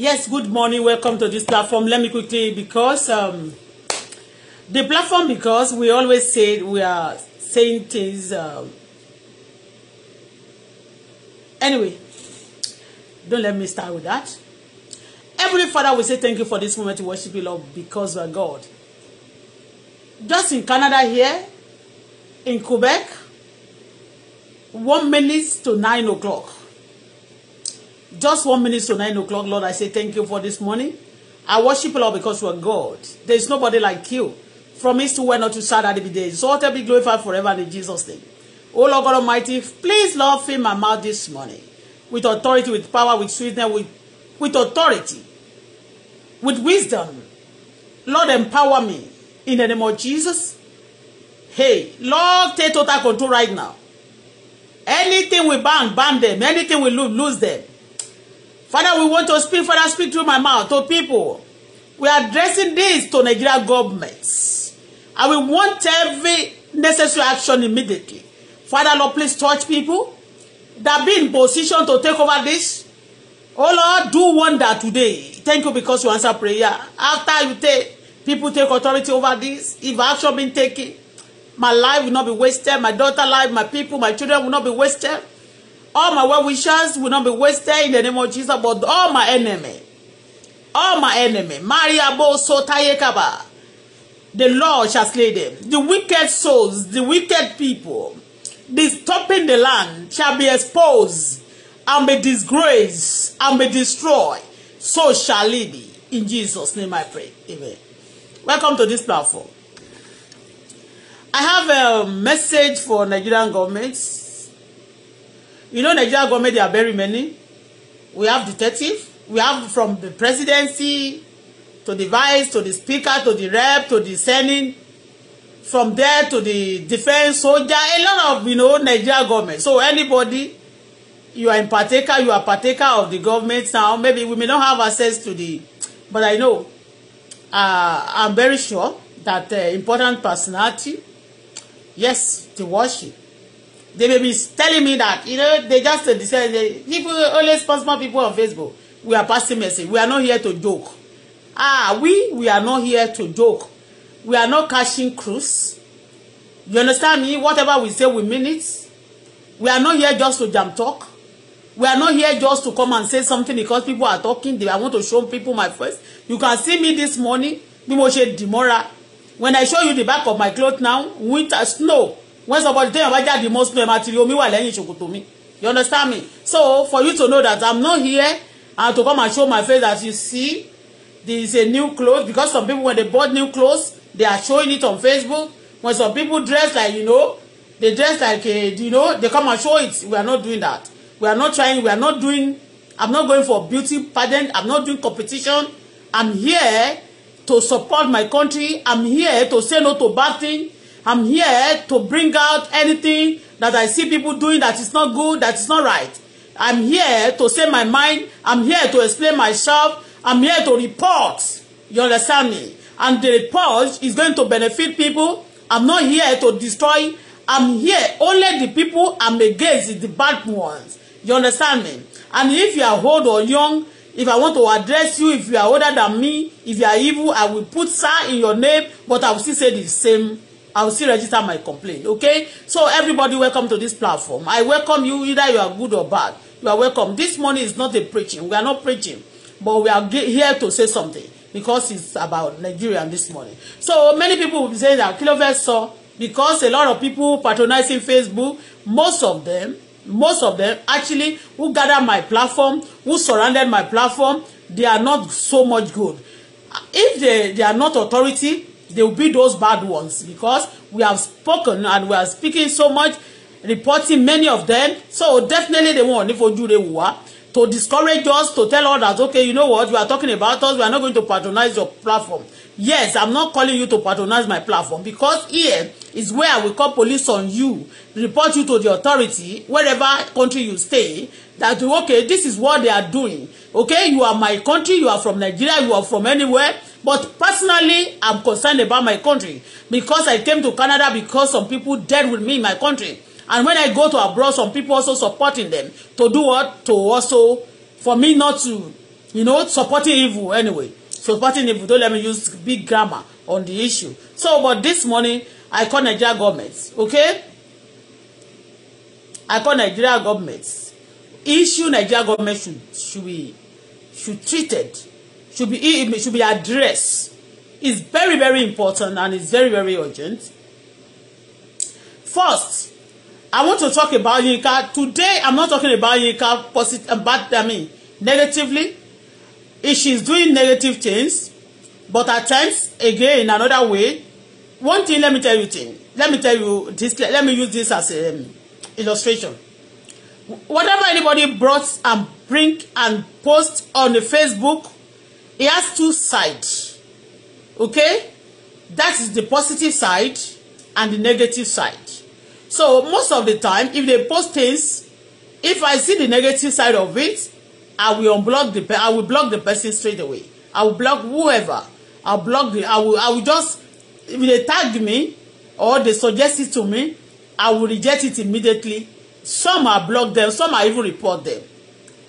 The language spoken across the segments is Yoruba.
Yes, good morning. Welcome to this platform. Let me quickly, because um, the platform, because we always say we are saying things. Um, anyway, don't let me start with that. Every Father, we say thank you for this moment to worship you, Lord, because you are God. Just in Canada here, in Quebec, one minute to nine o'clock just one minute to nine o'clock, Lord, I say thank you for this morning. I worship Lord, because you are God. There is nobody like you. From east to west, not to south, that be there. Exalted, be glorified forever in Jesus' name. Oh, Lord God Almighty, please, Lord, fill my mouth this morning with authority, with power, with sweetness, with, with authority, with wisdom. Lord, empower me in the name of Jesus. Hey, Lord, take total control right now. Anything we ban, ban them. Anything we lose, lose them. Father, we want to speak, Father, speak through my mouth to people. We are addressing this to Nigeria governments. And we want every necessary action immediately. Father, Lord, please touch people that be in position to take over this. Oh, Lord, do wonder today. Thank you because you answer prayer. After you take, people take authority over this. If action been taken, my life will not be wasted. My daughter life, my people, my children will not be wasted. All my well wishes will not be wasted in the name of Jesus, but all my enemy, all my enemy, Mariabo Sotayekaba, the Lord shall slay them. The wicked souls, the wicked people, disturbing the land shall be exposed and be disgraced and be destroyed. So shall it be. In Jesus' name I pray. Amen. Welcome to this platform. I have a message for Nigerian governments. You know, Nigeria government, there are very many. We have detective. We have from the presidency to the vice, to the speaker, to the rep, to the senate, from there to the defence soldier, a lot of, you know, Nigeria government. So anybody, you are in partaker, you are partaker of the government now. Maybe we may not have access to the, but I know, uh, I'm very sure that uh, important personality, yes, they worship they may be telling me that you know they just uh, decide they, people post more people on Facebook we are passing message we are not here to joke ah we we are not here to joke we are not cashing cruise you understand me whatever we say we mean it we are not here just to jam talk we are not here just to come and say something because people are talking they i want to show people my face you can see me this morning bí mo when i show you the back of my cloth now winter snow when somebody tell you about jáde most no material omi wà lẹ́yìn ṣòkòtò mi you understand me so for you to know that i'm not here and to come and show my face as you see there is a new clothes because some people when they bought new clothes they are showing it on facebook when some people dress like you know they dress like a, you know they come and show it we are not doing that we are not trying we are not doing i'm not going for beauty pageant i'm not doing competition i'm here to support my country i'm here to say no to bad thing I'm here to bring out anything that I see people doing that is not good, that is not right. I'm here to say my mind. I'm here to explain myself. I'm here to report. You understand me? And the report is going to benefit people. I'm not here to destroy. I'm here. Only the people I'm against the bad ones. You understand me? And if you are old or young, if I want to address you, if you are older than me, if you are evil, I will put sir in your name, but I will still say the same I will still register my complaint. Okay? So everybody welcome to this platform. I welcome you either you are good or bad. You are welcome. This morning is not a preaching. We are not preaching. But we are here to say something because it's about Nigeria this morning. So many people will be saying that kí ló fẹ́ because a lot of people patronizing Facebook, most of them, most of them actually who gathered my platform, who surrounded my platform, they are not so much good. If they, they are not authority, they will be those bad ones because we have spoken and we are speaking so much reporting many of them so definitely they won't nífojú rẹ wò wá to discourage us to tell others okay you know what you are talking about us we are not going to patronize your platform yes i'm not calling you to patronize my platform because here is where i will call police on you report you to the authority wherever country you stay that okay this is what they are doing okay you are my country you are from Nigeria you are from anywhere But personally, I'm concerned about my country because I came to Canada because some people dead with me in my country. And when I go to abroad, some people also supporting them to do what? To also, for me not to, you know, supporting evil anyway. Supporting evil, don't let me use big grammar on the issue. So, but this morning, I call Nigeria government, okay? I call Nigeria government. Issue Nigeria government should, should be, should treated should be should be addressed. It's very, very important and it's very, very urgent. First, I want to talk about Yinka. Today, I'm not talking about Yinka positive, um, bad, I mean, negatively. If she's doing negative things, but at times, again, another way, one thing, let me tell you thing. Let me tell you this, let me use this as a um, illustration. Whatever anybody brought and bring and post on the Facebook it has two sides okay that is the positive side and the negative side so most of the time if they post things if I see the negative side of it I will unblock the I will block the person straight away I will block whoever I will block the I will I will just if they tag me or they suggest it to me I will reject it immediately some I block them some I even report them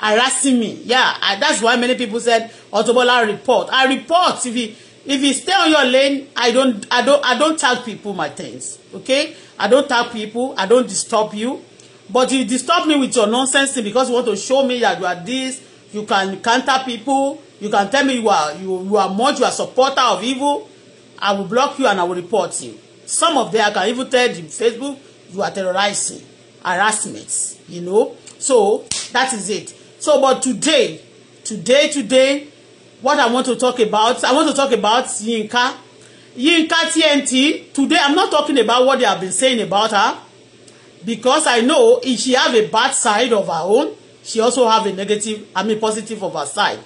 harassing me yeah I, uh, that's why many people said Auto report I report if he if he stay on your lane I don't I don't I don't tag people my things okay I don't tag people I don't disturb you but you disturb me with your nonsense thing because you want to show me that you are this you can counter people you can tell me you are you, you are much you are supporter of evil I will block you and I will report you some of them I can even tell the Facebook you are terrorizing harassment you know so that is it So, but today, today, today, what I want to talk about, I want to talk about Yinka. Yinka TNT, today I'm not talking about what they have been saying about her because I know if she have a bad side of her own, she also have a negative, I mean positive of her side.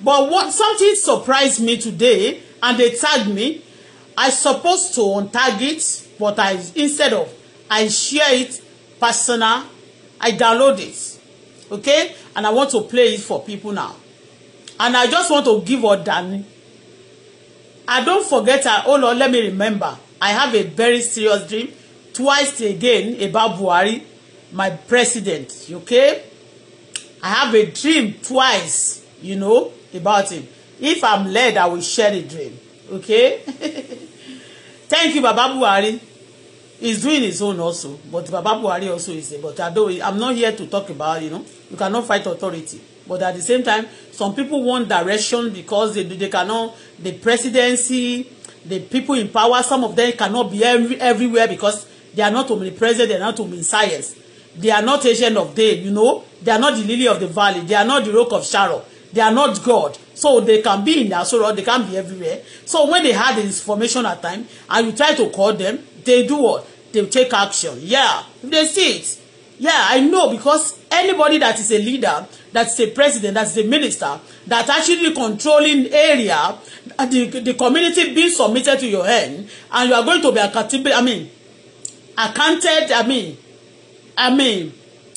But what something surprised me today and they tagged me. I supposed to untag it, but I instead of I share it personal, I download it. Okay? and I want to play it for people now. And I just want to give ordering. I don't forget, I, oh Lord, let me remember. I have a very serious dream twice again about Buhari, my president, okay? I have a dream twice, you know, about him. If I'm led, I will share the dream, okay? Thank you, Baba Buhari he's doing his own also but Baba Buhari also is there but although I'm not here to talk about you know you cannot fight authority but at the same time some people want direction because they they cannot the presidency the people in power some of them cannot be every, everywhere because they are not omnipresent they are not omniscience they are not agent of day you know they are not the lily of the valley they are not the rock of Sharon they are not God so they can be in Asoro they can be everywhere so when they had the information at time and you try to call them they do what they will take action. Yeah, they see it. Yeah, I know because anybody that is a leader, that is a president, that is a minister, that actually controlling area, uh, the, the community being submitted to your hand, and you are going to be accountable, I mean, accounted, I mean, I mean,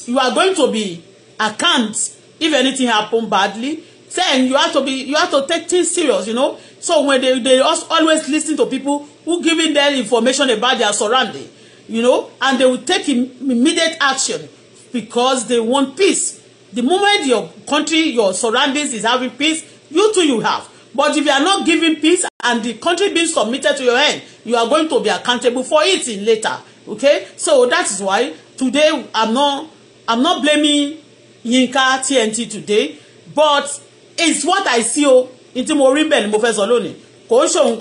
you are going to be account if anything happen badly. Then you have to be, you have to take things serious, you know. So when they, they always listen to people who giving them information about their surrounding you know, and they will take immediate action because they want peace. The moment your country, your surroundings is having peace, you too you have. But if you are not giving peace and the country being submitted to your hand, you are going to be accountable for it in later. Okay? So that is why today I'm not I'm not blaming Yinka TNT today, but it's what I see o. Oh, Ntí mo rí bẹ́ẹ̀ ni mo yo. sọ lónìí. Kò ń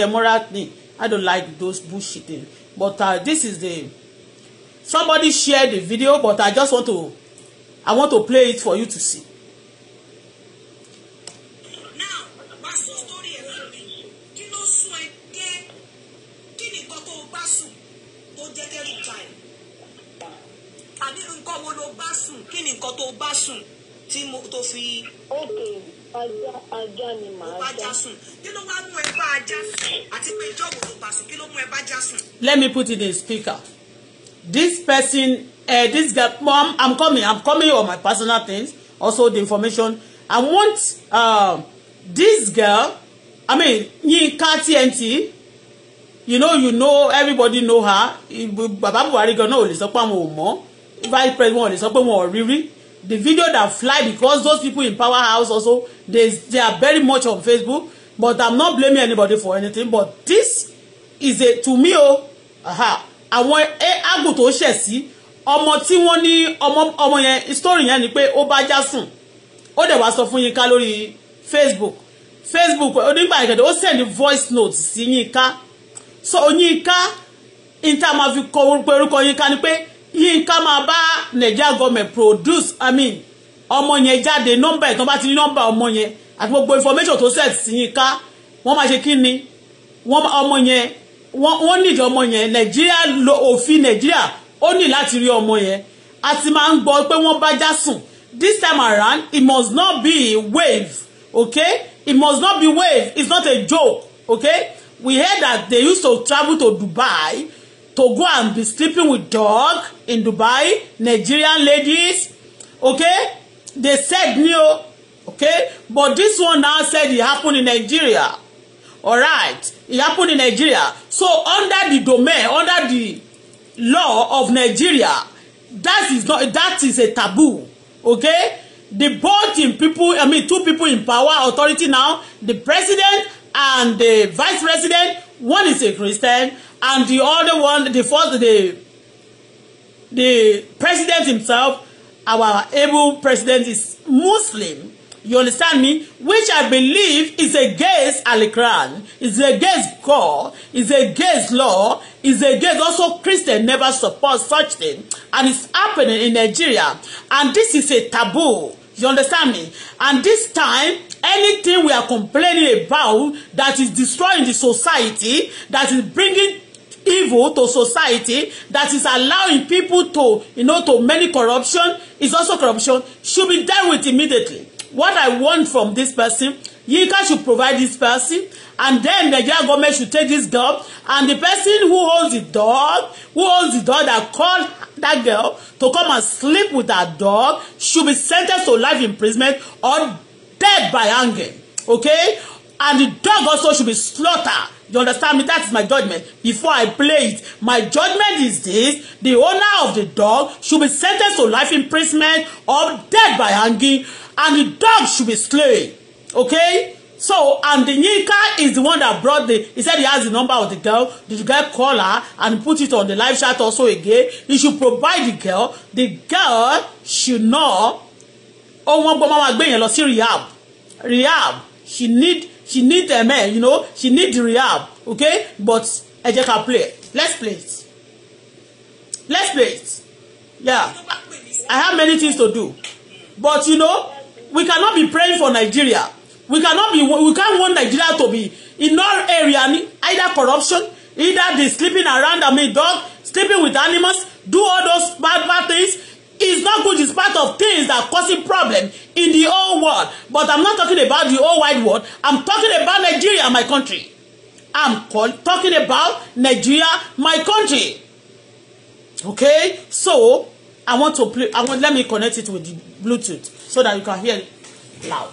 ṣòun moral ni. I don't like those bullshit things but uh, this is the somebody shared the video but I just want to I want to play it for you to see. àbí nǹkan wo ló bá sùn kí ni nǹkan tó bá sùn tí mo tó fi. ókè ajá ajá ni màá já. kí ló wá mú ẹ bá ajá sùn àti pé ìjọba ò bá sùn kí ló mú ẹ bá já sùn. let me put it in speaker this person uh, this guy mom i'm coming i'm coming on my personal things also the information i want uh, this girl i mean Yinka TNT you know you know everybody know her baba Buhari gan náà ò lè sọ pé àwọn ò mọ̀ vice president wọn ò lè sọ pé wọn ò rírí the video that fly because those people in power house also they they are very much on Facebook but I'm not blaming anybody for anything but this is a to me Oh, aha àwọn àgbò e, tó ṣẹ̀ sí ọmọ tí wọ́n ní ọmọ ọmọ yẹn story yẹn ni pé ó bá já sùn ó dẹ̀ wá sọ fún Yínká lórí Facebook Facebook onígbà ìkẹ̀dẹ̀ ó send voice note sí Yínká so Yínká níta máa fi kọ orúkọ Yínká ni pé Yínká máa bá Nigeria government produce I mean ọmọ yẹn jáde nọ́mbà ìtàn bá ti ní nọ́mbà ọmọ yẹn àti gbogbo information tó set sí Yínká wọ́n máa ṣe kí ni wọ́n ọmọ yẹn wọ́n nídìí ọmọ yẹn Nàìjíríà lo òfin Nàìjíríà ó ní láti rí ọmọ yẹn a ti máa ń gbọ́ pé wọ́n bá já sùn this time around it must not be wave okay it must not be wave it's not a joke okay we heard that they used to travel to Dubai to go and be sleeping with dog in Dubai Nigerian ladies okay they said no okay but this one now said it happened in Nigeria all right it happened in Nigeria so under the domain under the law of Nigeria that is not that is a taboo okay the both in people I mean two people in power authority now the president and the vice president one is a Christian and the other one the first the the president himself our able president is Muslim you understand me which I believe is against Al-Quran is against God is against law is against also Christian never support such thing and it's happening in Nigeria and this is a taboo You understand me? And this time, anything we are complaining about that is destroying the society, that is bringing evil to society, that is allowing people to, you know, to many corruption, is also corruption, should be dealt with immediately. What I want from this person, Yinka should provide this person and then Nigerian government should take this girl and the person who holds the dog who holds the dog that called that girl to come and sleep with that dog should be sentenced to life imprisonment or death by hanging okay and the dog also should be slaughtered you understand me that is my judgment before I play it my judgment is this the owner of the dog should be sentenced to life imprisonment or death by hanging and the dog should be slain okay So, and the Yinka is the one that brought the, he said he has the number of the girl. The girl call her and put it on the live chat also again. He should provide the girl. The girl should know. Oh, wọ́n gbọ́ máa gbé yẹn lọ sí rehab. Rehab. She need, she need a man, eh, you know. She need the rehab. Okay? But, ẹ jẹ́ ká play. Let's play it. Let's play it. Yeah. I have many things to do. But, you know, we cannot be praying for Nigeria we cannot be we can't want Nigeria to be in all area either corruption either the sleeping around I mean dog sleeping with animals do all those bad bad things Is not good Is part of things that causing problem in the whole world but I'm not talking about the whole wide world I'm talking about Nigeria my country I'm call, talking about Nigeria my country okay so I want to play I want let me connect it with the Bluetooth so that you can hear loud.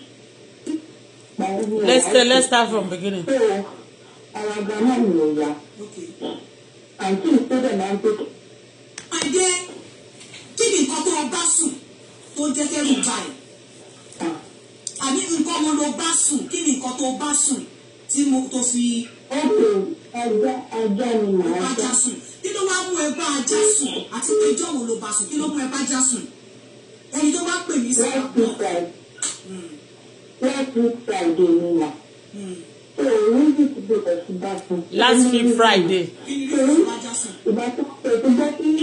let's start let's start from beginning. So, ọgbà náà mi ò yá àǹtí ìpínlẹ̀ máa ń tètè. I did. ni nǹkan tó o bá sùn tó jẹ́ kẹ́rù I ah. àbí nǹkan mo lo bá sùn kí ni nǹkan tó o bá sùn tí mo tó fi. ó pè ẹgbẹ́ ẹgbẹ́ mi màá jẹ́. ajá sùn kí ló wá mú ẹgbẹ́ ajá sùn àti pé ìjọ́ wo ló bá sùn kí ló mú ẹgbẹ́ ajá sùn ẹni tó bá pè mí sí ọ̀pọ̀ last week Friday ni na. Last week Friday. Ìgbà tó ṣe tó kí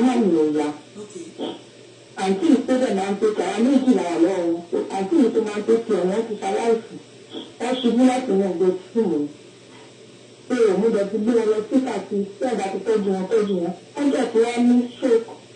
àwọn méjì lọ́wọ́. Àǹtí ìpínlẹ̀ máa ń tètè ọ̀wọ́n ti ṣaláìsì. Wọ́n láti inú ọgbẹ́ fún mi pé òun dẹ̀ ti gbé wọn sí kàtí tí ọ̀gá tọ́jú wọn tọ́jú wọn. Wọ́n jẹ́ kí ní stroke.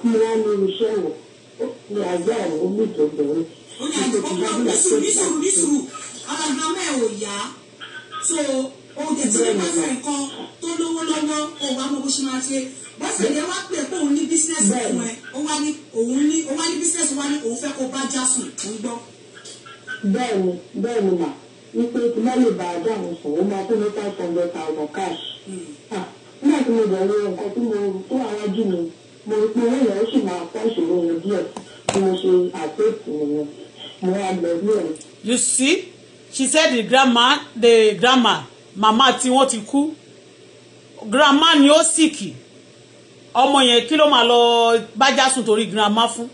kí wọ́n ní iṣẹ́ wọ̀ ní àgbà àwọn ó ní àgbà nísùrù nísùrù nísùrù ara gbàmọ́ ẹ̀ ò yá tó o dẹ̀ ti rí pàṣẹ nǹkan tó lówó lọ́wọ́ kó o wá mọ bó ṣe máa ṣe bọ́sẹ̀ yẹn wá pè pé òun ní bísínẹ́sì fún ẹ wá ní òun ní wá ní bísínẹ́sì wá ní òun fẹ́ kó bá já sùn ń gbọ́. bẹ́ẹ̀ni bẹ́ẹ̀ni mà wípé tí má lè bá a dá àwọn sùn ó máa tó ní five hundred thousand cash. Hmm. nígbà tí mo nǹkan tí mo tó àwọn jù mí mo rí pé owó yẹn máa kọ́ ìṣòro yẹn díẹ̀ bí mo ṣe àpèkù yẹn mo wá lọ bí ẹ̀. you see she said the grandma the grandma mama, tí wọ́n ti kú grandma ni ó sìkì ọmọ yẹn kí ló máa lọ bá jásùn torí grandma fún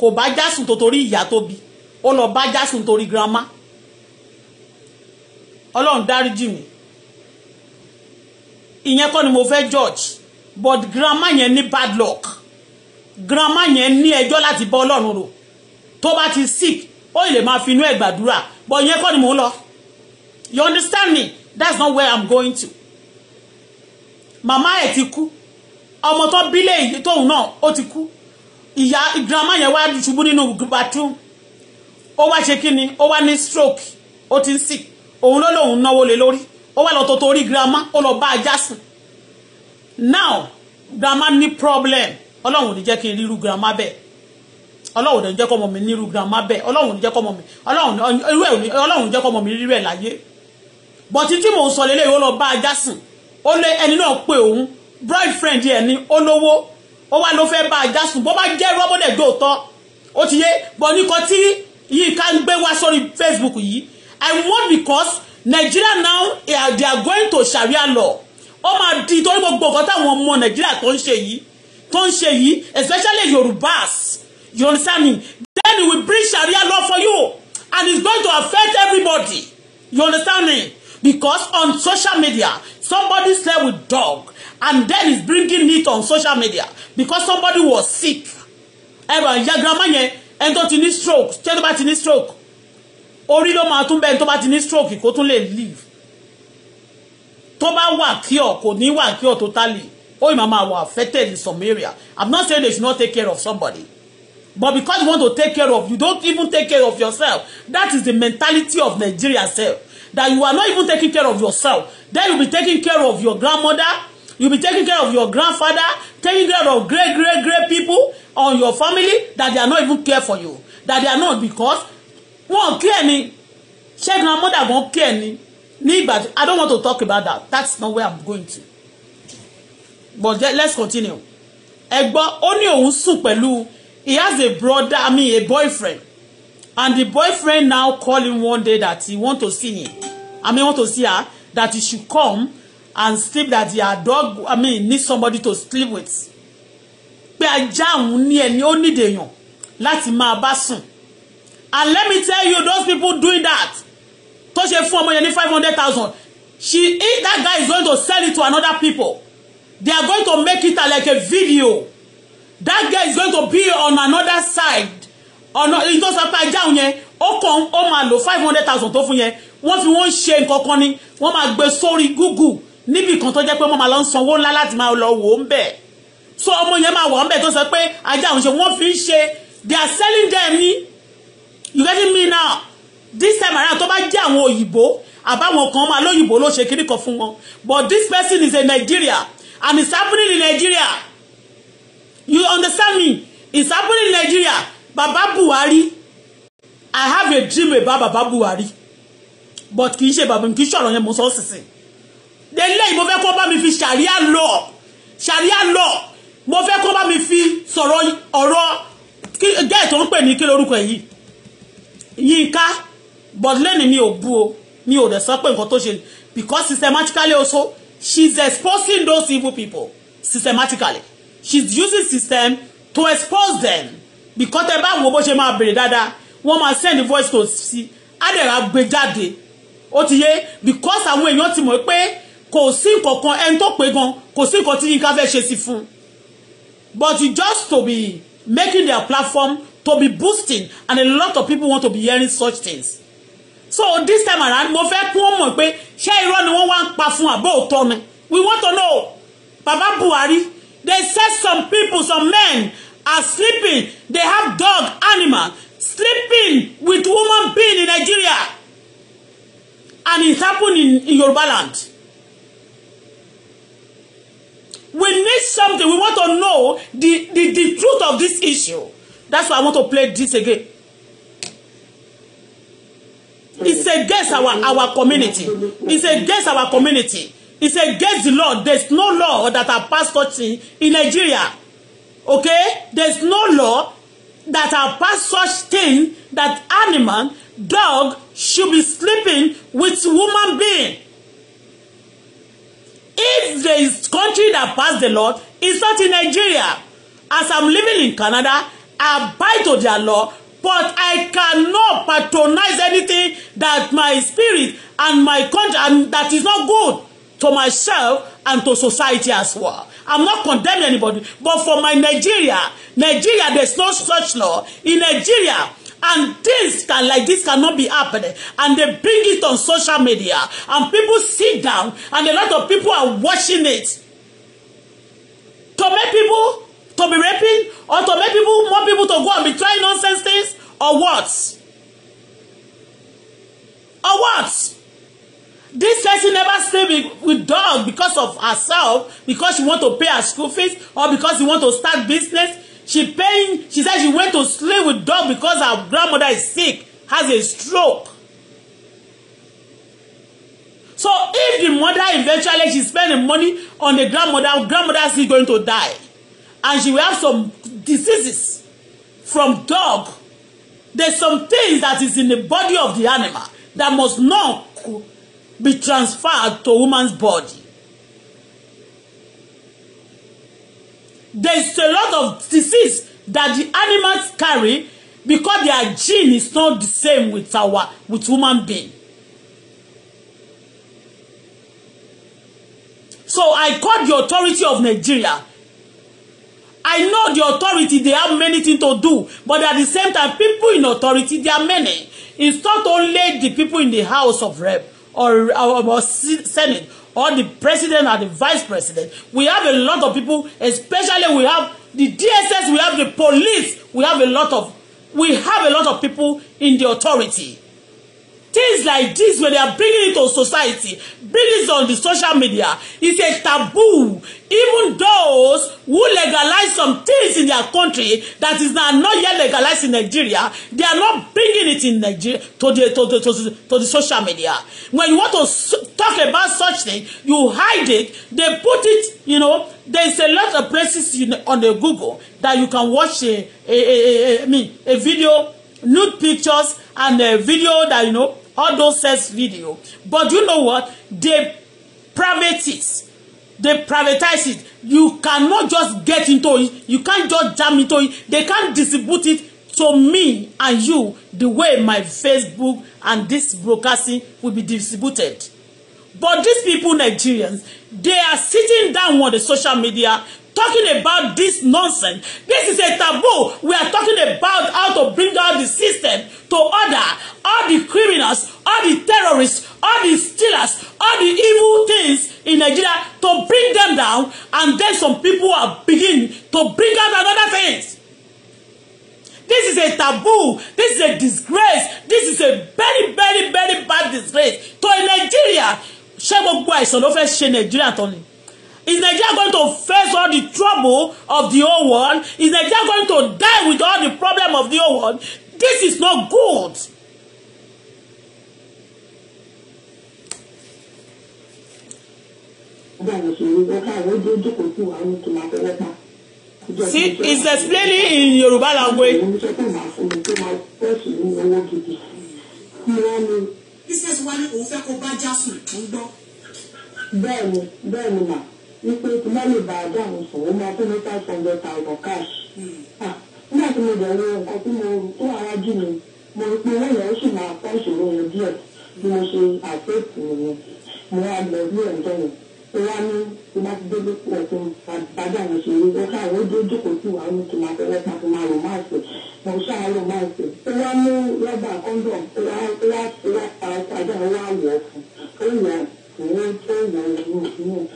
kò bá jásùn tó torí ìyá tó bí ó lọ bá jásùn torí grandma ọlọ́run dáríjì mi ìyẹn kọ́ ni mo fẹ́ george but grandma yẹn ní bad luck grandma yẹn ní ẹjọ́ láti bọ́ ọlọ́run rò tó bá ti sick ó lè máa fi inú ẹ̀ gbàdúrà but yẹn kọ́ ni mò ń lọ you understand me that's not where i'm going to màmá ẹ̀ ti kú ọmọ tó bílẹ̀ èyí tóun náà ó ti kú ìyá grandma yẹn wá ṣubú nínú bathroom ó wá ṣe kí ni ó wá ní stroke ó ti ń sick òun ló lóun náwó lé lórí ó wá lọ tó torí grandma ó lọ bá a jásùn now grandma ní problem ọlọ́run ò ní jẹ́ kí grandma be. ọlọ́run ò ní jẹ́ kọ́ ọmọ mi níru grandma be. ọlọ́run ò ní jẹ́ kọ́ mi ọlọ́run ò ní jẹ́ kọ́ ọmọ mi rírú ẹ̀ láyé bọ̀tí tí mò ń sọ lélẹ̀ ìwọ lọ bá ajá sùn ó lé ẹni náà pé òun boyfriend ẹ̀ ní olówó ó wá ló fẹ́ bá ajá sùn bó bá jẹ́ rọ́bọ̀dẹ̀ dóòtọ́ ó ti yé bọ̀ nìkan tí yìí ká ń gbé wá sórí Facebook yìí I want because Nigeria now they are going to Sharia law ó máa di torí gbogbo nǹkan táwọn ọmọ nàìjíríà tó ń ṣe yìí tó ń ṣe yìí especially yorùbás you understand me then we bring sharia law for you and it's going to affect everybody you understand me because on social media somebody slept with dog and then is bringing it on social media because somebody was sick ẹ̀rọ ìyá grandma yẹn ẹni tó ti ní stroke tí ẹni tó bá ti ní stroke orí ló máa tún bẹ́ẹ̀ tó bá ti ní stroke kó tún lè live tó bá wà kí ọ kò ní wà kí ọ totally ó ìmọ̀ máa wà affected in some area i'm not saying they should not take care of somebody but because you want to take care of you don't even take care of yourself that is the mentality of Nigeria self that you are not even taking care of yourself then you be taking care of your grandmother You be taking care of your grandfather taking care of great great great people on your family that they are not even care for you that they are not because wọn care ẹni ṣé grandmother gan care ẹni ní but I don't want to talk about that that's not where I'm going to but let's continue ẹ̀gbọ́n ó ní òun sùn pẹ̀lú he has a brother I mean a boyfriend and the boyfriend now call him one day that he want to see him I mean want to see her that he should come and sleep that their dog I mean need somebody to sleep with pé ajá òun ní ẹni ó nídèèyàn láti máa bá sùn and let me tell you those people doing that tó ṣe fún ọmọ yẹn ní five hundred thousand she if that guy is going to sell it to another people they are going to make it like a video that guy is going to be on another side ọ̀nà ìtọ́sọpá ajáhùn yẹn ó kàn ó máa lò five hundred thousand tó fún yẹn wọ́n fi wọ́n ṣe nǹkan kan ni wọ́n máa gbé sórí Google níbi kan tó jẹ́ pé wọ́n máa lọ ń sanwó ńlá láti máa lọ wò ó ń bẹ̀ so ọmọ yẹn máa wà ń bẹ̀ tó sọ pé ajáhùn ṣe wọ́n fi ń ṣe they are selling them ni you getting me now this time around tó bá jẹ́ àwọn òyìnbó àbáwọn kan máa lóyìnbó ló ṣe kíní kan fún wọn but this person is a Nigeria and it's happening in Nigeria you understand me it's happening in Nigeria Baba Buhari I have a dream about Baba Buhari but kì í ṣe bàbá mi kì í ṣọ̀rọ̀ yẹn mo sọ sísìn eléyìí mo fẹ́ kó bá mi fi ṣàríà lọ ṣàríà lọ mo fẹ́ kó bá mi fi sọ̀rọ̀ ọ̀rọ̀ gẹ́ẹ̀ tó ń pè ní kí lórúkọ yìí Yínká but lẹ́ni mi ò bú o mi ò dẹ̀ sọ pé nǹkan tó ṣe because systematically also she's exposing those evil people systematically she's using system to expose them because ẹ bá wo bó ṣe máa bèrè dáadáa wọ́n máa send voice to sí adẹ̀ra gbé jáde ó ti yé because àwọn èèyàn ti mọ̀ pé kò sí nǹkan kan ẹni tó pé gan kò sí nǹkan tí Yinka fẹ́ ṣe sí fún but just to be making their platform to be boosting and a lot of people want to be hearing such things so this time around mo fẹ́ kún ó pé ṣé irọ́ ni wọ́n wá ń pa fún àbó òótọ́ ni we want to know baba buhari they say some people some men are sleeping they have dog animal sleeping with woman being in nigeria and it happened in, in yoruba land we need something we want to know the the the truth of this issue that's why i want to play this again It's against our, our community. It's against our community. It's against the law. There's no law that are passed touching in Nigeria. Okay? There's no law that are passed such thing that animal, dog, should be sleeping with woman being. If there is country that passed the law, it's not in Nigeria. As I'm living in Canada, I abide to their law but I cannot patronize anything that my spirit and my country and that is not good to myself and to society as well. I'm not condemning anybody, but for my Nigeria, Nigeria, there's no such law. In Nigeria, and things can, like this cannot be happening. And they bring it on social media, and people sit down, and a lot of people are watching it. To make people to be raping or to make people more people to go and be trying nonsense things or what or what this person never stay with, with dog because of herself because she want to pay her school fees or because she want to start business she paying she said she went to sleep with dog because her grandmother is sick has a stroke so if the mother eventually she spend the money on the grandmother grandmother still going to die and she will have some diseases from dog there's some things that is in the body of the animal that must not be transferred to woman's body there's a lot of disease that the animals carry because their gene is not the same with our with human being so I call the authority of Nigeria I know the authority, they have many things to do. But at the same time, people in authority, they are many. It's not only the people in the House of Rep or, our Senate or the president and the vice president. We have a lot of people, especially we have the DSS, we have the police, we have a lot of, we have a lot of people in the authority things like this when they are bringing it to society bringing it on the social media is a taboo even those who legalize some things in their country that is now not yet legalized in Nigeria they are not bringing it in Nigeria to the to the to, the, to the social media when you want to talk about such thing you hide it they put it you know there is a lot of places you on the Google that you can watch a a a, a, a, mean, a video nude pictures and a video that you know all those sex video but you know what they private it they privatize it you cannot just get into it you can't just jam into it they can't distribute it to me and you the way my Facebook and this broadcasting will be distributed but these people Nigerians they are sitting down on the social media talking about this nonsense. This is a taboo. We are talking about how to bring down the system to order all the criminals, all the terrorists, all the stealers, all the evil things in Nigeria to bring them down. And then some people are beginning to bring out another things. This is a taboo. This is a disgrace. This is a very, very, very bad disgrace to Nigeria. Ṣé gbogbo àìsàn ló fẹ́ ṣe Nàìjíríà tán ni? Is Nigeria going to face all the trouble of the whole world? Is Nigeria going to die with all the problem of the whole world? This is not good. See, it's explaining in Yoruba language. Bẹ́ẹ̀ni, bẹ́ẹ̀ni màá wípé tí wọ́n lè bá a dá àwọn sọ̀rọ̀ máa tó ní five hundred thousand cash. nígbà tí mo bẹ̀rẹ̀ nǹkan tí mo tó ara jù mí mo rí pé owó yẹn ó sì máa pọ̀ ìṣòro yẹn díẹ̀ bí mo ṣe àpéèkì nìyẹn mo wá lọ bí ẹ̀ńtọ́ yẹn ó wá ní tí bá ti délé pọ̀ tó bàjẹ́ àwọn ìṣòro ó ká àwọn ojú ojókòó sí wàá ní kí máa fọwọ́ pa kí máa rò máa sè mo ṣáà wá mú rọ́bà kọ́ńdọ̀m ó wá wá wá pa wá wọ̀ fún ó wọ̀ ọ́ òun tó wọ̀ ọ́ òun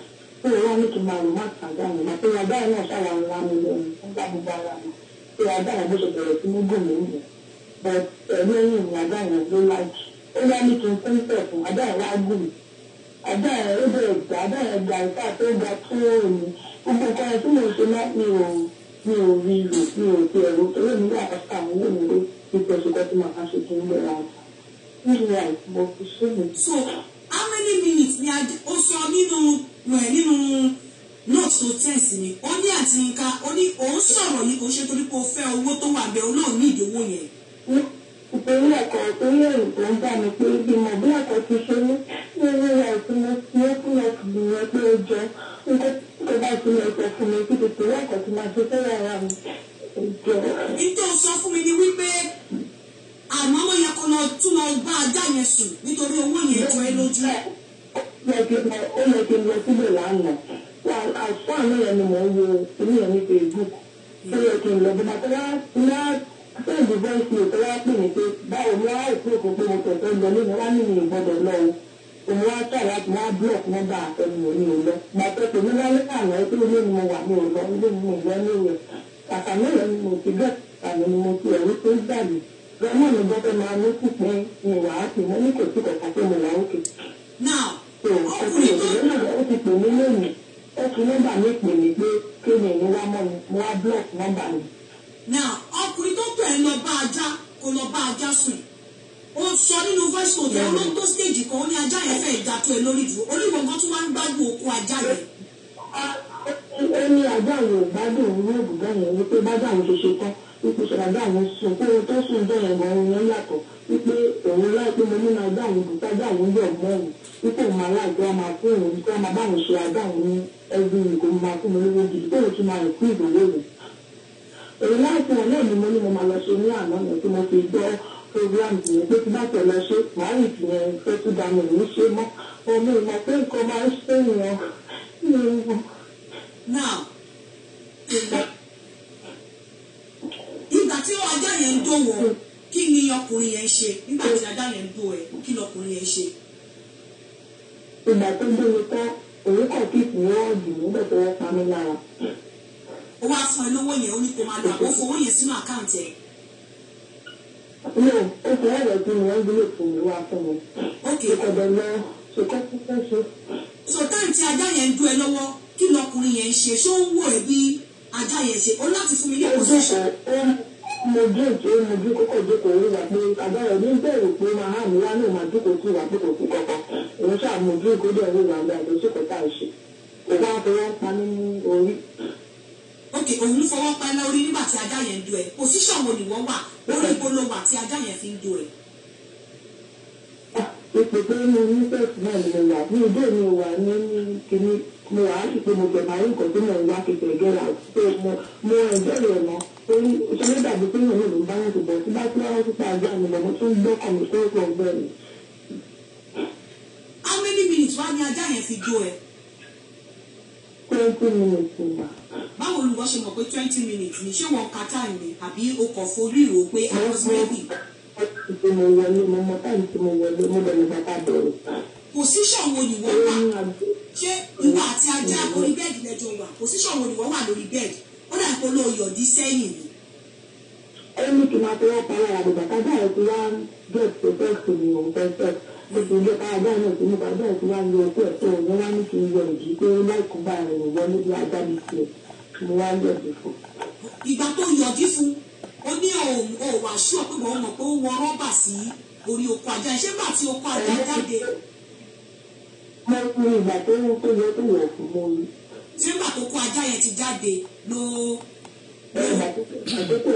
tí ìwọ ní kí n máa wò má pàdé àwọn ọmọ pé ọgá ẹ náà ṣàwọn ọmọ mi lẹ́nu nígbà gbogbo ara mi pé ọgá ẹ bó ṣe bẹ̀rẹ̀ sí ní gòmò ń but ẹ̀mí eh, ẹ̀yìn ìrìn ọgá ẹ ló lájú ó wá ní kí n fún pẹ̀ fún ọgá wá gòmò ọgá ó bẹ̀rẹ̀ gbà ọgá gbà ìfà tó ga tó òní gbogbo nǹkan tí mo ṣe má mi ò mi ò rí lò mi ò ti ẹ̀rọ torí mi wà ọ̀sán àwọn owó ló ti pẹ̀ ṣùgbọ́n tí màá ṣe kí n gbẹ̀rẹ̀ àwọn nílùú àìsàn mo fi ṣé mi. so how many minutes ni o sọ nínú rẹ̀ nínú note tó tẹ̀sí mi ó ní àti nǹkan ó ní òun sọ̀rọ̀ yìí kò ṣe torí pé o fẹ́ owó tó wà bẹ́ẹ̀ olóò ní ìdíwọ́ yẹn. ìpínlẹ̀ ọkọ̀ ìpínlẹ̀ òyìnbó ń bà mí pé ibi mọ̀ bí ọkọ̀ ti ṣe ní ní ìrora ìpínlẹ̀ tí ó fún ọkọ̀ ìgbìyànjú pé ó jẹ́ nǹkan tó bá ti lọ sọ fún mi kí ìpínlẹ̀ ọkọ̀ ti máa ṣe fẹ́ràn ara mi. ìtò sọ fún mi ni wípé àmọ́ mo yẹ kó lọ tún lọ bá ajá yẹn sùn nítorí owó yẹn jọ ẹ lójú yẹ kí lọ ó yẹ kí lọ síbẹ̀ lánàá wà àṣọ àná yẹn ni mò ń wo orí yẹn ní facebook ó yẹ kí lọ bí bàtà wá wá sẹ́ẹ̀dì voice note wá pè mí pé báwo ni wá òfin òkú pé mo tẹ̀tẹ̀ lọ nínú wá nínú ìgbọ́dọ̀ lọ o òun wá tà láti wá block nọ́mbà ẹni mò ní òun lọ bàtà pè mí wálé àná pé ilé ni mo wà ní òun lọ ilé ni mo wà ní òun kàkà mẹ́rin ni mo ti bẹ́ẹ̀ kàkà ni mo ti ẹ̀rí tó jáde lọ́mọ now ọkùnrin tó pè é lọ bá ajá kò lọ bá ajá sùn ó sọ nínú voice note yẹn tó stage kan ó ní ajá yẹn fẹ́ ìjà tó ẹ lórí jù olùgbọ̀n kan tún wá ń gbádùn oko ajá yẹn. ó ní ajá àwọn ò gbádùn òun ní òbúgbọ́n wípé bájà àwọn ṣe tán kò sọ̀rọ̀ àgbà àwọn sùn kó tó sùn tó yẹn gan òun yàtọ̀ wípé òun láìpẹ́ mo nínú àgbà àwọn òdùnkà àgbà àwọn yọ̀ mọ́ òun wípé òun máa láìpẹ́ ọmọ fún òun kí wọ́n máa bá òun ṣe àgbà àwọn ní ẹgbẹ́ òun kò máa fún mi lówó gidi kóòtù tún máa kú ìdòwò rẹ̀. èyí láìpẹ́ òun náà ni mo ní mo máa lọ ṣe ní àná mi tí mo fi gbọ́ program yẹn pé tí bá tẹ̀ lọ ṣe wàhálì tí ajá yẹn ń dó wọ hmm. kí ni ọkùnrin yẹn ń ṣe nígbà tí ajá yẹn ń dó ẹ kí ni ọkùnrin yẹn ń ṣe. ìgbà tó ń bómi tán òun kàn kí ìpín wọn dì nígbà tó wọn pa mí lára. ó wá fún ẹ lówó yẹn ó ní kó máa lọ àbó fowó yẹn sínú àkáǹtì ẹ. mi ò ó fi ẹ̀rọ bí mi wọ́n gbélé fún mi wá fún mi. ókè ìkọ̀dọ̀ lọ ṣèkọ́ fífẹ́ ṣe. sọ táǹtì ajá yẹn ń dó ẹ lọ́wọ́ kí lọkùnrin yẹn ń ṣe ṣó ń wò ẹ bí ajá yẹn ṣe ó láti fún mi ní pòsíṣàn mo bí ìṣe mo bí kókò jókòó rí wa pé àbáyọ ní bẹ̀rù pé máa hàn wá náà máa jókòó sí wa jókòó sí kankan òun ṣáà mo bí ìkódé ọ̀rẹ́ wa gba àgbẹ̀ jókòó tá a ṣe òun á fọwọ́ pa mí orí. ok òun fọwọ́ pa lórí nígbà tí ajá yẹn ń do ẹ̀ pòsíṣàn wo ni wọ́n wà orí ìpolówó àti ajá yẹn fi ń do ẹ̀. ipò pé mo ní bẹ́ẹ̀sì náà ni mo wà ní ìdó mi wà ní torí ìṣòro dàbí pé ìrìn òun bá wọn bọ̀ tí bá tí wọ́n ti pa àgbà mi lọ́mọ tó ń gbọ́ kàn mí sórí kan ọgbẹ́ mi. how many minutes wá ní ajá yẹn fi jó ẹ. twenty minutes ma. báwo ni wọ́n ṣe mọ̀ pé twenty minutes ni ṣé wọ́n ka time ni àbí o kò forí rò pé i was ready. position wo ni wọ́n wà ṣé ìwọ àti ajá orí bẹ́ẹ̀dì lẹ́jọ́ wà position wo ni wọ́n wà lórí bẹ́ẹ̀dì ó dà pé ló yọ̀dí sẹ́yìn ni. ó ní kí n máa tẹ́wọ́ pa lára àgbègbè kájà ẹ̀ ti wá gẹ̀ẹ́tì tó tẹ́ẹ̀sì ní òun tẹ́ẹ̀sì bó ti gbé kájà náà tó ní kájà ẹ̀ ti wá ní ọkọ̀ ẹ̀ tó òun wá ní kí n yọ ìdí pé láìkún bá rẹ̀ wọ níbi ajá mi tiẹ̀ mo wá yọ̀dí fún. ìgbà tó yọ̀dí fún ó ní òun ò wá sí ọ̀pẹ̀ mọ́ mọ̀ pé ó wọ rọ́bà sí orí oko ajá ṣé gbà tí oko ajá jáde. mo ní ìgbà tó ń tó yẹ tó yẹ fún mo rí. ṣé gbà tó kó ajá yẹn ti jáde ló. àkókò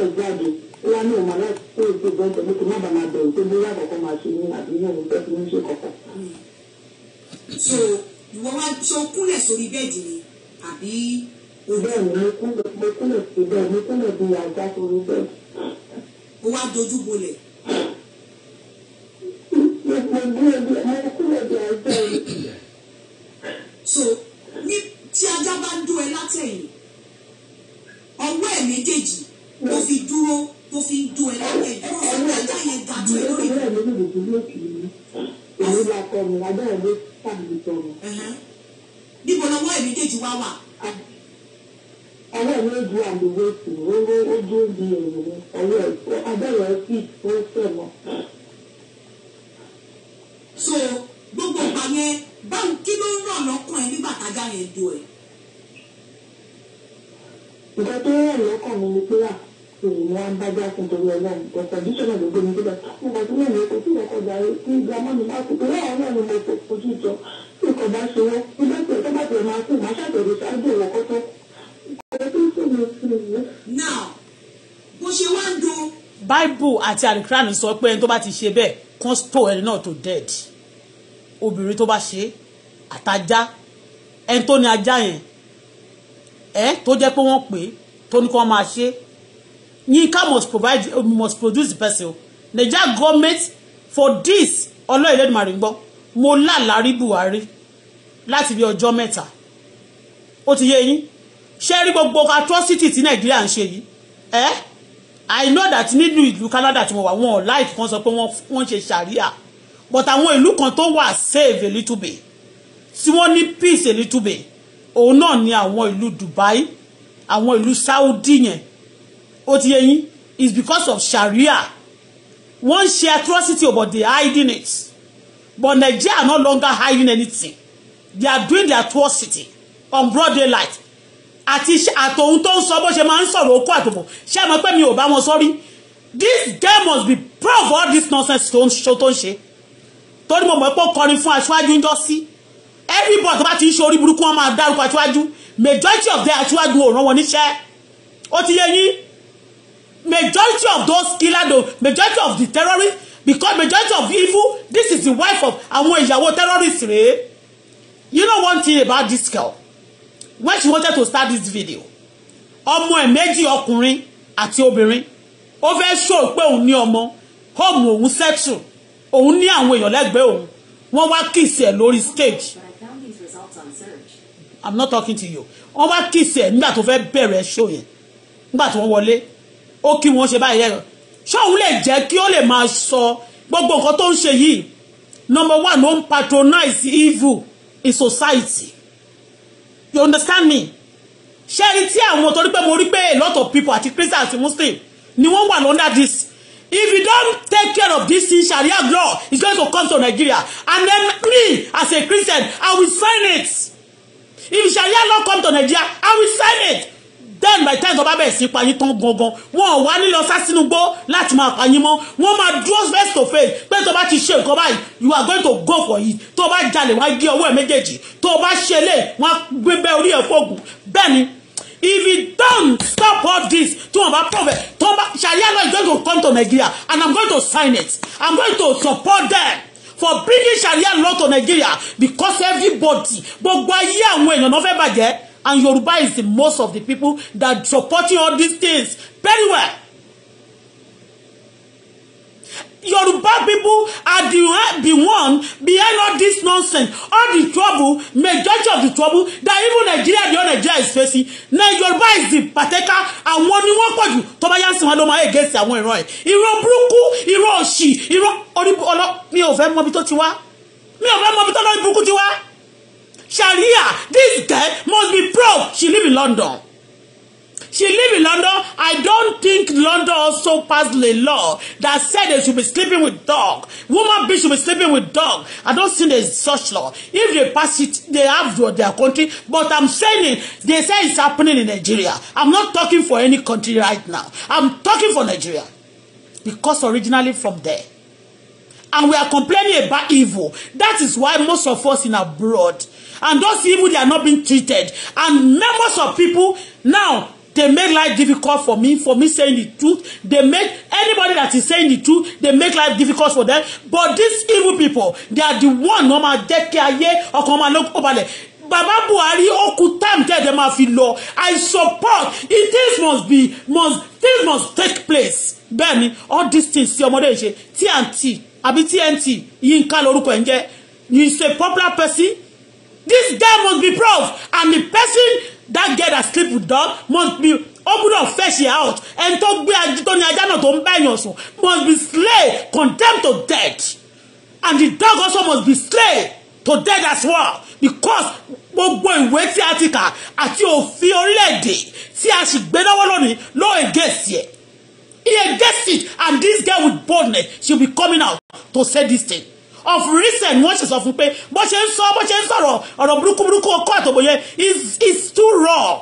ìjáde wíwá ní ìmọ̀ náà tó ti gbọ́ pẹ̀lú kí má bàa máa bẹ̀rù tó bí yàgò kan máa ṣe ní àbí ní òun tó fi ń ṣe kọ̀kọ̀. so ìwọ wá so kúnlẹ̀ sórí bẹ́ẹ̀dì ni àbí. bẹ́ẹ̀ ni mo kúnlẹ̀ mo kúnlẹ̀ sí bẹ́ẹ̀ mo kúnlẹ̀ bí àjà sórí bẹ́ẹ̀. o wá dojú bolẹ̀. mo kúnlẹ̀ bí mo kúnlẹ̀ bí àjà so ní tí ajá bá ń dún ẹ látẹ̀yìn ọwọ́ ẹ̀ méjèèjì tó fi dúró tó fi ń dún ẹ lórí ẹ̀ dúró fún ẹ láyé ga tó ẹ lórí. Àwọn akọ mi lágbá ẹ̀ ló tàbí tọrọ. Níbo lọ́wọ́ ẹ̀ méjèèjì wá wà? Àwọn ẹ̀mí ojú àlùwé kù, owó ojú di èrò, ọwọ́ ẹ̀ abẹ́rẹ́ kì í tó tẹ̀ mọ́. So gbogbo ìgbà yẹn báwo kí ló ń rọ̀ lọ́kàn ẹ nígbà tájà yẹn do ẹ̀? nǹkan tó rẹ̀ lọ́kàn mi ni pé à èèyàn wa ń bá jà fún ọlọ́run ọ̀pọ̀ jíṣẹ́ náà ló mi débẹ̀ mo mọ̀ sí mẹ́rin kò sí ọkọ̀ jàre kí gbàmọ́ mi máa kú torí àwọn náà mo fò fojú jọ kí nǹkan bá ṣe wọ́n bí bá tó bá tẹ̀ máa kú máa ṣàtẹ̀wé ṣáájú ìwọ̀ kọ́tọ́. now bó ṣe wá ń do. bible àti alikran sọ pé ẹni tó bá ti ṣe bẹ́ẹ̀ kan store ẹni náà to dead obìnrin tó bá ṣe àtajá ẹni tó ní ajá yẹn ẹ eh, tó jẹ́ pé wọ́n pè é tó ní kí wọ́n máa ṣe Yinka must provide must produce the person Naija government for this ọlọ́ọ̀ ìlẹ́dùnmarè ń gbọ́ mo lálàárí Buhari láti bí ọjọ́ mẹ́ta ó ti yé yín ṣé rí gbogbo atrocity tí Nàìjíríà ń ṣe yìí ẹ eh? I know that nínú ìlú Canada tí mo wà wọn ò láì kan sọ pé wọ́n ṣe ṣàríà but àwọn ìlú kan tó wà save a little bit tí wọ́n ní peace a little bit òun náà ni àwọn ìlú Dubai àwọn ìlú Saudi yẹn ó ti yé yín it's because of Sharia wọ́n ṣe atrocity about the hiding it but Nigeria no longer hiding anything they are doing their atrocity on broad daylight àti àtòun tó ń sọ bó ṣe máa ń sọ̀rọ̀ okó àtòbò ṣé àmọ́ pé mi ò bá wọn sọ́rí this girl must be proud of all this nonsense tó ń ṣe torí mo mọ̀ pé ó kọrin fún aṣáájú ń jọ sí everybody tó bá ti ń ṣe orí burúkú wọn máa dárúkọ aṣíwájú majority of their aṣíwájú ò rán wọn níṣẹ́ ó ti yé yín majority of those killer though majority of the terrorists because majority of evil this is the wife of àwọn ìyàwó terrorists rèé you know one thing about this girl when she wanted to start this video ọmọ ẹ̀ méjì ọkùnrin àti obìnrin ó fẹ́ ṣó pé òun ní ọmọ home òun settle òun ní àwọn èèyàn lẹ́gbẹ̀ẹ́ òun wọ́n wá kìsì ẹ̀ lórí stage i'm not talking to you wọ́n bá kìsì ẹ̀ nígbà tó fẹ́ bẹ̀rẹ̀ ṣó yẹn nígbà tí wọ́n wọlé ó kí wọ́n ṣe báyìí lẹ́yìn ṣọ́hun lè jẹ́ kí ó lè máa sọ gbogbo nǹkan tó ń ṣe yìí number one ó patronize evil in society you understand me ṣé ẹni tí àwọn torí pé mo rí pé a lot of people àti christians àti muslims ni wọ́n wà lọ́ndà this If you don't take care of this thing, Sharia law is going to come to Nigeria. And then me, as a Christian, I will sign it. If Sharia law come to Nigeria, I will sign it. Then by the time ọba bẹ̀rẹ̀ sí payín tán gangan, wọn ò wá nílọ sásínúgbó láti máa payín mọ́. Wọ́n máa dúró face to face pé tó bá ti ṣe nǹkan báyìí, you are going to go for it. Tó bá jalè, wọ́n á gé ọwọ́ ẹ̀ méjèèjì. Tó bá ṣe lè, wọ́n á gbé bẹ́ orí ẹ̀ fọ́gùn. Bẹ́ẹ̀ ni if you don't stop all this to wọ́n bá prove tó is going to come to Nigeria and I'm going to sign it I'm going to support them for bringing sharia law to Nigeria because everybody gbogbo ayé àwọn èèyàn náà fẹ́ bàjẹ́ and Yoruba is the most of the people that supporting all these things very well Yoruba people are the, the one behind all this nonsense, all the trouble, majority of the trouble that even Nigeria, the Nigeria is facing. Now Yoruba is the partaker, and one in one pọ̀jù tó bá yá sí wọn ló máa against àwọn ìran ẹ̀. Iro, burúkú, ìran òṣì, ìran oríbọ̀lọ́, mi ò fẹ́ mọbi tó ti wá. Mi ò fẹ́ Sharia, this guy must be proud she live in London. She live in London. I don't think London also passed a law that said they should be sleeping with dog. Woman bitch should be sleeping with dog. I don't think there's such law. If they pass it, they have to their country. But I'm saying it, they say it's happening in Nigeria. I'm not talking for any country right now. I'm talking for Nigeria. Because originally from there. And we are complaining about evil. That is why most of us in abroad, and those evil, they are not being treated. And members of people now They make life difficult for me, for me saying the truth. They make anybody that is saying the truth, they make life difficult for them. But these evil people, they are the one wọ́n máa jẹ́ kí ayé ọkàn máa lọ́kọ́ balẹ̀. Baba Buhari oku kú time tẹ́lẹ̀ máa fi lọ. I support. It things must be must things must take place. Bẹ́ẹ̀ni, all these things ti ọmọdé ṣe TNT Abi TNT yinka lórúkọ ẹ̀ ń jẹ́. You is a popular person. This guy must be proud and the person that girl that sleep with dog must be open up fetch her out ẹni tó gbé tó ní ajá náà tó ń bá èèyàn sùn must be slay condemned to death and the dog also must be slay to death as well because gbogbo ìwé tí a ti kà àti òfin orílẹ̀-èdè tí a sì gbé lọ́wọ́ lónìí ló against yẹ he against it and this girl with boldness she be coming out to say this thing of reason, wọ́n ṣe sọ fún pé bó ṣe ń sọ bó ṣe ń sọ̀rọ̀ ọ̀rọ̀ burúkú burúkú ọkọ̀ àtòbò is is too raw.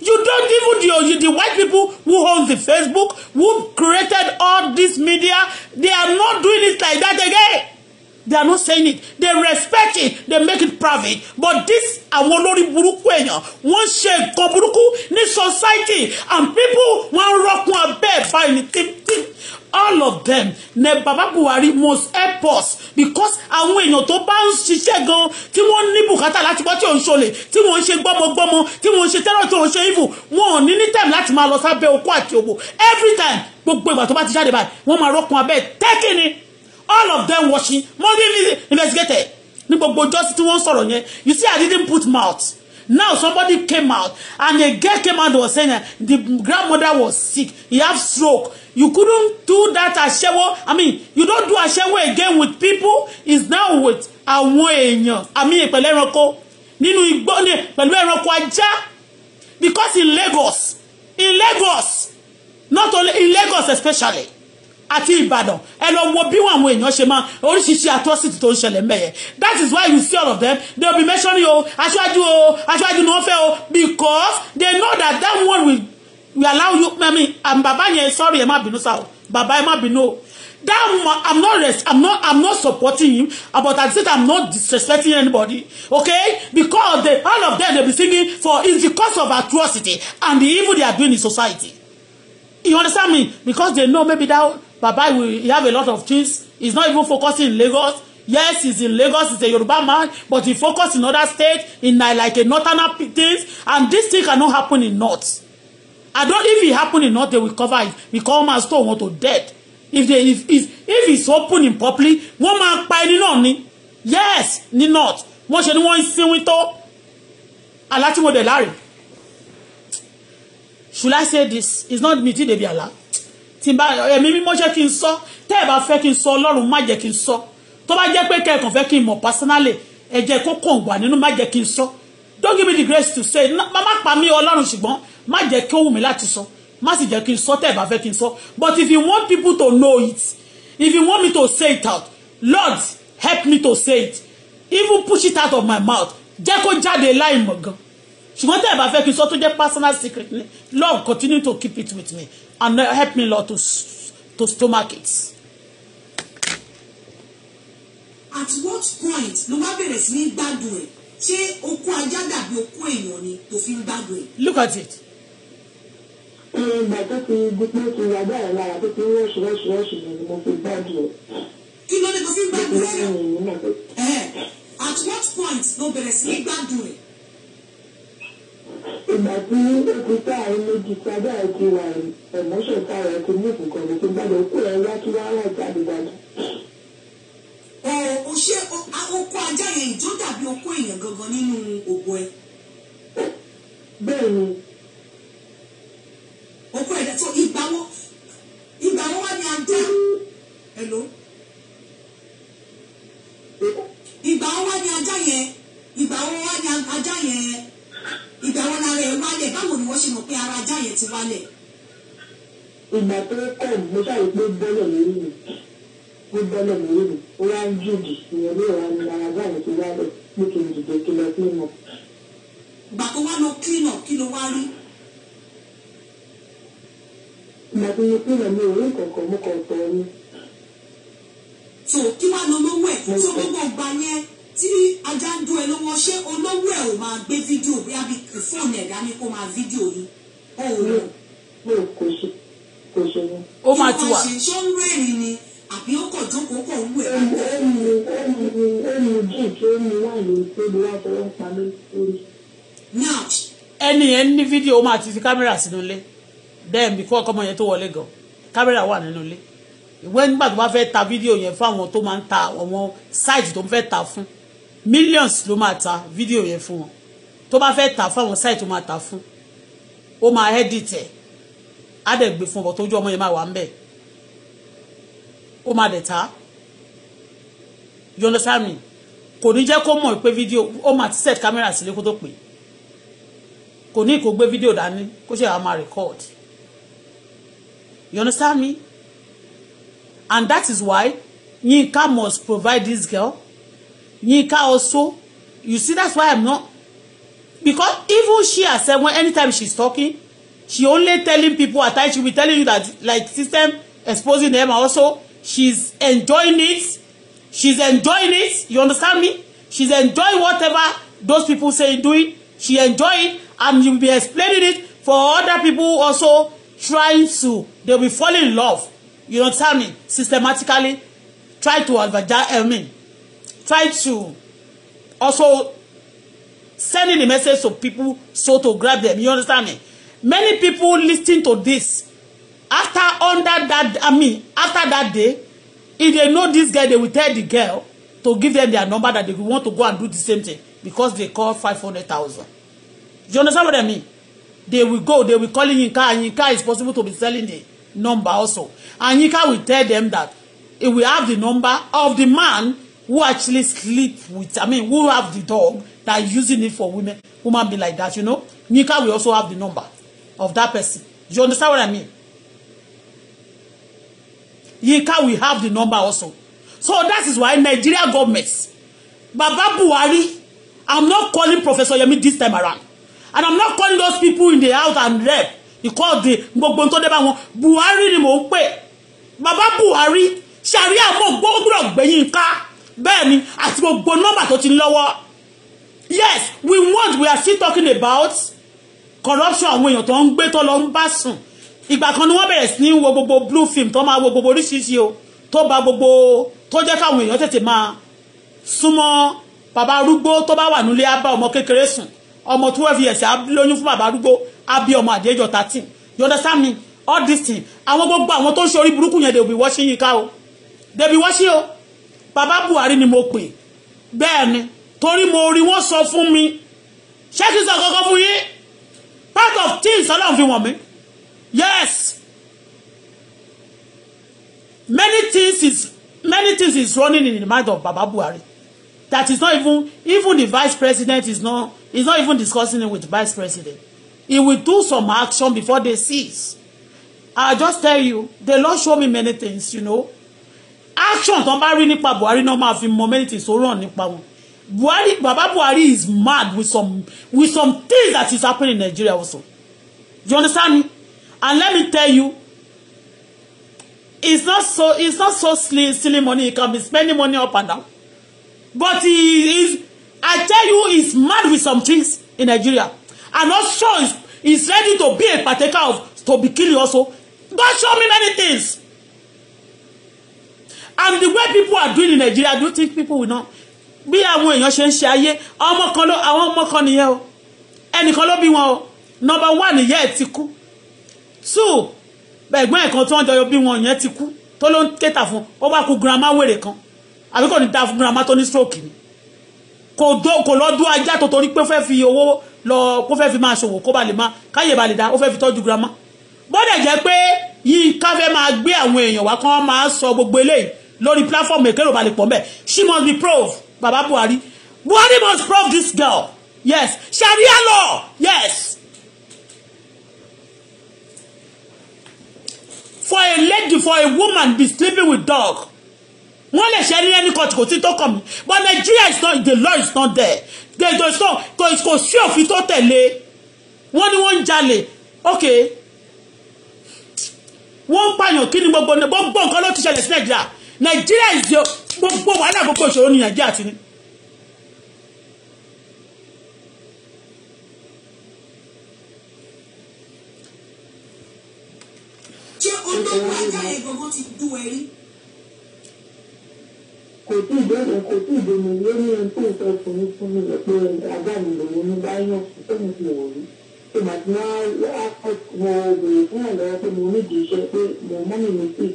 You don't even the, the white people who own the Facebook, who created all this media, they are not doing it like that again. They are not saying it. They respect it. They make it private. But this, àwọn olórí burúkú èèyàn, wọ́n ṣe nǹkan burúkú ní society and people wọ́n rọ́kun abẹ́ ẹ̀fà anything all of them ne baba buhari must help us because àwọn èèyàn tó bá ń ṣiṣẹ́ gan tí wọ́n ní bùkátà láti gbọ́ tí ò ń ṣọlẹ̀ tí wọ́n ń ṣe gbọ́mọgbọ́mọ tí wọ́n ń ṣe tẹ́rọ̀ tí wọ́n ń ṣe ìfò wọn ò ní ní time láti máa lọ sábẹ́ okó àti òwò every time gbogbo ìgbà tó bá ti jáde báyìí wọ́n máa rọ́kun abẹ́ tẹ́kì ni all of them watching monday investigated ní gbogbo ọjọ́ sí tí wọ́n sọ̀rọ̀ yẹn you see i didn't put mouth Now somebody came out and a girl came out was saying the grandmother was sick. He have stroke. You couldn't do that ashewo. I mean, you don't do ashewo again with people. It's now with àwọn èèyàn. I mean, pẹ̀lú ẹranko nínú igbó ni pẹ̀lú ẹranko ajá. Because in Lagos, in Lagos, not only in Lagos especially, àti ìbàdàn ẹ lọ wo bí àwọn èèyàn ṣe máa oríṣiríṣi atrocity tó ń ṣẹlẹ̀ mẹ́yẹ that is why you see all of them they will be mentioning o oh, aṣáájú o oh, aṣáájú ni wọ́n fẹ́ o oh, because they know that that one will, will allow you I mean and um, bàbá yẹn sorry ẹ má bínú sá o bàbá ẹ má bínú o that one i'm not rest i'm not i'm not supporting him but at the same i'm not disrespecting anybody okay because they all of them they be singing for it's because of atrocity and the evil they are doing in society you understand me because they know maybe that Baba will he have a lot of things. He's not even focusing in Lagos. Yes, he's in Lagos, he's a Yoruba man, but he focus in other states, in uh, like a northern things, and this thing cannot happen in North. I don't if it happen in North, they will cover it because man stone want to dead. If they if if, if it's open in public, wọ́n máa pa ẹni náà ni. Yes, ní North. Wọ́n ṣe ni wọ́n ń sinwin tó. Alátìmọ̀dẹ̀ láre. Should I say this? It's not me, they be Allah tí bá ẹ̀mí mímọ́ ṣe kí n sọ tẹ́ ẹ̀ bá fẹ́ kí n sọ ọlọ́run má jẹ́ kí n sọ tó bá jẹ́ pé kẹ́ẹ̀kan fẹ́ kí n mọ̀ personally ẹ kó kàn wà nínú má jẹ́ kí n sọ don't give me the grace to say má má pa mí ọlọ́run ṣùgbọ́n má jẹ́ kí ó wù mí láti sọ má sì jẹ́ kí n sọ tẹ́ ẹ̀ bá fẹ́ kí n sọ but if you want people to know it if you want me to say it out Lord help me to say it even push it out of my mouth jẹ́ kó jáde láì mọ̀ gan ṣùgbọ́n tẹ́ ẹ̀ bá fẹ́ kí n sọ tó jẹ́ personal secret ni Lord continue to keep it with me and help me, Lord, to, to stomach it. At what point ló bá bẹ̀rẹ̀ sí ní gbádùn ẹ̀? Ṣé okó ajá dàbí okó èèyàn ni tó fi ń gbádùn ẹ̀? Look at it. Ìgbà tó fi gbígbé ti ajá ẹ̀ lára tó fi wọ́ọ̀ṣì wọ́ọ̀ṣì wọ́ọ̀ṣì ni mo fi gbádùn ẹ̀. Kí ló ní kó fi ń gbádùn ẹ̀? At what point ló bẹ̀rẹ̀ sí ní gbádùn ẹ̀? ìgbà tí òkúta àìlójú sábà ti wà ẹ̀mọ́ṣọ̀ táwọn ti ní ìkùkọ̀ ní tó gbàgbọ́ kó ẹ wá kí wàá rẹ̀ jáde dájú. ọ o ṣe oko ajá yẹn ìjó dàbí oko èèyàn gangan nínú òbò ẹ. bẹ́ẹ̀ ni. oko ẹ̀dá tó ìgbà wọn ìgbà wọn wá ní adá. Hello. ìgbà wọn wá ní ajá yẹn ìgbà wọn wá ní ajá yẹn ìgbà wọn lára ẹ wálẹ̀ báwo ni wọ́n ṣe mọ̀ pé ara ajá yẹn ti wálẹ̀. ìgbà tó kọ̀ mo ṣàyè pé bọ́lọ̀ lórí mi pé bọ́lọ̀ lórí mi ó wá ń jìjì ìyẹn ní ìwà ni ara ajá yẹn ti wálẹ̀ ní kí n dìde kí lọ sí mọ̀. ìgbà tó wá lọ clean up kí ló wá rí. ìgbà tó yẹ clean mi ò rí kọ̀ọ̀kan mú kọ̀ọ̀kan ni. so kí wàá lọ lówó ẹ̀ tó gbogbo tí ajá ń dún ẹ lọ́wọ́ ṣé olówó ẹ̀ ò máa gbé fídíò bí àbí fóònù ẹ̀ dání kó máa fídíò yìí ẹ ò rò. kò ṣe kò ṣe wọn. ó máa ti wà. ṣé ó ń rẹ́rìn ni àbí ó kọ̀ jókòó kọ̀ ń wẹ̀. ó mu ó mu ó mu ó mu ó mu wà lórí tóbi wá lórí. ẹni yẹn ní fídíò ó máa ti fi kámẹ́rà sínú ilé bẹ́ẹ̀ bí kó ọkọ ọmọ yẹn tó wọlé gan kámẹ́rà wà nínú ilé ìwé nígbà tó bá fẹ́ ta fídíò yẹn fún àwọn tó máa ń ta àwọn sáìtì tó ń fẹ́ ta fún millions ló máa ta fídíò yẹn fún wọn tó bá fẹ́ tà fáwọn site tó máa tà fún ó máa edit ẹ̀ á dẹ̀ gbé fún ọ̀bọ̀ tójú ọmọ yẹn máa wà ń bẹ̀ ó máa dẹ̀ ta you understand me kò ní jẹ́ kó mọ̀ pé fídíò ó máa ti set camera sílé kó tó pè kò ní kó gbé fídíò dání kó ṣe àwọn máa record you understand me and that is why Yinka must provide this girl Nika also you see that's why I'm not because even she herself when anytime she's talking she only telling people at times she'll be telling you that like system exposing them also she's enjoying it she's enjoying it you understand me she's enjoying whatever those people say doing she enjoy it and you'll be explaining it for other people also trying to they'll be falling in love you understand me systematically try to advertise I mean try to also sending the message to people so to grab them you understand me many people listening to this after under that i mean after that day if they know this guy they will tell the girl to give them their number that they want to go and do the same thing because they call five hundred thousand you understand what i mean they will go they will call Yinka and Yinka is possible to be selling the number also and Yinka will tell them that he will have the number of the man who actually sleep with, I mean, who have the dog that using it for women, woman be like that, you know. Nika will also have the number of that person. You understand what I mean? Yinka will have the number also. So that is why Nigeria government, Baba Buhari, I'm not calling Professor Yemi this time around. And I'm not calling those people in the house and rep. You call the gbogbo tó dé bá wọn. Buhari ni mò ń pè. Baba Buhari, Sharia mo gbogbo gbẹ̀yìn ká bẹ́ẹ̀ ni àti gbogbo nọ́mbà tó ti lọ́wọ́ yes we want we are still talking about corruption àwọn èèyàn tó ń gbé tó lọ ń bá sùn ìgbà kan ni wọ́n bẹ̀rẹ̀ sí ní wo gbogbo blue film tó máa wo gbogbo oríṣiríṣi o tó ba gbogbo tó jẹ́ káwọn èèyàn tètè máa súnmọ́ bàbá arúgbó tó bá wà nílé á bá ọmọ kékeré sùn ọmọ twelve years á fún bàbá arúgbó á ọmọ àdéjọ thirteen you understand me all this thing àwọn gbogbo àwọn tó ń ṣe orí burúkú yẹn they be watching yín ká o they be watching o bàbá Buhari ni mo pè bẹ́ẹ̀ ni torí mo rí wọ́n sọ fún mi ṣé kí n sọ kọ́kọ́ fún yín part of things ọlọ́run fi wọ̀n mi yes many things is many things is running in the mind of baba Buhari that is not even even the vice president is not is not even discussing it with the vice president he will do some action before they cease i just tell you the Lord show me many things you know action tó ń bá rí nípa Buhari náà máa fi mọ mẹ́rìntì tó ràn nípa wọn Buhari baba Buhari is mad with some with some things that is happening in Nigeria also you understand me and let me tell you it's not so it's not so silly, silly money he can be spending money up and down but he is I tell you he's mad with some things in Nigeria and also he's, he's ready to be a partaker of to be killing also don't show me many things and the way people are doing in Nigeria do you think people will not bí àwọn èèyàn ṣe ń ṣe ayé ọmọ kan ló àwọn ọmọ kan nìyẹn o ẹnìkan ló bí wọn o number one ìyá ẹ̀ ti kú two ẹ̀gbọ́n ẹ̀kan tó ń jọyọ bí wọn yẹn ti kú tó ló ń kéta fún ó bá kú girama wèrè kan àbí kò ní da fún girama tó ní stroke ni kò lọ dún ajá tó torí pé ó fẹ́ fi owó lọ kó fẹ́ fi máa ṣòwò kó ba lè máa káyè ba lè da ó fẹ́ fi tọ́jú girama bó jẹ́ pé yín ká fẹ́ máa gbé àwọn èèyàn wá kán máa sọ gbogbo eléyìí lórí platform èkérò balẹ̀ pọ̀ mbẹ́ she must be proved baba Buhari Buhari must prove this girl yes Sharia law yes. for a lady for a woman be sleeping with dog wọ́n lè ṣe ní ẹni kọ̀tù kò sí tó kàn mí but Nigeria is not the law is not there they go so kò kò sí òfin tó tẹ̀lé wọ́n ní wọ́n ń jalè ok wọ́n ń pààyàn kí ni gbogbo gbogbo nǹkan ló ti ṣẹlẹ̀ sí Nàìjíríà nàìjíríà ìjọ gbogbo wàhálà gbogbo ìṣòro ní nàìjíríà ti ní. ṣé olówó ajá ìgbọ̀ngàn ti dùn ẹ́ rí? kò tí ì dé kò tí ì dé mi lórí ohun tó ń sọ fún mi fún mi pé ajá mi lòun ní bá yàn fún tó mi fi wò rí tó bàtí wọn á kọ wọ òbèrè fún ọ̀dọ́ pé mo nídìí iṣẹ́ pé mo mọ́ mi ní sèkì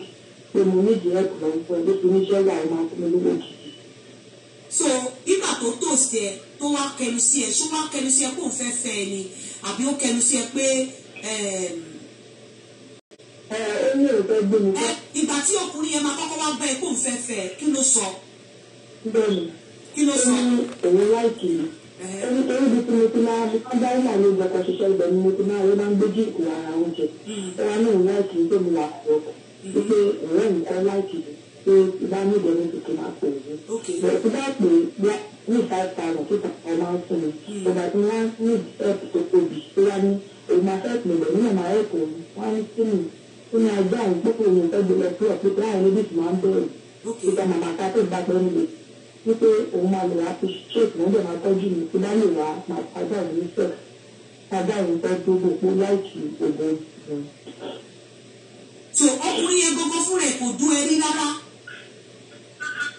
pé mo ní ìdílé ẹ̀kọ́ ìfọ̀ ẹgbẹ́ tó ní sọ́yà ẹ̀ máa fún mi lówó jù. so ìgbà tó tò sí ẹ tó wá kẹnu sí ẹ ṣó wá kẹnu sí ẹ kó n fẹ́ fẹ́ ẹ ni àbí ó kẹnu sí ẹ pé ìgbà tí ọkùnrin yẹn máa kọ́kọ́ wá bá ẹ kó n fẹ́ fẹ́ ẹ kí ló sọ. bẹ́ẹ̀ni kí ló sọ. òun láìkì ẹni tó ń dùn mo ti máa mo máa dárí màá ní ìgbà kan ṣiṣẹ́ ibẹ̀ ni mo ti máa wọ́n máa ń gbójú ìkùn ara oúnjẹ hmm. ẹ wá ní òun láìkì ń tó mi là kọ́ ọkọ̀ wípé ọ̀rẹ́ mi kan láìpẹ́ pé bá ní ìdẹ́nu tuntun máa pè mí. bẹ̀rẹ̀ tó bá pè é ní five thousand tó kàn án máa ń fún mi. ìgbà hmm. tí wọ́n ní ẹ̀pù tó tóbi tó wá ní èmi àfẹ́ẹ̀pù mi lẹ́yìn ọ̀nà ẹ̀pù mi wọ́n ní kí ni kí ni ajá òun púpọ̀ òun fẹ́ gbé lọ sí ọ̀pẹ tó láwọn níbi tí wọ́n bẹ̀rẹ̀. ìgbà màmá ká tó bá gbẹ́ nílé wípé òun máa lè wá fi ṣéèkì wọ́n dẹ̀ máa tọ́jú mi kí bá lè wá máa ajá òun ní sẹ̀ ajá òun gbogbo láìkì ògùn so ọkùnrin yẹn gbogbo fúnra ẹ̀ kò dún ẹni rárá.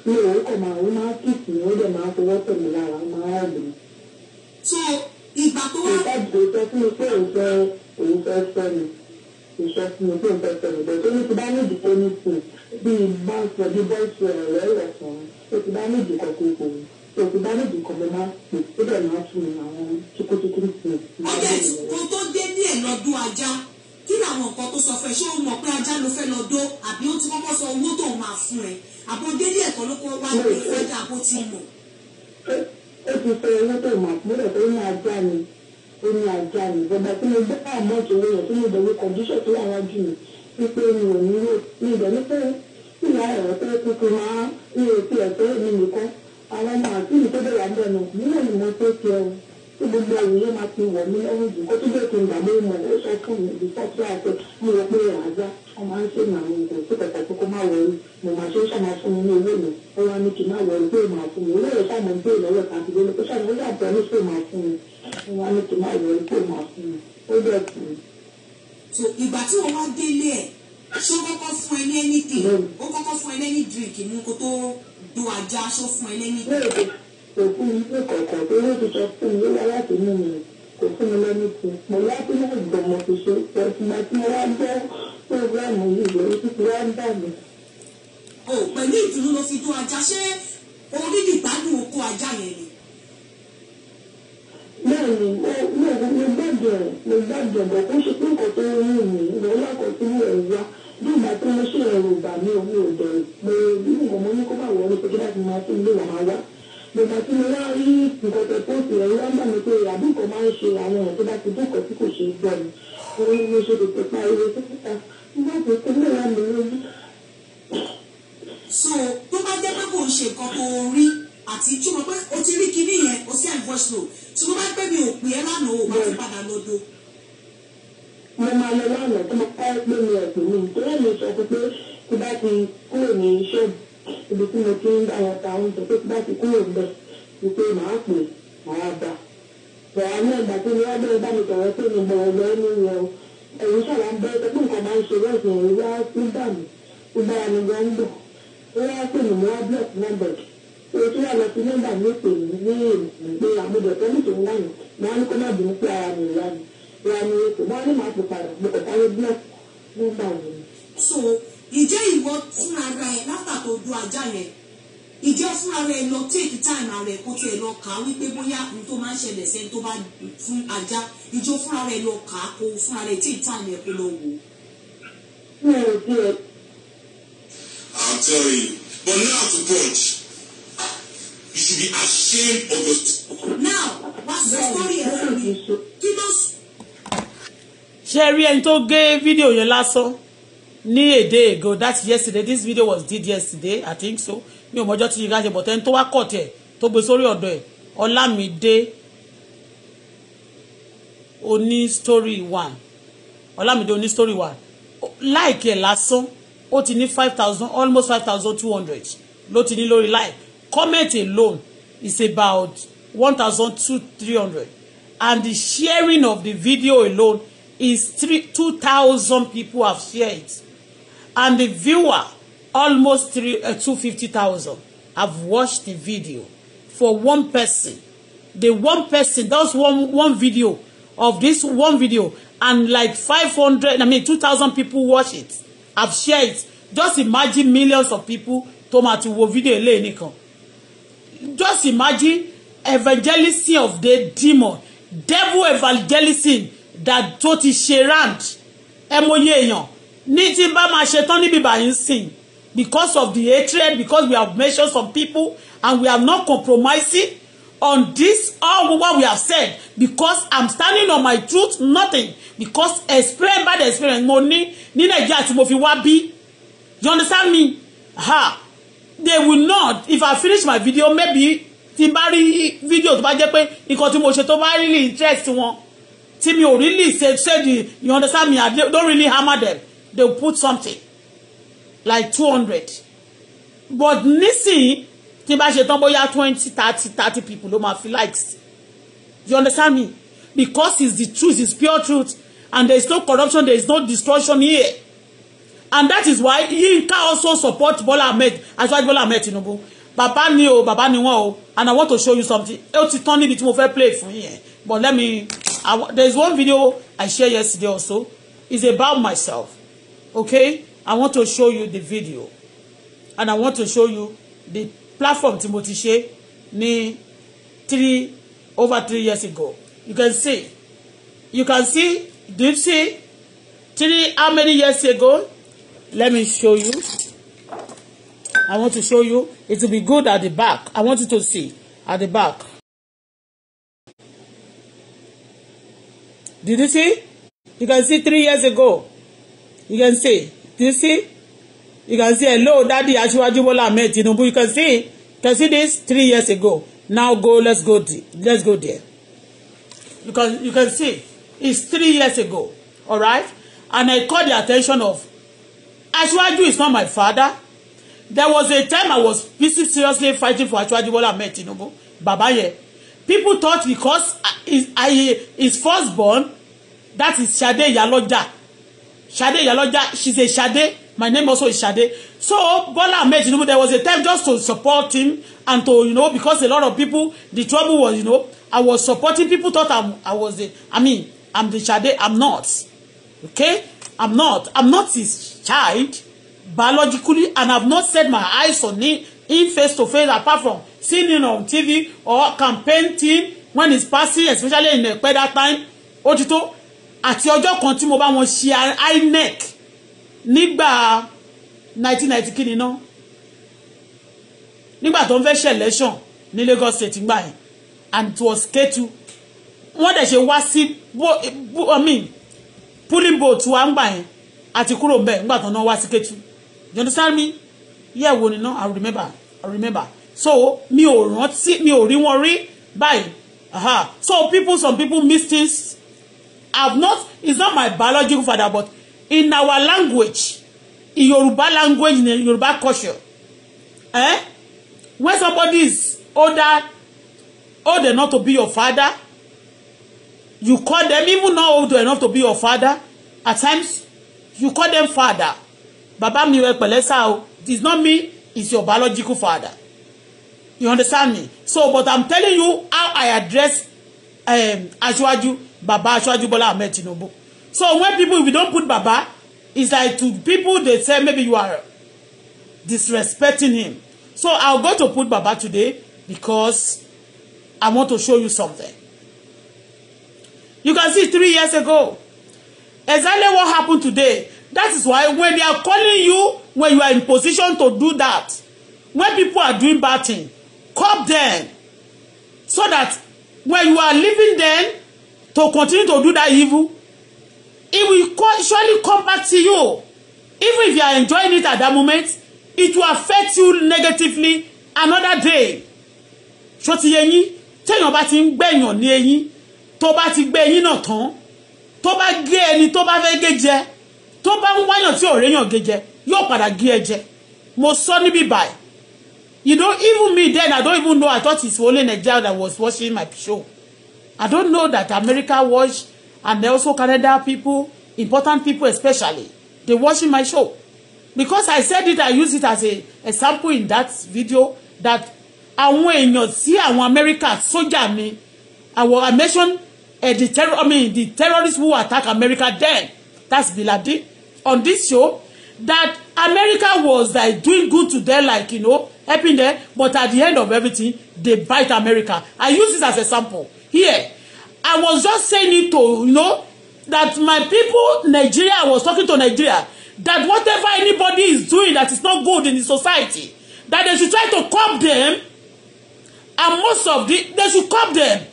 mi ò ń kọ̀ máa ń máa kìkì ó dẹ̀ máa fọwọ́ tẹ̀ mí lára máa rà mí. so ìgbà tó wá. ìgbà tó sọ fún mi pé òun fẹ́ òun fẹ́ fẹ́ mi ìsọ fún mi pé òun fẹ́ fẹ́ mi bẹ́ẹ̀ tó ní ti bá ní ìdìbò ní sùn bíi bá ń sọ bí bọ́ọ̀ sọ ọ̀rẹ́ rẹ̀ fún ó ti bá ní ìdìbò kókó òkú bá lè dùnkọ̀ mọ́ máa pè ó dẹ̀ máa fún mi àwọn tukutuku ní ti. ó jẹ́ kó tó dé ní lọ́dún ajá kí làwọn nǹkan tó sọ fún ẹ ṣé o mọ̀ pé ajá ló fẹ́ lọ dó àbí ó ti kọ́kọ́ sọ owó tó máa fún ẹ àbó délé ẹ̀kọ́ ló kọ́ wá lórí ìfẹ́jà bó ti mọ̀. ó ti sọ owó tó máa fún ẹ tó ní ajá ni ó ní ajá ni bàbá tí mo bá àmọ́ ìṣòro rẹ̀ tí mo bẹ̀rù kọ̀díṣọ̀ tó wà wájú mi wípé mi ò ní rò mi ò bẹ̀rù pé ìyá ẹ̀rọ tó kúkú máa ń retí ẹ̀kọ́ mi nìkan àwọn ọmọ àti ìtọ́jú ìyá tí gbogbo ẹ̀yìn yẹn máa ti wọ̀ mí lọ́wọ́ jù kó tó bẹ́ẹ̀ tó ń gbà lóyún mọ̀ ó sọ fún mi ìdí sọ́tí àti mi ò pé àzá wọn máa ń ṣe nà mí kò sí kọ̀kọ̀ tó kó má wọlé mo máa ṣe sọ̀mà fún mi ní owó mi ó wá ní kí n má wọlé pé màá fún mi ó lọ́yọ̀ sáà mo ń béèrè lọ́wọ́ kan àtìgbélé pé sáà mo ń yàgbọ́ ní pé màá fún mi ó wá ní kí n má wọlé pé màá fún mi ó dẹ̀ kù. so ìgbà tí wọn wá délé ẹ ṣó kọ́kọ́ fún ẹ ní anything ó kọ́kọ́ fún ẹ ní any drink mú kó tó do ajá ṣó fún ẹ ní anything kò fún mi pé kọ̀ọ̀kan tó yóò ti sọ fún mi lọ́wọ́ láti mú mi kò fún mi lẹ́nu kù mo láti ní ìgbọ̀mọ̀ tó ṣe pẹ̀lú tí mo wá gbọ́ fúrógíráàmù yìí lórí títí wá ń bà mí. o pẹ̀lú ìdùnnú ló fi dún ajá ṣé orí ìgbádùn oko ajá yẹn ni. bẹ́ẹ̀ni mo mo gbàgbọ́ mo gbàgbọ́ bọ̀ kó ṣe pé nǹkan tó ń rìn mí ìrọ̀lá kan tí mo rẹ̀ wá bí ìgbà tí mo ṣe ẹ̀rù bà mí òun ò dẹ̀ pé bí nǹkan mo ní kó bá wọ̀ ọ́ ní pé kí láti máa tún ilé wàá wá bàbá tí mo wá rí ìkọ̀tẹ̀ pósì rẹ̀ wọ́n mọ̀ ní pé àbí nǹkan máa ń ṣe àwọn ọ̀rọ̀ tó bá ti dúkọ̀ tí kò ṣe é gbọ́ ni òun ni mo ṣe tètè pa ìwé síta nígbà tó kọ́ mọ̀ wá mi lójú. so tó bá jẹ́ pé kò ń ṣe nǹkan tó rí àti túmọ̀ pé o ti rí kinní yẹn o sì àìvoice note tí mo bá pẹ́ mi ò pè é lánàá o bá ti padà lọ́dọ̀ mo máa lọ lánàá tó máa kọ́ pé mi ò pè mí mi sọ pé tó bá ti kúrò ní ṣọ́ọ̀bù ibi tí mo ti ń bá wọn ta oúnjẹ pé bá ti kúrò ńbẹ ni pé màá pè màá bá bọ̀wá náà ìgbà tí wọ́n bẹ̀rẹ̀ bá mi sọ̀rọ̀ pé mo bọ̀ ọ̀lọ́ ẹni yẹn o ẹ̀yin sọ̀rọ̀ ń bẹ́ ẹ pé nǹkan máa ń ṣe bẹ́ẹ̀ sọ̀rọ̀ wá nígbà mi ìgbà mi gan ń bọ̀ ó wá pè mí wá block number èyí tí wọ́n lọ sí nọ́mbà mi pè mí ní èmi pé àmúdọ̀ tẹ́lẹ̀ tó ń lánàá màá ní kó má bínú pé ara mi ìyá mi ìyá mi ètò mọ́ ní pè padà mo kọ̀ ìjẹ́ ìwọ fúnra ra ẹ̀ látà tó du ajá yẹn ìjẹ́ fúnra rẹ̀ lọ take time rẹ̀ kó tiẹ̀ lọ kà á wípé bóyá n tó máa ń ṣẹlẹ̀ sẹ́ni tó bá fún ajá ìjọ fúnra rẹ̀ lọ kà á kó fúnra rẹ̀ take time yẹn kó lọ wò. I'll tell you, but now to God, you should be ashamed of your. Now, what's the story ẹ̀ fún mi? Kí ló. Ṣé rí ẹni tó gé fídíò yẹn lásán? ní a day ago that's yesterday this video was did yesterday i think so mi ò mọjọ́ tí yìí ká ṣe bọ̀tẹ́ni tó wá kọ̀ tiẹ̀ tó gbé sórí ọ̀dọ̀ ẹ̀ ọlámídé oní story one ọlámídé oní story one láìkì ẹ̀ lásán ó ti ní five thousand almost five thousand two hundred ló ti ní lórí like comment alone is about one thousand two three hundred and the sharing of the video alone is three two thousand people have shared it and the viewer almost three uh, two fifty thousand have watched the video for one person the one person that's one one video of this one video and like five hundred I mean two thousand people watch it have shared it just imagine millions of people tó máa ti wo video eléyìí nìkan just imagine evangelism of the demon devil evangelism that tó ti ṣe round ẹ mọ iye èèyàn ní tí n bá máa ṣetán níbi báyìí sìn because of the hatred because we have mentioned some people and we are not compromising on this all what we have said because i'm standing on my truth nothing because experience bad experience mo ní ní nàìjíríà tí mo fi wá bí you understand me ha they will not if i finish my video maybe tí n bá rí fídíò tó bá jẹ́ pé nǹkan tí mo ṣe tó bá really interest wọn tí mi ò really ṣe ṣe di you understand me i don't really hammer them they put something like two hundred but nísìnyí tí n bá ṣe tán twenty thirty thirty people ló máa fi likes you understand me because it's the truth it's pure truth and there is no corruption there is no destruction here and that is why Yinka also support Bola Ahmed as Asiwaju Bola Ahmed Tinubu bàbá ni o Baba ni wọn o and I want to show you something ó ti tán níbi tí mo fẹ́ play fún yẹn but let me I, there is one video I share yesterday also it's about myself okay i want to show you the video and i want to show you the platform tí mo ti ṣe ní three over three years ago you can see you can see do you see three how many years ago let me show you i want to show you it will be good at the back i want you to see at the back did you see you can see three years ago You can see. Do you see? You can see, hello, daddy, Asiwaju Bola Ahmed Tinubu. You can see. You can see this three years ago. Now go, let's go, let's go there. You can, you can see. It's three years ago. All right? And I caught the attention of Asiwaju is not my father. There was a time I was busy seriously fighting for Asiwaju Bola Ahmed Tinubu. Baba ye. People thought because uh, I, I, his firstborn, that is Sade Yaloja, Sade Yaloja, she's a Sade. My name also is Sade. So Bola Ahmed Tinubu, there was a time just to support him and to, you know, because a lot of people, the trouble was, you know, I was supporting people thought I'm, I was the, I mean, I'm the Sade. I'm not. Okay? I'm not. I'm not his child biologically and I've not set my eyes on him, in face to face apart from seeing him on TV or campaign team when he's passing, especially in the that time. Ojito àti ọjọ́ kan tí mo bá wọn ṣe INEC nígbà 1990 kí ni ná nígbà tó ń fẹ́ ṣe election ní Lagos State ńgbà yẹn and it was K2 wọ́n dẹ̀ ṣe wá sí I mean pulling boat wa ńgbà yẹn àti kúrò ńbẹ̀ ńgbà tó náà wá sí K2 you understand me yeah wo ni ná I remember I remember so mi ò rántí mi ò rí wọn rí báyìí so people some people miss things I've not, it's not my biological father, but in our language, in Yoruba language, in Yoruba culture, eh? When somebody is older, older enough to be your father, you call them even not old enough to be your father, at times, you call them father. Baba mi wẹ pẹ̀lẹ́ sá o, it's not me, it's your biological father. You understand me? So, but I'm telling you how I address um, Aṣíwájú Baba Ashwaju Bola Ahmed Tinubu. So when people, if you don't put Baba, it's like to people, they say maybe you are disrespecting him. So I'll go to put Baba today because I want to show you something. You can see three years ago, exactly what happened today. That is why when they are calling you, when you are in position to do that, when people are doing bad thing, cop them so that when you are leaving them, to continue to do that evil, it will surely come back to you. Even if you are enjoying it at that moment, it will affect you negatively another day. Ṣó ti yé yín, téèyàn bá ti ń gbẹ̀yàn ní eyín, tó bá ti gbé eyín náà tán, tó bá gé ẹni tó bá fẹ́ gé jẹ, tó bá ń wáyàn tí ò réyàn gé jẹ, yóò padà Mo sọ níbí báyìí. You don't even me then, I don't even know, I thought it's only Nigeria that was watching my show. I don't know that America watch and also Canada people, important people especially, they watching my show. Because I said it, I use it as a example in that video that àwọn èèyàn sí àwọn America sójà mi, àwọn I mentioned uh, the terror, I mean the terrorists who attack America then, that's Bin on this show that America was like doing good to them, like you know, helping them, but at the end of everything, they bite America. I use this as a sample here I was just saying it to you know that my people Nigeria I was talking to Nigeria that whatever anybody is doing that is not good in the society that they should try to curb them and most of the they should curb them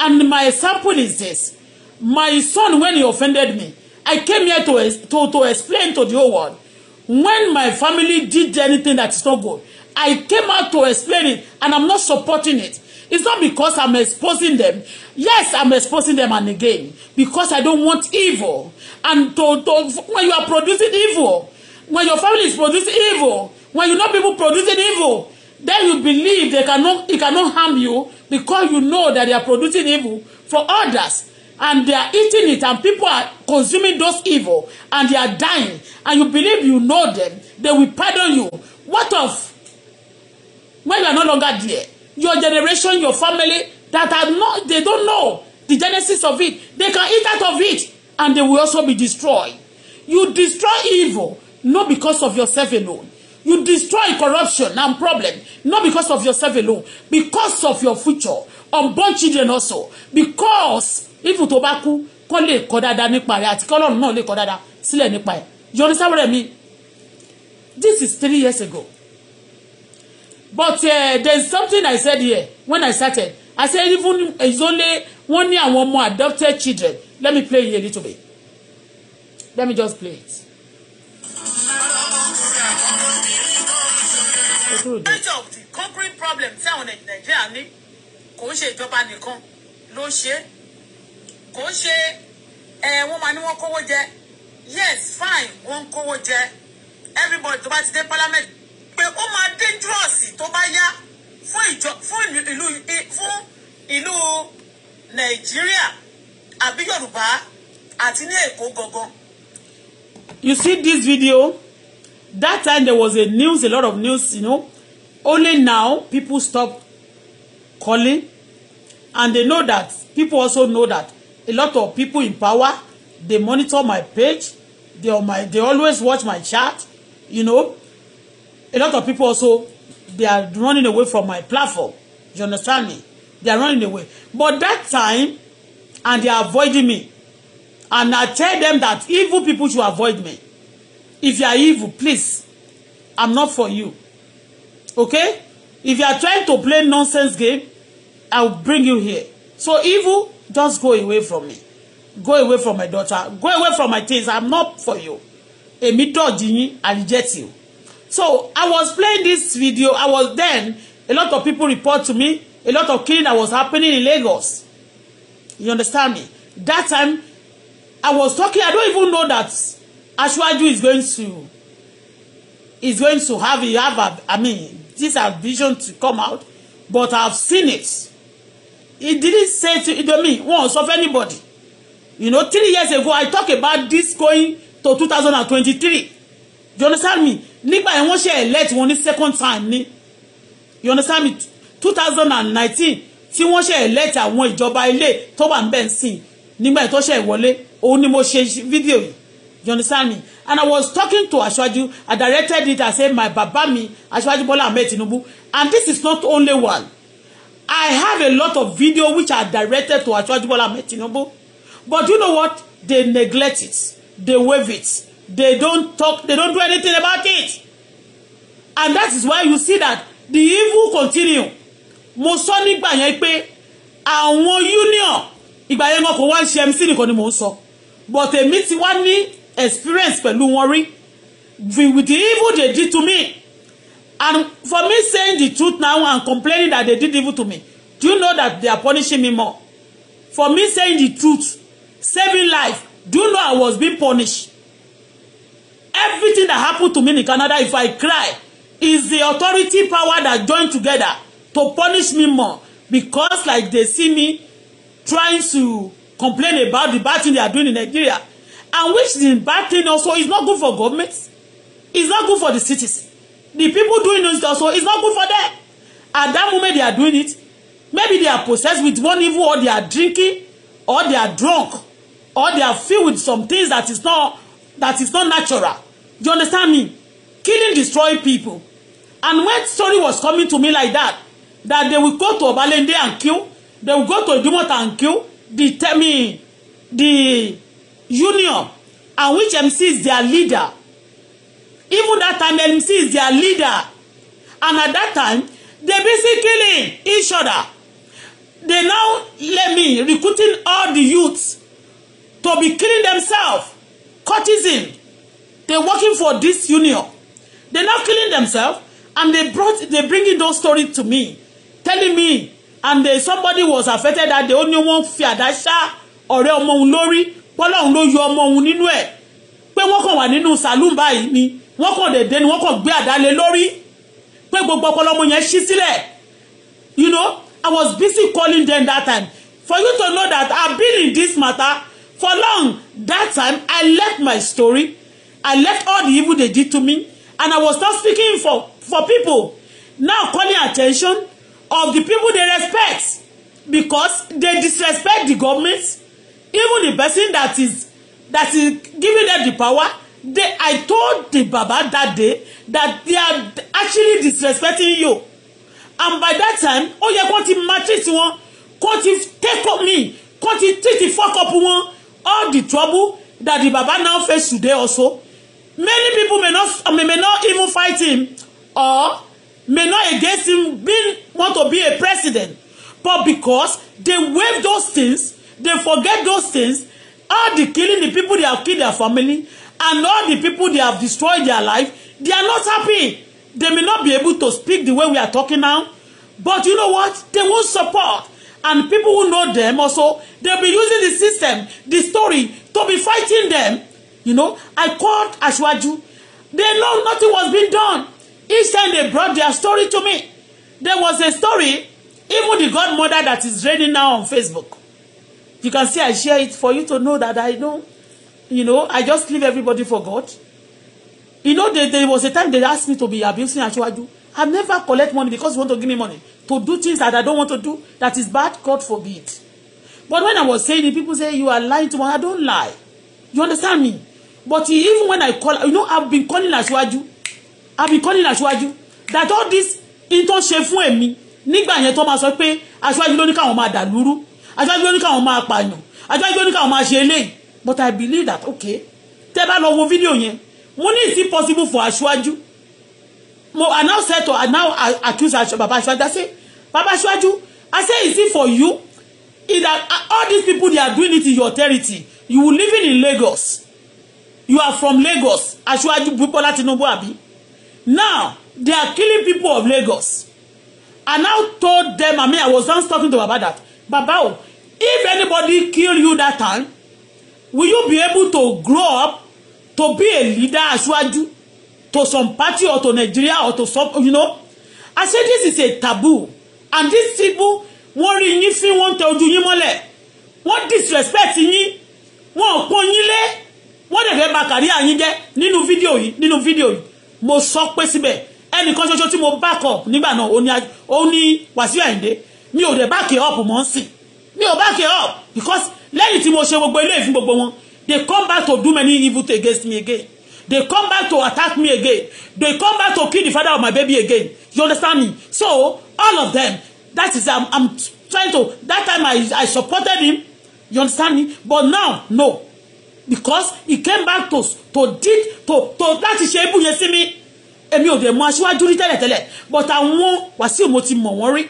and my example is this my son when he offended me I came here to to to explain to the whole world when my family did anything that is not good I came out to explain it and I'm not supporting it It's not because I'm exposing them. Yes, I'm exposing them and again because I don't want evil. And to, to, when you are producing evil, when your family is producing evil, when you know people producing evil, then you believe they cannot, it cannot harm you because you know that they are producing evil for others and they are eating it and people are consuming those evil and they are dying and you believe you know them they will pardon you what of when you are no longer there your generation your family that are not they don't know the genesis of it they can eat out of it and they will also be destroyed you destroy evil not because of yourself alone you destroy corruption and problem not because of yourself alone because of your future unborn children also because if utobaku bá kú kọ́ lè kọ́ dáadáa nípa rẹ̀ àti kọ́lọ́run náà lè kọ́ dáadáa sílẹ̀ nípa you understand what I mean this is three years ago but uh, there's something I said here when I started I said even it's only wọ́n ní one more adopted children let me play here a little bit let me just play it. major the concrete problem tí àwọn Nàìjíríà yes fine everybody tó bá parliament pé ó máa dangerous tó bá yá fún ìjọ fún ìlú fún ìlú nàìjíríà àbí yorùbá àti ní èkó gangan. you see this video that time there was a news a lot of news you know only now people stop calling and they know that people also know that a lot of people in power they monitor my page they, my, they always watch my chat you know a lot of people also they are running away from my platform you understand me they are running away but that time and they are avoiding me and I tell them that evil people should avoid me if you are evil please I'm not for you okay if you are trying to play nonsense game I will bring you here so evil just go away from me go away from my daughter go away from my things I'm not for you èmi dọ̀dí yín I reject you So I was playing this video. I was then, a lot of people report to me, a lot of killing that was happening in Lagos. You understand me? That time, I was talking, I don't even know that Ashwaju is going to, is going to have, have a, I mean, this a vision to come out, but I've seen it. It didn't say to, to me, once of anybody. You know, three years ago, I talked about this going to 2023 you understand me nígbà yẹn wọ́n ṣe elect wọn ní second time ni you understand me two thousand and nineteen tí wọ́n ṣe elect àwọn ìjọba ilé tó wà ń bẹ̀ ń sìn nígbà yẹn tó ṣe ìwọlé òun ni mo ṣe fídíò yìí you understand me and I was talking to Aṣíwájú I directed it I say my baba mi Aṣíwájú Bọ́lá Ahmed Tinubu and this is not only one I have a lot of video which I directed to Aṣíwájú Bọ́lá Ahmed Tinubu but you know what they neglect it they wave it They don't talk, they don't do anything about it. And that is why you see that the evil continue. Mo sọ nígbà yẹn pé àwọn union ìgbà yẹn wọn kò wá ń ṣe MC nìkan ni mò ń sọ. But èmi ti wá ní experience pẹ̀lú wọn rí with the evil they did to me. And for me saying the truth now and complaining that they did evil to me, do you know that they are punishing me more? For me saying the truth, saving life, do you know I was being punished? Everything that happened to me in Canada, if I cry, is the authority power that join together to punish me more. Because like they see me trying to complain about the bad thing they are doing in Nigeria. And which the bad thing also is not good for government. is not good for the citizens. The people doing this also is not good for them. At that moment they are doing it, maybe they are possessed with one evil or they are drinking or they are drunk or they are filled with some things that is not that is not natural you understand me killing destroy people and when story was coming to me like that that they will go to Obalende and kill they will go to Idumota and kill the me the union and which MC is their leader even that time MC is their leader and at that time they busy killing each other they now let me recruiting all the youths to be killing themselves courtesan They're working for this union. They're not killing themselves. And they brought, they bringing those stories to me, telling me, and they, somebody was affected that the only one fi àdáṣà ọ̀rẹ́ ọmọ òun lórí pọ́lọ́hún ló yọ ọmọ òun nínú ẹ̀ pé wọ́n kàn wà nínú saloon báyìí ni wọ́n kàn dèdè ni wọ́n kàn gbé àdálé lórí pé gbogbo ọpọlọ ọmọ yẹn ṣí sílẹ̀ you know I was busy calling them that time for you to know that I've been in this matter for long that time I left my story I left all the evil they did to me, and I was not speaking for, for people. Now calling attention of the people they respect because they disrespect the government. Even the person that is that is giving them the power, they, I told the Baba that day that they are actually disrespecting you. And by that time, oh, yẹ kó ti maltreat wọn, take up me, kó take the fuck up one all the trouble that the Baba now faced today also many people may not may, may not even fight him or may not against him being want to be a president but because they waive those things they forget those things all the killing the people they have killed their family and all the people they have destroyed their life they are not happy they may not be able to speak the way we are talking now but you know what they won't support and people who know them also they'll be using the system the story to be fighting them You know, I called Ashwaju. They know nothing was being done. Each time they brought their story to me, there was a story, even the godmother that is reigning now on Facebook. You can see I share it for you to know that I know, you know, I just leave everybody for God. You know, there, there was a time they asked me to be abusing Ashwaju. I never collect money because you want to give me money to do things that I don't want to do. That is bad, God forbid. But when I was saying it, people say, you are lying to me. I don't lie. You understand me? But even when I call, you know, I've been calling Aṣíwájú. I've been calling Aṣíwájú. That all this in tó ń ṣe fún èmi nígbà yẹn tó máa sọ pé Aṣíwájú ló ní káwọn máa dàlúrú. Aṣíwájú ló ní káwọn máa pààyàn. Aṣíwájú ló ní káwọn máa ṣe eléyìí. But I believe that okay. Tẹ́ bá lọ wo fídíò yẹn, mo ní is it possible for Aṣíwájú? Mo I now said to I now accuse Baba Aṣíwájú. I say, Baba Aṣíwájú, I say is it for you? Is that all these people they are doing it in your territory? You living in Lagos you are from Lagos aṣáájú Bùkọ́lá Tinubu àbí now they are killing people of Lagos and now told them I mean I was once talking to Baba that Baba o if anybody kill you that time will you be able to grow up to be a leader aṣáájú to some party or to Nigeria or to some you know I say this is a taboo and these people wọ́n rí yín fín wọ́n tẹ ojú yín mọ́lẹ̀ wọ́n disrespect yín wọ́n pọ́n yín lé wọ́n dẹ̀ fẹ́ bà kàrí àyín jẹ́ nínú fídíò yìí nínú fídíò yìí mo sọ pé síbẹ̀ ẹnìkan ṣoṣo tí mo back up nígbà náà ó ní Wàsíù Àyìndé mi ò dẹ̀ back up mọ́ ń sìn mi ò back up because lẹ́yìn tí mo ṣe gbogbo ilé ìfún gbogbo wọn they come back to do many evil things against me again they come back to attack me again they come back to kill the father of my baby again you understand me so all of them that is i'm i'm trying to that time i i supported him you understand me but now no because he came back to to did to to láti ṣe ibú yẹn sí mi èmi ò dẹ̀ mọ aṣíwájú rí tẹ́lẹ̀tẹ́lẹ̀ but àwọn Wàsíù mo ti mọ̀ wọ́n rí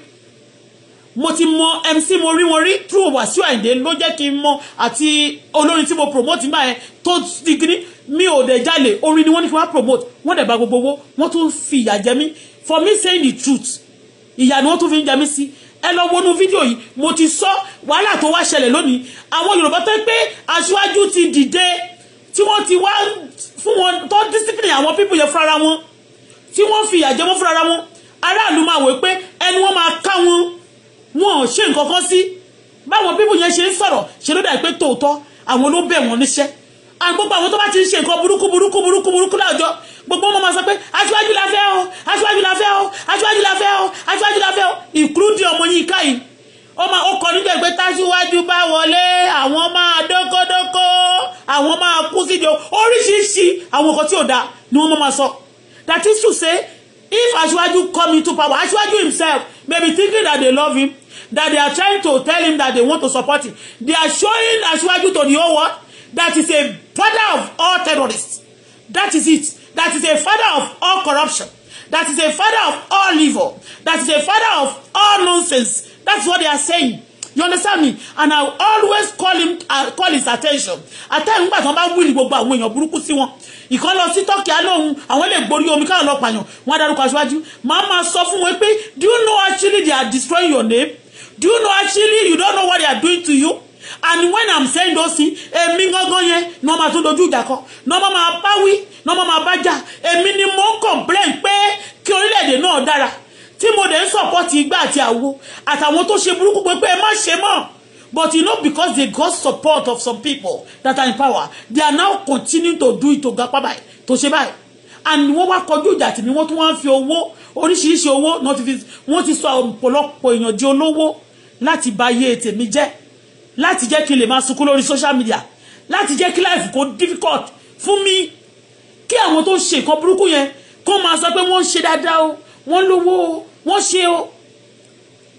mo ti mọ MC mo rí wọn rí through Wàsíù Àyìndé ló jẹ́ kí n mọ àti olórin tí mo promote nígbà yẹn tó digiri mi ò dẹ̀ jalè orin ni wọ́n ní kí wọ́n promote wọ́n dẹ̀ bà gbogbo owó wọ́n tún fi ìyà jẹ mí for me saying the truth ìyà ni wọ́n tún fi ń jẹ mí ẹ lọ wọnú fídíò yìí mo ti sọ wàhálà tó wá ṣẹlẹ̀ lónìí àwọn Yorùbá tó pé aṣíwájú ti dìde tí wọ́n ti wá fún wọn tó discipline àwọn pípù yẹn fúnra wọn tí wọ́n fi ìyà jẹ wọ́n fúnra wọn aráàlú máa wò pé ẹnu wọn máa ká wọn wọn ṣe nǹkan kan sí báwọn pípù yẹn ṣe ń sọ̀rọ̀ ṣe ló dà pé tòótọ́ àwọn ló bẹ̀ wọ́n níṣẹ́ àwọn gbogbo àwọn tó bá ti ń ṣe nǹkan burúkú burúkú burúkú burúkú láwùjọ gbogbo wọn máa sọ pé aṣíwájú la fẹ́ o aṣíwájú la fẹ́ o aṣíwájú la fẹ́ o aṣíwájú la fẹ́ o ìkúrúdì ọmọ yìí káyìí ọmọ ọkọ nígbà pé táṣíwájú bá wọlé àwọn máa dókódókó àwọn máa kú síjọ oríṣiríṣi àwọn nǹkan tí ò dáa ni wọ́n máa sọ that is to say if aṣíwájú come into power aṣíwájú himself may be thinking that they love him that they are trying to tell him that they want to support him they are showing aṣíwájú to the whole world that is a father of all terrorists. That is it. That is a father of all corruption. That is a father of all evil. That is a father of all nonsense. That's what they are saying. You understand me? And I always call him uh, call his attention. Àtẹ̀yìn nígbà tí wọ́n bá wíìlì gbogbo àwọn èèyàn burúkú sí wọn. Ìkan lọ sí Tọ́kì alóhun, àwọn lè gborí omi káwọn lọ pààyàn. Wọ́n á darúkọ aṣáájú. Màá máa sọ fún wọn pé do you know actually they are destroying your name? Do you know actually you don't know what they are doing to you? and when i'm saying those things èmi gángan yẹn ni wọ́n máa tún dojú ìjà kọ ni wọ́n máa bá wí ni wọ́n máa bá jà èmi ni mo ń complain pé kí orílẹ̀-èdè náà dára tí mo dẹ̀ ń support igbá àti àwo àtàwọn tó ṣe burúkú pé pé ẹ má ṣe mọ́ but you know because they got support of some people that are in power they are now continuing to do it to gapa báyìí to ṣe báyìí and wọ́n wá kọjú ìjà tì mí wọ́n tún wá ń fi owó oríṣiríṣi owó wọ́n ti sọ ọ̀pọ̀lọpọ̀ èèyàn di olówó láti bà ayé tèmi jẹ́ láti jẹ́ kí n lè máa sunkún lórí social media láti jẹ́ kí life kó difficult fún mi kí àwọn tó ń ṣe nǹkan burúkú yẹn kó máa sọ pé wọ́n ń ṣe dáadáa o wọ́n lówó o wọ́n ṣe o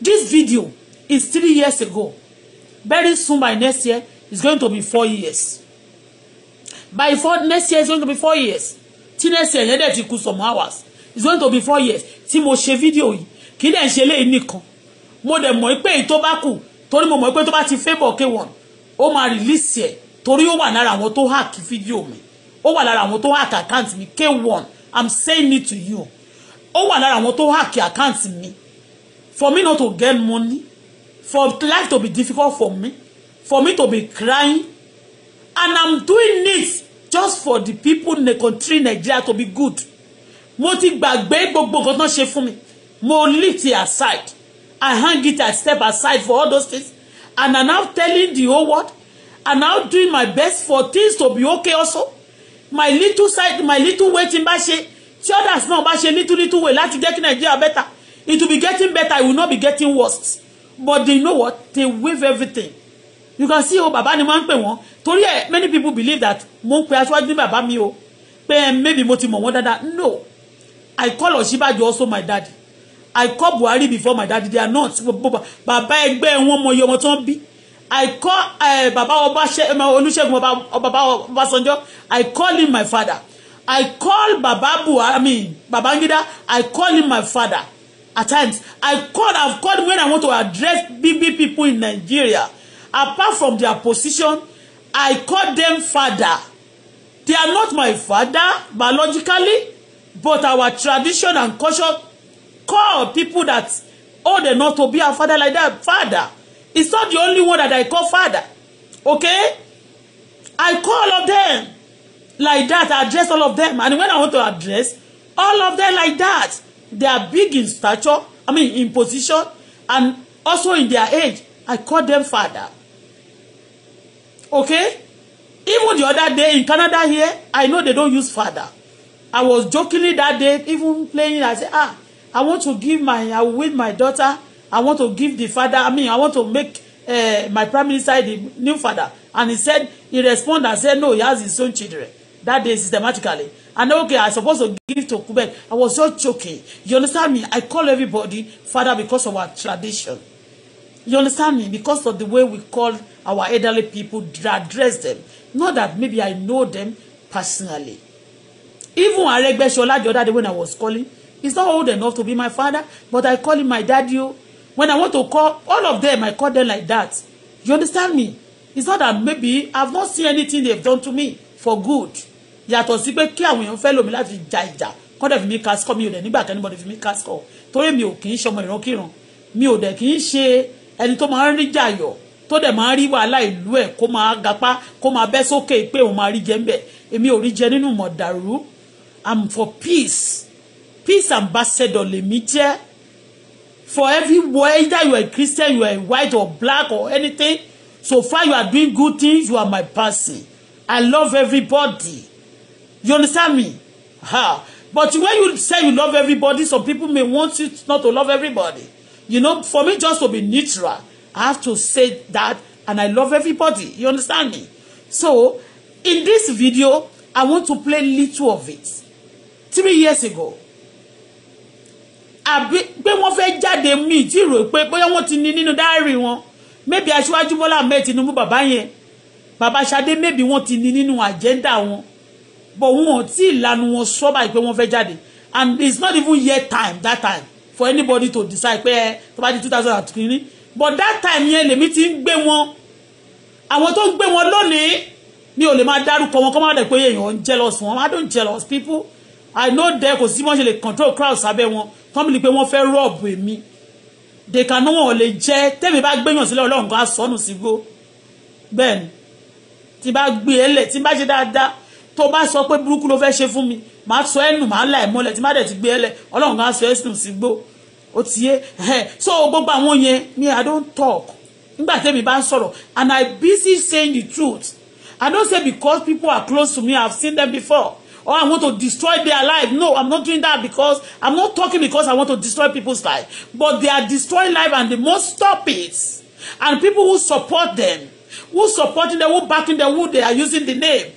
this video is three years ago very soon by next year it's going to be four years by four next year it's going to be four years tí next year yẹn dẹ̀ ti kù some hours it's going to be four years tí mo ṣe fídíò yìí kí dẹ̀ ń ṣe léyìí nìkan mo dẹ̀ mọ̀ pé èyí tó bá kù torí mo mọ̀ pé tó bá ti favour k1 ó máa release ẹ̀ torí ó wà lára àwọn tó hack fídíò mi ó wà lára àwọn tó hack account mi k1 i'm saying it to you ó wà lára àwọn tó hack account mi for me not to get money for life to be difficult for me for me to be crying and i'm doing this just for the people in the country Nigeria to be good mo ti gbàgbé gbogbo nǹkan tó ń ṣe fún mi mo leave it aside I hang it, I step aside for all those things. And I'm now telling the whole world. I'm now doing my best for things to be okay also. My little side, my little weight in Bashe, tí others náà bá ṣe little little way láti jẹ́ kí Nàìjíríà better. It will be getting better, it will not be getting worse. But they know what? They wave everything. You can see oh, bàbá ni máa ń pè wọ́n. many people believe that mo ń pe aṣáájú ní bàbá mi o. Pé maybe mo ti No. I call Oshiba also my daddy. I call Buhari before my daddy they are not bàbá ẹgbẹ́ wọn mọ iye ọmọ tó ń I call eh, bàbá eh, Olúṣẹ́gun bàbá Ọbásanjọ́ I call him my father I call bàbá Buhari I mean Babangida I call him my father at times I call I've called when I want to address BB people in Nigeria apart from their position I call them father they are not my father biologically but our tradition and culture call people that oh they not to be a father like that father it's not the only one that I call father okay I call all of them like that I address all of them and when I want to address all of them like that they are big in stature I mean in position and also in their age I call them father okay even the other day in Canada here I know they don't use father I was jokingly that day even playing I say ah I want to give my, I will win my daughter. I want to give the father, I mean, I want to make uh, my prime minister the new father. And he said, he responded and said, no, he has his own children. That day, systematically. And okay, I supposed to give to Quebec. I was so choking. You understand me? I call everybody father because of our tradition. You understand me? Because of the way we call our elderly people, address them. Not that maybe I know them personally. Even I Aregbesola the other day when I was calling, he's not old enough to be my father but I call him my daddy o oh. when I want to call all of them I call them like that you understand me it's not that maybe I've not seen anything they've done to me for good yàtọ̀ sí pé kí àwọn èèyàn fẹ́ lòmí láti ja ìjà kọ́dọ̀ fi mi kásíkọ́ mi ò dẹ̀ nígbà kẹ́ni bọ́dọ̀ fi mi kásíkọ́ torí mi ò kì í ṣọmọ ìrankíran mi ò dẹ̀ kì í ṣe ẹni tó máa ń rí jàyọ̀ tó dẹ̀ máa ń rí wàhálà ìlú ẹ̀ kó máa gapá kó máa bẹ́ sókè pé òun máa rí jẹ ń bẹ̀ èmi ò rí jẹ nínú mọ̀dàrú I'm for peace peace ambassador lèmi jẹ́ for everywhere either you are a Christian you are a white or black or anything so far you are doing good things you are my person I love everybody you understand me ha but when you say you love everybody some people may want you not to love everybody you know for me just to be neutral I have to say that and I love everybody you understand me so in this video I want to play little of it three years ago àbí pé wọ́n fẹ́ jáde mi tí rò pé bóyá wọ́n ti ní nínú dáárì wọn maybe aṣíwájú Bọ́lá Ahmed Tinubu bàbá yẹn bàbá Ṣadé maybe wọ́n ti ní nínú àjẹ́ndà wọn but wọn ò tí ìlànà wọn sọ báyìí pé wọ́n fẹ́ jáde and it's not even yet time that time for anybody to decide pé ẹ eh, tó bá di two thousand and three but that time yẹn lèmi ti ń gbé wọn àwọn tó ń gbé wọn lónìí mi ò lè máa dárúkọ wọn kọ́ máa dẹ̀ pé èèyàn jealous wọn I don't jealous people I know there kò sí wọ́n ṣe lè control crowd sábẹ́ wọn tán mi lè pé wọ́n fẹ́ rọ́ọ̀bù èmi dèkà náà wọn ò lè jẹ́ tẹ́mi bá gbẹ̀yàn sílẹ̀ ọlọ́run kan á sọnù sígbó bẹ́ẹ̀ ni tí bá gbé ẹ e lẹ̀ tí bá ṣe dáadáa tó bá sọ pé burúkú ló fẹ́ ṣe fún mi màá sọ ẹnu màá là ẹ̀ mọ́lẹ̀ tí má dẹ̀ ti gbé ẹ e lẹ̀ ọlọ́run kan á sọ ẹ sùn sígbó ó ti yé so gbogbo àwọn yẹn mi I don't talk nígbà tẹ́mi bá ń sọ̀rọ̀ and I busy saying the truth I don't say because people are close to me I have seen them before or I want to destroy their life. No, I'm not doing that because I'm not talking because I want to destroy people's life. But they are destroying life and they must stop it. And people who support them, who supporting them, who backing them, who they are using the name,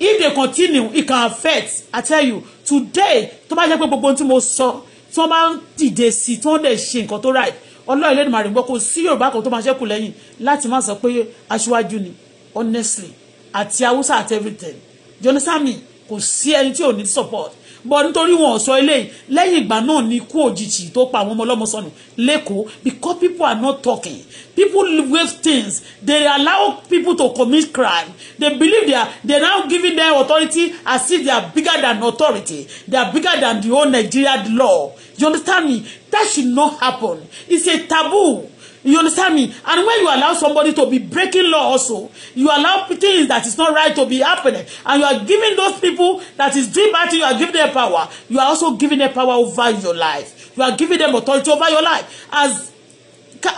if they continue, it can affect. I tell you, today, tó bá jẹ́ pé gbogbo tí dìde sí tí wọ́n lè ṣe nǹkan tó right. Ọlọ́run lẹ́nu màrí gbọ́ kó sí Yorùbá kan tó máa ṣẹ́kù lẹ́yìn láti má sọ pé aṣíwájú ni honestly àti Haúsá àti everything. you understand me? kò sí ẹni tí ò ní support but nítorí wọn ò sọ eléyìí lẹ́yìn ìgbà náà ni ikú òjijì tó pa àwọn ọmọ ọlọ́mọ sọnù lẹ́kọ̀ọ́ because people are not talking people wave things they allow people to commit crime they believe they are they now giving them authority as if they are bigger than authority they are bigger than the whole Nigerian law you understand me that should not happen it's a taboo You understand me? And when you allow somebody to be breaking law also, you allow things that is not right to be happening. And you are giving those people that is doing bad thing, you are giving them power. You are also giving them power over your life. You are giving them authority over your life. As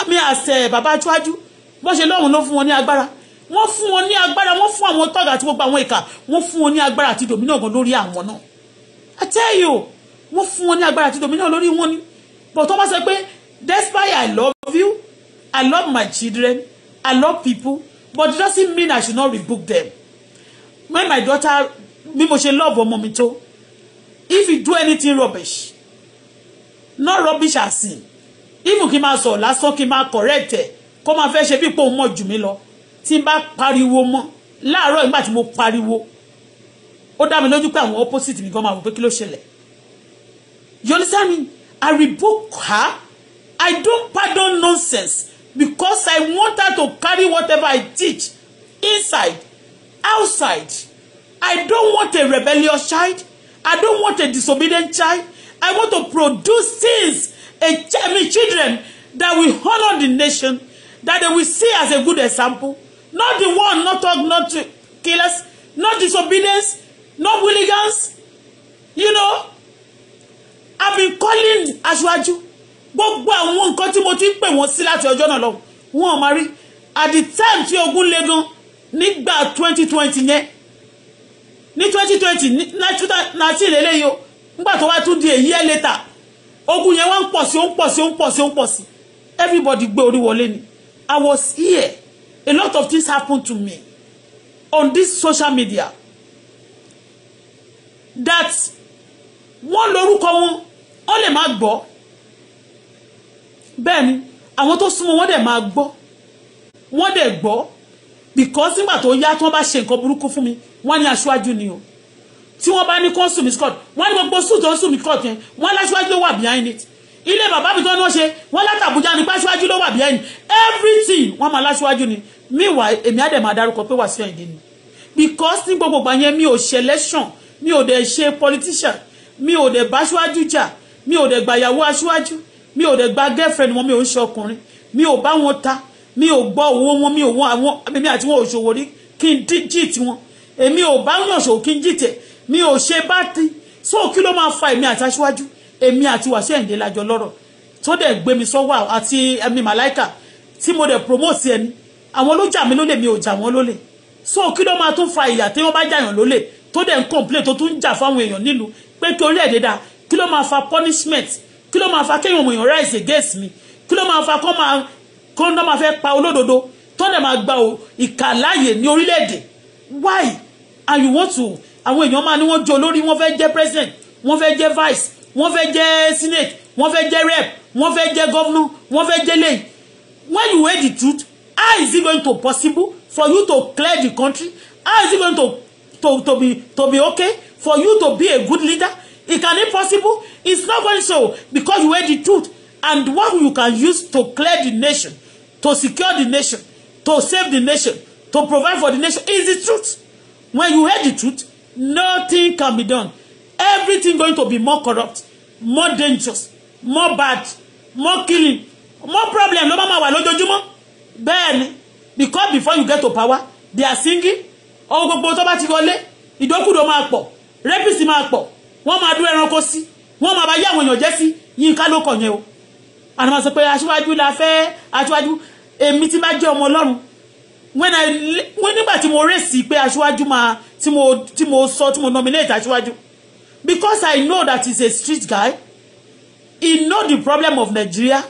me as uh, Baba Achuaju, bó ṣe lọ́hùn ló fún wọn ní agbára. Wọ́n fún wọn ní agbára, wọ́n fún àwọn tọ́gà àti gbogbo àwọn ìka. Wọ́n fún wọn ní agbára àti domínà gan lórí àwọn náà. I tell you, wọ́n fún wọn ní agbára àti domínà lórí wọn ni. But tó bá sọ pé, despite I love you, I love my children. I love people. But it doesn't mean I should not rebuke them. When my daughter, bí mo love ọmọ mi tó, if you do anything rubbish, not rubbish as sin. if kí n máa sọ lásán kí n máa correct ẹ̀ kó máa fẹ́ ṣe bí pé òun mọ̀ jù mí lọ. Tí n bá pariwo mọ́ láàárọ̀ ìgbà tí mo mi lójú pé àwọn opposite mi gan máa wò pé You understand me? I rebuke her. I don't pardon nonsense because I wanted to carry whatever I teach inside, outside. I don't want a rebellious child. I don't want a disobedient child. I want to produce things, a ch I mean, children that will honor the nation, that they will see as a good example. Not the one, not talk, not killers, not disobedience, not willigans. You know, I've been calling Ashwaju gbogbo àwọn nǹkan tí mo ti ń pè wọ́n sí láti ọjọ́ náà lọ wọn ò máa rí at the time tí ogun le gan nígbà twenty twenty yẹn ní twenty twenty nineteen lélẹ́yìí o nígbà tó wá tún di a year later ogun yẹn wá ń pọ̀ sí ó ń pọ̀ sí ó ń pọ̀ sí ó ń pọ̀ sí everybody gbé orí wọlé ni I was here a lot of things happened to me on this social media that wọ́n lórúkọ wọn ó lè má gbọ́ bẹ́ẹ̀ ni àwọn tó súnmọ́ wọ́n dẹ̀ máa gbọ́ wọ́n dẹ̀ gbọ́ because nígbà tó yá tí wọ́n bá ṣe nǹkan burúkú fún mi wọ́n ní aṣáájú ni o tí wọ́n bá ní kó sùn mí scott wọ́n ní gbogbo sùn tó ń sùn mí scott yẹn wọ́n láṣáájú ló wà behind it ilé bàbá mi tó ní wọ́n ṣe wọ́n látàbújá ní páṣáájú ló wà behind everything wọ́n máa láṣáájú ni meanwhile èmi á dẹ̀ máa dárúkọ pé Wasiu Ayinde ni because ní gbogbo ìgbà yẹn mi ò ṣe election mi ò dẹ̀ ṣe politician mi ò dẹ̀ bá aṣáájú jà mi ò dẹ̀ gbàyàwó aṣáájú mi ò dẹ̀ gba girlfriend wọn mi ò ń ṣọkùnrin mi ò bá wọn ta mi ò gbọ́ owó wọn mi ò wọn àwọn mi àti wọn ò ṣòwò rí kí n jìt wọn èmi ò bá yàn ṣòwò kí n jìt ẹ̀ mi ò ṣe bá ti so kí ló máa fa èmi àti aṣíwájú èmi àti wàṣẹ ìdè lájọ lọ́rọ̀ tó dẹ̀ gbé mi sọ́wọ́ àti ẹ̀mí eh, màláìkà tí mo dẹ̀ promote ẹni àwọn ló jà lólè mi ò jà wọ́n lólè so kí ló máa tún fa ìyà tí wọ́n bá jàyàn lólè tó dẹ̀ ń complain tó tún ń jà fáwọn èèyàn nílùú pé kí ẹ̀ dé kí ló máa fa punishment kí ló máa fa kéèyàn òmùyàn rise against me, kí ló máa fa kó máa kó ń dán máa fẹ́ pa olódodo tó dẹ̀ máa gba ìkà ní orílẹ̀-èdè why and you want to àwọn èèyàn máa ní wọ́n jẹ́ olórí wọ́n fẹ́ jẹ́ president wọ́n fẹ́ jẹ́ vice wọ́n fẹ́ jẹ́ senate wọ́n fẹ́ jẹ́ rep wọ́n fẹ́ jẹ́ governor wọ́n fẹ́ jẹ́ lẹ́yìn when you weigh the truth how is it going to possible for you to clear the country how is it going to to to be to be okay for you to be a good leader It can impossible. It's not going so because you heard the truth and what you can use to clear the nation, to secure the nation, to save the nation, to provide for the nation is the truth. When you heard the truth, nothing can be done. Everything going to be more corrupt, more dangerous, more bad, more killing, more problem. Ló máa wà lójoojúmọ́. Bẹ́ẹ̀ ni, because before you get to power, they are singing. Ọ̀hún gbogbo tó bá ti wọlé, ìdókùdó máa pọ̀, rẹ́pìsì máa pọ̀, wọ́n máa dú ẹranko sí wọ́n máa bá yé àwọn èèyàn jẹ́ sí Yínká ló kọ̀ yẹn o àná máa sọ pé aṣíwájú la fẹ́ aṣíwájú èmi tí bá jẹ́ ọmọ ọlọ́run when I when nígbà tí mo rèsì pé aṣíwájú máa tí mo tí mo sọ tí mo nominate aṣíwájú because I know that he's a street guy he know the problem of Nigeria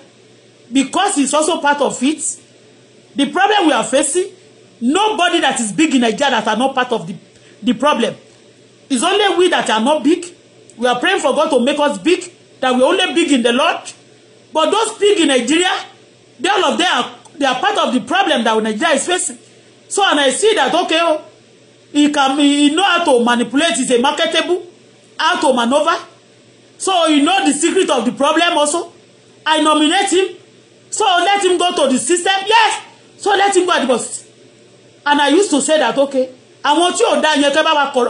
because he's also part of it the problem we are facing nobody that is big in Nigeria that are not part of the the problem Is only we that are not big We are praying for God to make us big, that we only big in the Lord. But those big in Nigeria, they all of them are they are part of the problem that Nigeria is facing. So and I see that okay, oh, he can he know how to manipulate, is a marketable, how to maneuver. So he know the secret of the problem also. I nominate him. So let him go to the system. Yes. So let him go at the bus. And I used to say that okay, I want you to die.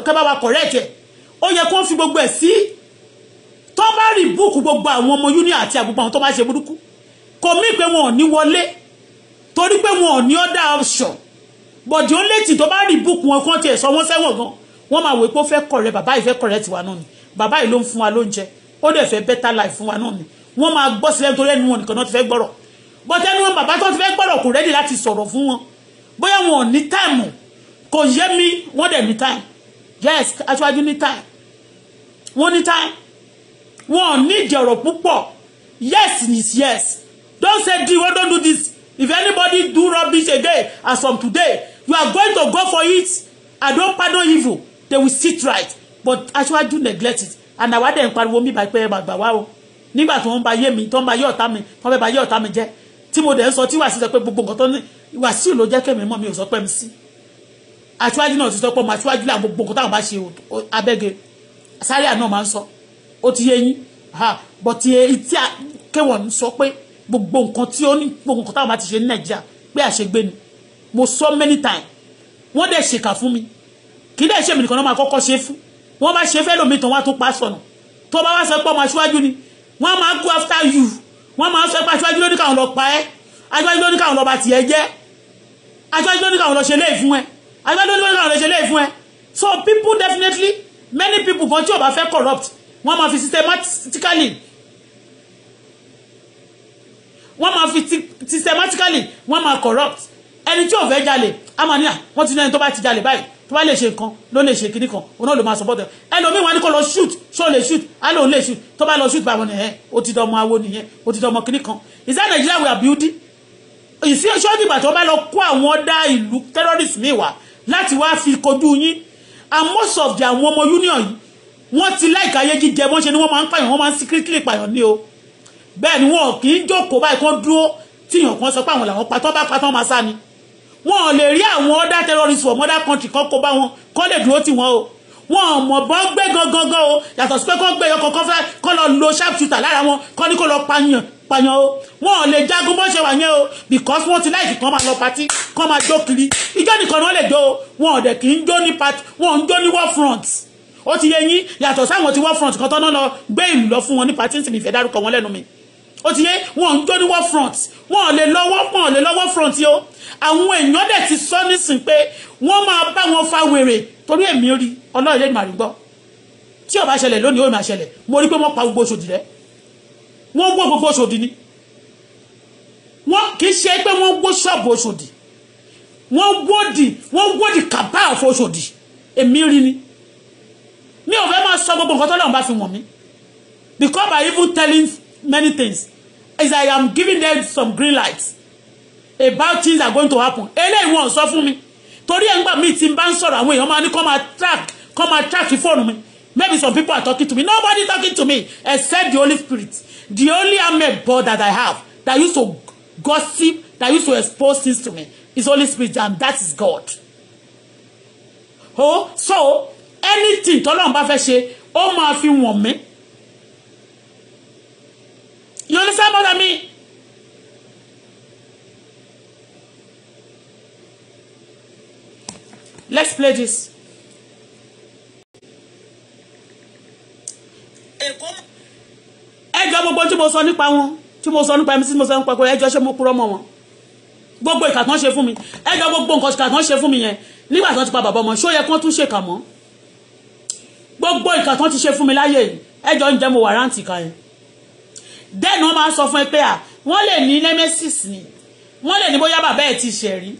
kẹ́ bá correct yẹn ó yẹ kó fi gbogbo ẹ̀ sí tó bá rí búùkù gbogbo àwọn ọmọ union àti àgbogbo àwọn tó bá ṣe burúkú kò mí pé wọn ò ní wọlé torí pé wọn ò ní ọ̀dà option bọ̀dì ó létí tó bá rí búùkù wọn kó tiẹ̀ sọ wọ́n sẹ́wọ̀n gan wọ́n máa wò pé ó fẹ́ kọ̀rẹ́ bàbá yìí fẹ́ kọ̀rẹ́ tiwa náà ni bàbá yìí ló ń fún wa lóúnjẹ ó dẹ̀ fẹ́ better life fún wa náà ni wọ́n máa gbọ́ sílẹ̀ nítorí ẹnu wọn nìkan náà ti fẹ́ gbọ́rọ̀ but ẹnu wọn bàbá tó ti fẹ́ gbọ́rọ̀ kò rẹ́dì láti sọ̀rọ̀ fún wọn bóyá wọn ò ní táìmù kò yé mi wọ́n dẹ̀ ní táìmù yes aṣáájú ní táìmù wọ́n ní time wọ́n need ọ̀rọ̀ púpọ̀ yes is yes don't say di wọ́n don't do this if anybody do rubbish again as from today you are going to go for it i don pardon evil they will sit right but aṣáájú neglect it and àwa dẹ̀ ń pariwo mi bá pé gbàgbà wá o nígbà tí wọ́n bá yé mi tí wọ́n bá yé ọ̀tá mi tí wọ́n bá yé ọ̀tá mi jẹ́ tí mo dẹ̀ ń sọ tí wàásù sọ pé gbogbo nǹkan tó ní wàásù ló jẹ́ kẹ́mi mọ́ mi ò sọ pé mi sí aṣáájú náà ti sọ pé ọmọ aṣáájú làwọn gbogbo nǹkan táwọn bá ṣe abẹ́gẹ́ sáríà náà máa ń sọ ó ti yé yín bọ̀ ti tí K1 sọ pé gbogbo nǹkan tí ó ní gbogbo nǹkan táwọn bá ti ṣe ní Nàìjíríà pé àṣegbé ni mo sọ many times wọ́n dẹ̀ ṣèkà fún mi kì í dẹ̀ ṣèmi nìkan náà máa kọ́kọ́ ṣe fún wọ́n bá ṣe fẹ́ lómi tán wá tó pa sọnù tó bá wá sọ pé ọmọ aṣíwájú ni wọ́n máa go after you wọ́n máa sọ pé aṣíwájú ló ní káwọn lọ pa ẹ́ aṣíwájú ló ní káwọn lọ bá tiẹ̀ jẹ́ aṣíwájú ló ní káwọn lọ ṣe léè fún ẹ aṣíwájú ló káwọn lọ ṣe léè fún ẹ so people definitely many people kan tí ò bá corrupt wọ́n máa fi systematically wọ́n máa fi systematically wọ́n máa corrupt ẹni tí ò fẹ́ jalè amania ah, wọ́n ti ní ẹni tó bá ti jalè báyìí tó bá lè ṣe nǹkan ló lè ṣe kinní kan òun náà ló máa support ẹ ẹlòmíì wọn ni kò lọ shoot ṣó lè shoot á lòun lè shoot tó bá lọ shoot báwọn nìyẹn ó eh, ti dọmọ awo nìyẹn ó ti dọmọ kinní kan is that Nigeria we are building ìsí ṣọ́ọ́dìgbà tó bá lọ kó àwọn ọ̀dà ìlú terrorist mi wá láti wá fi kojú yín and most of their àwọn ọmọ union yìí wọ́n ti láìka ayé jíjẹ bọ́n ṣe ni wọ́n máa ń pààyàn wọ́n máa ń secretly pààyàn ní o bẹ́ẹ̀ ni wọn kì í jókòó báyìí kan dúró tíyàn kan sọ pé àwọn làwọn patán bá patán máa sá ni wọn ò lè rí àwọn other terrorists from mother country kan kó bá wọn kọ́ lè dúró tì wọ́n o wọn ò mọ̀ bọ́ gbé gangan o yàtọ̀ sí pé kó gbé ọkọ̀ kan fẹ́ kó lọ lo sharp shooter lára wọn kó ní kó lọ pààyàn pààyàn o wọn ò lè jagun bó ṣe wà yẹn o because wọn ti láìsí kan máa lọ pati kan máa jó kiri ìjọ nìkan ni wọn lè jó o wọn ò dẹ̀ kì í jó ní pati wọn ò ń jó ní war front ó ti yé yín yàtọ̀ sáwọn ti war front kan tọ́nà lọ gbé ìlú lọ fún wọn ní pati nísìnyí ìfẹ́ dárúkọ wọn lẹ́nu mi ó ti yé wọn ò ń jó ní war front wọn ò lè lọ́wọ́ wọn ò lè lọ́wọ́ front yìí o àwọn èèyàn dẹ̀ ti sọ nísìn pé wọ́n máa bá wọn fa wèrè torí èmi rí ọlọ́ọ̀lẹ́ni màrí gbọ́ tí ó bá ṣẹlẹ̀ lónìí ó máa ṣẹlẹ̀ mo rí pé wọ́n pa gbogbo oṣù dìrẹ́ wọ́n wọ́ gbogbo Ọ̀ṣọ́dì ni wọ́n kì í ṣe pé wọ́n wọ́ ṣọ́ọ̀bù Ọ̀ṣọ́dì wọ́n wọ́dì wọ́n wọ́dì kàbá àfọ Ọ̀ṣọ́dì èmi rí ni mi ò fẹ́ máa sọ gbogbo nǹkan tọ́lọ́run bá fi wọ̀n mi because by even telling many things is I am giving them some green lights about things are going to happen eléyìí wọn sọ fún mi torí ẹ̀ ń gbà mí ti bá ń sọ̀rọ̀ àwọn èèyàn máa ní kọ́ máa track kọ́ máa track fóònù mi Maybe some people are talking to me. Nobody talking to me except the Holy Spirit. The only amebo that I have that used to gossip, that used to expose things to me is Holy Spirit and that is God. Oh, so anything tọ́lọ́run bá fẹ́ ṣe ó máa fi wọ̀n mí. You understand what I mean? Let's play this. ẹjọ́ gbogbo tí mo sọ nípa wọn tí mo sọ nípa mi tí mo sọ nípa ẹjọ́ ṣé mo purọ́ mọ́ wọn gbogbo ìkà kan ṣe fún mi ẹjọ́ gbogbo nǹkan ìkà kan ṣe fún mi yẹn nígbà tó ti pa bàbá ọmọ ṣó yẹ kán tún ṣèkà mọ́ gbogbo ìkà kan ti ṣe fún mi láyé yìí ẹjọ́ ń jẹ́ mo wà ráǹtì ká yẹn dẹ́nu wọn máa ń sọ fún ẹ pé à wọ́n lè ní nemesis ni wọ́n lè ní bóyá bàbá ẹ̀ ti ṣẹ̀rí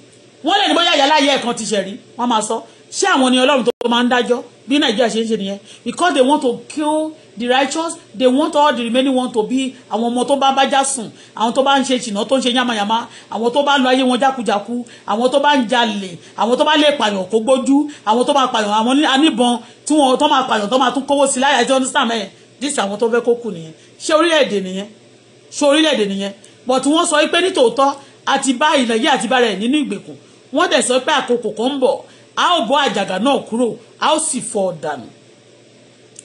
wọ́n lè ní bóyá ìyá láyé ẹ̀ kan ti ṣẹ̀rí wọ́n máa sọ ṣé àwọn ni ọlọ́run tó máa ń dájọ́ bí nàìjíríà ṣe ń ṣe nìyẹn because they want to kill the righteous they want all the remaining want to be àwọn ọmọ tó bá bájá sùn àwọn tó bá ń ṣe ṣìnà tó ń ṣe yàmàyàmà àwọn tó bá ń lo ayé wọn jákujàku àwọn tó bá ń jalè àwọn tó bá lè pààyàn kó gbójú àwọn tó máa pààyàn àwọn aníbọn tí wọn tó máa pààyàn tó máa tún kówó sí láyà ẹjọ́ nísàmẹ́ dis àwọn tó fẹ́ kó kù nìyẹn ṣé orílẹ̀-èdè nìyẹn ṣé orílẹ̀-èdè nìyẹn but wọ́n sọ pé nítòótọ́ àti bá ilẹ̀ yìí àti bá rẹ̀ nínú ìgbèkùn wọ́n dẹ̀ sọ pé àkókò kan ń bọ̀ a ó bọ́ àjàgà náà kúrò a ó sì fọ́ ọ dànù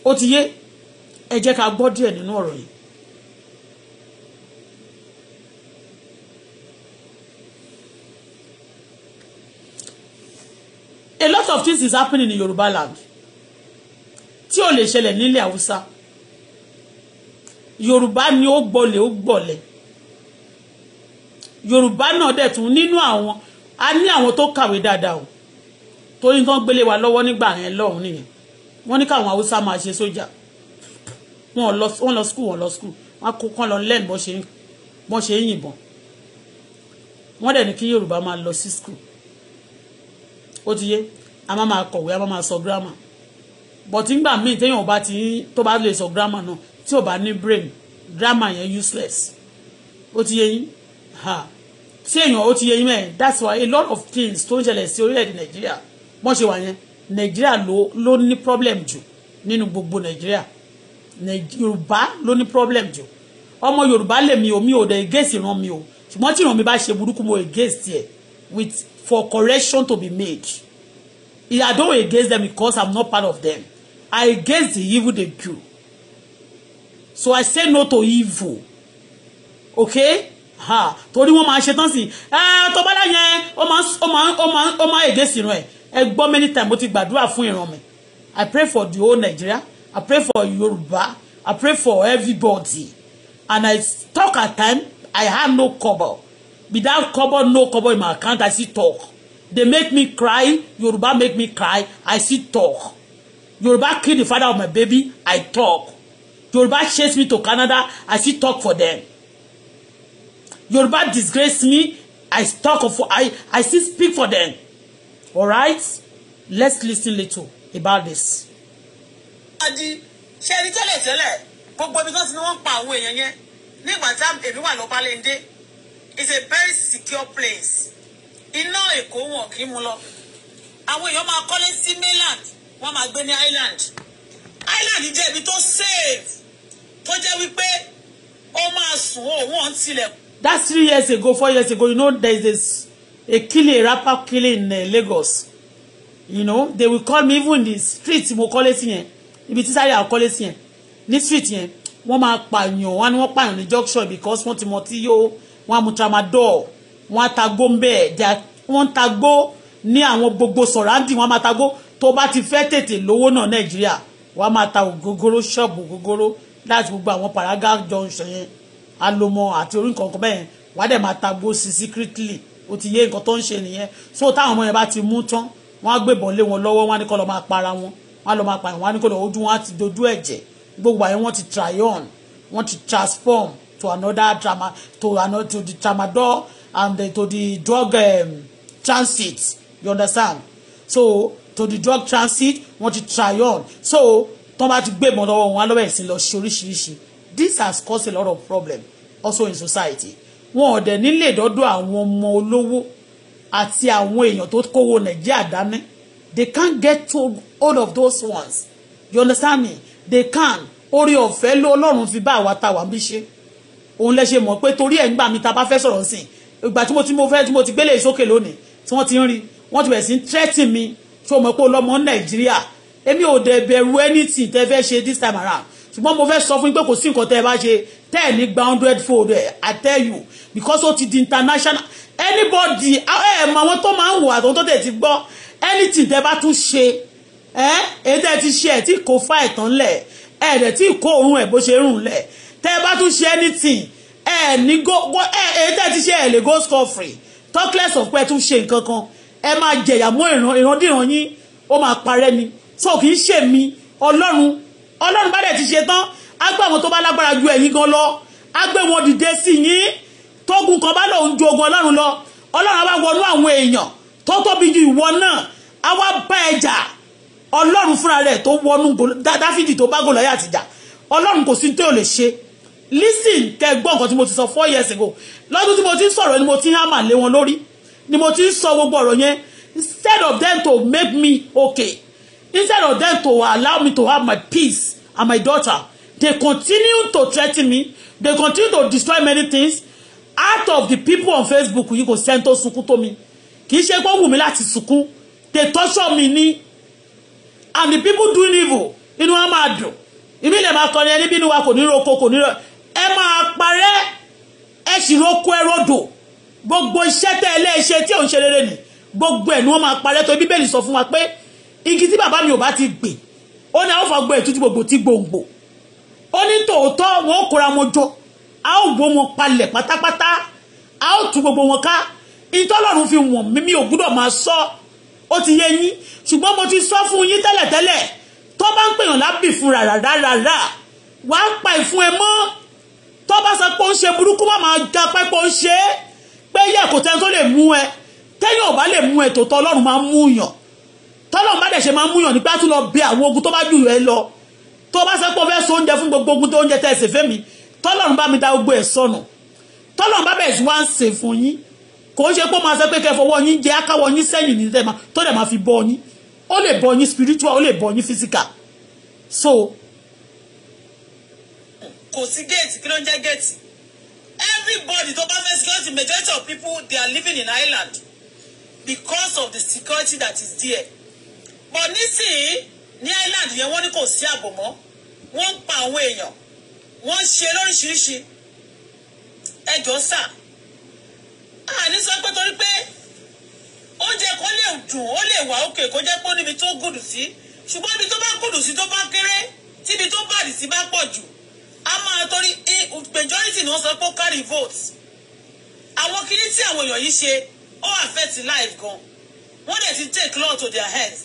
ó ti yé ẹ jẹ́ ká gbọ́ díẹ̀ nínú ọ̀rọ̀ yìí. a lot of things is happening in Yoruba land tí o lè ṣẹlẹ̀ nílẹ̀ Haúsá Yorùbá ni ó gbọ́lẹ̀ ó gbọ́lẹ̀ Yorùbá náà dẹ̀ tún nínú àwọn a ní àwọn tó kàwé dáadáa o torí nǹkan gbélé wa lọ́wọ́ nígbà yẹn lọ́hùn nìyẹn wọ́n ní káwọn haúsá máa ṣe sójà wọ́n lọ skul wọ́n lọ skul wọ́n kó kán lọ lẹ́nu bọ́n ṣe ń yìnbọn wọ́n dẹ̀ ní kí yorùbá máa lọ sí skul ó ti yé a máa máa kọ̀wé a máa máa sọ gírámà bọ̀tí ńgbà míì téèyàn bá ti tó bá lè sọ gírámà náà tí ò bá ní brain gírámà yẹn useless ó ti yé yín ha tí èèyàn ó ti yé yín mẹ́ẹ̀ that's why a lot of things tó ń ṣẹlẹ̀ sí orílẹ̀-èdè nàìjíríà wọ́n ṣe wà yẹn nàìjíríà ló ló ní problem jù nínú gbogbo nàìjíríà yorùbá ló ní problem jù ọmọ yorùbá mi o mi ò dẹ̀ against ìran mi o ṣùgbọ́n tí ìran mi bá ṣe burúkú mo against ẹ̀ with for correction to be made I don't against them because I'm not part of them I against the evil they do so I say no to evil okay ha torí wọ́n máa ṣe tán sí ẹ tó bá dá yẹn ó máa ó máa ó máa ẹ gbọ́ many times mo ti gbàdúrà fún ìran mi I pray for the whole Nigeria I pray for Yoruba I pray for everybody and I talk at time I had no cover without cover no cover in my account I still talk they make me cry Yoruba make me cry I still talk Yoruba kill the father of my baby I talk Yoruba chase me to Canada I still talk for them Yoruba disgrace me I talk for I I still speak for them all right let's listen little about this. adi ṣe ẹni tẹ́lẹ̀ tẹ́lẹ̀ gbogbo ibi tó ti ní wọ́n pa àwọn èèyàn yẹn nígbà tá èmi wà lọ́ba léńdé it's a very secure place iná èkó wọn kì í mu lọ àwọn èèyàn máa kọ́lé sí mainland wọ́n máa gbé ní island island jẹ́ ibi tó safe tó jẹ́ wípé ó máa sùn òun ọ̀ tilẹ̀. that's three years ago four years ago you know there is this a killing a rapper killing in uh, Lagos you know they will call me even in the streets. street mo kọ́lé sí yẹn ibi tí sáré àkọ́lé sí here. This street yẹn wọ́n máa pààyàn One ní wọ́n on the junction because wọ́n ti mọ One yóò One á mu tramadol One á tagbó ń bẹ́ẹ̀ wọ́n One tagbó ní àwọn gbogbo sọ̀ráǹdì wọ́n á máa tagbó tó bá ti fẹ́ One lówó náà nàìjíríà wàá máa ta ògógóró ṣọ́ọ̀bù ògógóró láti gbogbo àwọn paraga junction yẹn alomọ àti orí nǹkan kan bẹ́ẹ̀ wàá dẹ̀ máa tagbó sí secretly ó ti yé nǹkan tó ń ṣe nìyẹn so táwọn ọmọ yẹn bá ti mú tán wọ́n á gbébọn lé wọn lọ́wọ́ wọ́n á ní kó lọ máa para wọn wọ́n á lọ máa pààyàn wọ́n á ní kó lọ ojú wọn á ti dojú ẹ̀jẹ̀ gbogbo àyẹn wọ́n ti try on wọ́n ti transform to another drama to another to the tramadol and to the drug um, transit you understand so to the drug transit wọ́n ti try on so tọ́ bá ti gbébọn lọ́wọ́ wọn á lọ́wọ́ ẹ̀sìn lọ ṣe oríṣiríṣi this has caused a lot of problem also in society wọn ò nílé ìdọ́dọ̀ àwọn ọmọ olówó àti àwọn èèyàn tó kówó nàìjíríà dání they can't get to all of those ones you understand me they can orí ọ̀fẹ́ ló ọlọ́run fi bá àwa ta wà bí ṣe òun lẹ ṣe mọ̀ pé torí ẹ̀ ń gbà mí ta bá fẹ́ sọ̀rọ̀ sí ìgbà tí mo ti mo fẹ́ tí mo ti gbélé sókè lónìí tí wọ́n ti ń rí wọ́n ti bẹ̀rẹ̀ sí threatening mi tí o mọ̀ pé ọlọ́mọ nàìjíríà èmi ò dẹ̀ bẹ̀rù anything tẹ́ fẹ́ ṣe this time around ṣùgbọ́n mo fẹ́ sọ fún yín pé kò sí nǹkan tẹ́ ẹ bá ṣe Tell me, ní gba hundred fold ẹ̀ eh, I tell you because ó ti di international anybody eh? mọ àwọn tó máa ń wò àtọ́n tó tẹ̀ ti gbọ́ anything tẹ́ bá tún ṣe ẹ eh, èyí tẹ́ ti ṣe ẹ̀ tí kò fa ẹ̀tàn lẹ̀ ẹ̀ dẹ̀ tí kò òun ẹ̀ bó ṣe rùn lẹ̀ tẹ́ bá tún ṣe anything ẹ ní go ẹ èyí tẹ́ ti ṣe ẹ̀ go score free talk less of pé ẹ tún ṣe nǹkan kan ẹ máa jẹ̀yà mọ́ ìran ìrandíran yín o ma pare ni so kì í ṣe mi ọlọ́run ọlọ́run ba dẹ̀ ti ṣe tán á gbé àwọn tó bá lágbára ju ẹ̀yin gan lọ á gbé wọn dìde sí yín tógun kan bá lòun ju ogun ọlọ́run lọ ọlọ́run á wá wọnú àwọn èèyàn tó tóbi ju ìwọ náà á wá bá ẹjà ọlọ́run fúnra rẹ̀ tó wọnú dáfídì tó bá gòlọ́yà àtìjà ọlọ́run kò sí tó lè ṣe listen kẹ gbọ́ nǹkan tí mo ti sọ four years ago lọ́dún tí mo ti ń sọ̀rọ̀ ni mo ti ń hàmà lé wọn lórí ni mo ti ń sọ gbogbo ọ̀rọ̀ yẹn instead of them to make me okay instead of them to allow me to have my peace and my daughter They continue to threaten me. They continue to destroy many things. Out of the people on Facebook, you go send to sunkún to me. Kì í ṣe pé wù mí láti sunkún. They torture me ní. And the people doing evil, inú wa máa dùn. Ìmí lè máa kọrin ẹni bí inú wa kò ní roko kò ní roko. Ẹ máa parẹ́ ẹ sì roko ẹ rodò. Gbogbo iṣẹ́ tẹ́ ẹ léṣe tí ò ń ṣe rere nì. Gbogbo ẹ̀ ni wọ́n máa parẹ́ tó Bíbélì sọ fún wa pé igi tí bàbá mi ò bá ti gbìn. Ó ní àwọn fàgbọ́ ètùtù gbogbo tí gbòǹgbò ó ní tòótọ́ wọn ó kóra wọn jọ a ó gbó wọn palẹ̀ pátápátá a ó tú gbogbo wọn ká ìtọ́lọ́run fi wọ̀n mímí ò gbúdọ̀ máa sọ ó ti yé yín ṣùgbọ́n mo ti sọ fún yín tẹ́lẹ̀tẹ́lẹ̀ tó bá ń pèèyàn lábì fún ràràràrà wà á pa ìfún ẹ mọ́ tó bá sọ pé ó ń ṣe burúkú má máa ga pẹ́pẹ́ ó ń ṣe é pé yẹ kò tẹ́ni tó lè mú ẹ tẹ́yìn ò lè mú ẹ tòótọ́ ọlọ́run máa ń mú yàn tọ́lọ́run bá dẹ̀ ṣe máa ń mú yàn nígbà tó lọ bẹ àwọn ogun tó bá jù ẹ lọ tó bá sẹ́pọ̀ fẹ́ so oúnjẹ fún gbogbo ogun tó oúnjẹ tẹ́ ẹ̀sìn fẹ́mi tọ́lọ́run bá mi da gbogbo ẹ̀ sọnù tọ́lọ́run bá bẹ̀rẹ̀ sí wá ń sè fún yín kò ń ṣe pé máa sẹ́ pé kẹ́ yín jẹ́ ákáwọ́ yín sẹ́yìn ní tẹ́ma tó dẹ̀ máa fi bọ́ yín ó lè bọ́ yín spiritual ó lè bọ́ yín physical so. kò sí géètì kí ló ń jẹ́ géètì everybody tó bá fẹ́ security majority of people they are living in Ireland because of the security that is there but nísìnyí ní Ireland yẹn wọ́n ní kò sí ààbò mọ́ wọ́n ń pa àwọn èèyàn wọ́n ń ṣe lóríṣiríṣi ẹjọ́ sà àní sọ pé torí pé oúnjẹ kan lè dùn ó lè wà òkè kó jẹ́ pé níbi tó gùdù sí ṣùgbọ́n níbi tó bá gùdù sí tó bá kéré tíbi tó bàdì sí bá pọ̀ jù a máa torí majority ni wọ́n sọ pé ó carry vote àwọn kinní tí àwọn èèyàn yìí ṣe ó affect life gan wọ́n dẹ̀ ti take law to their heads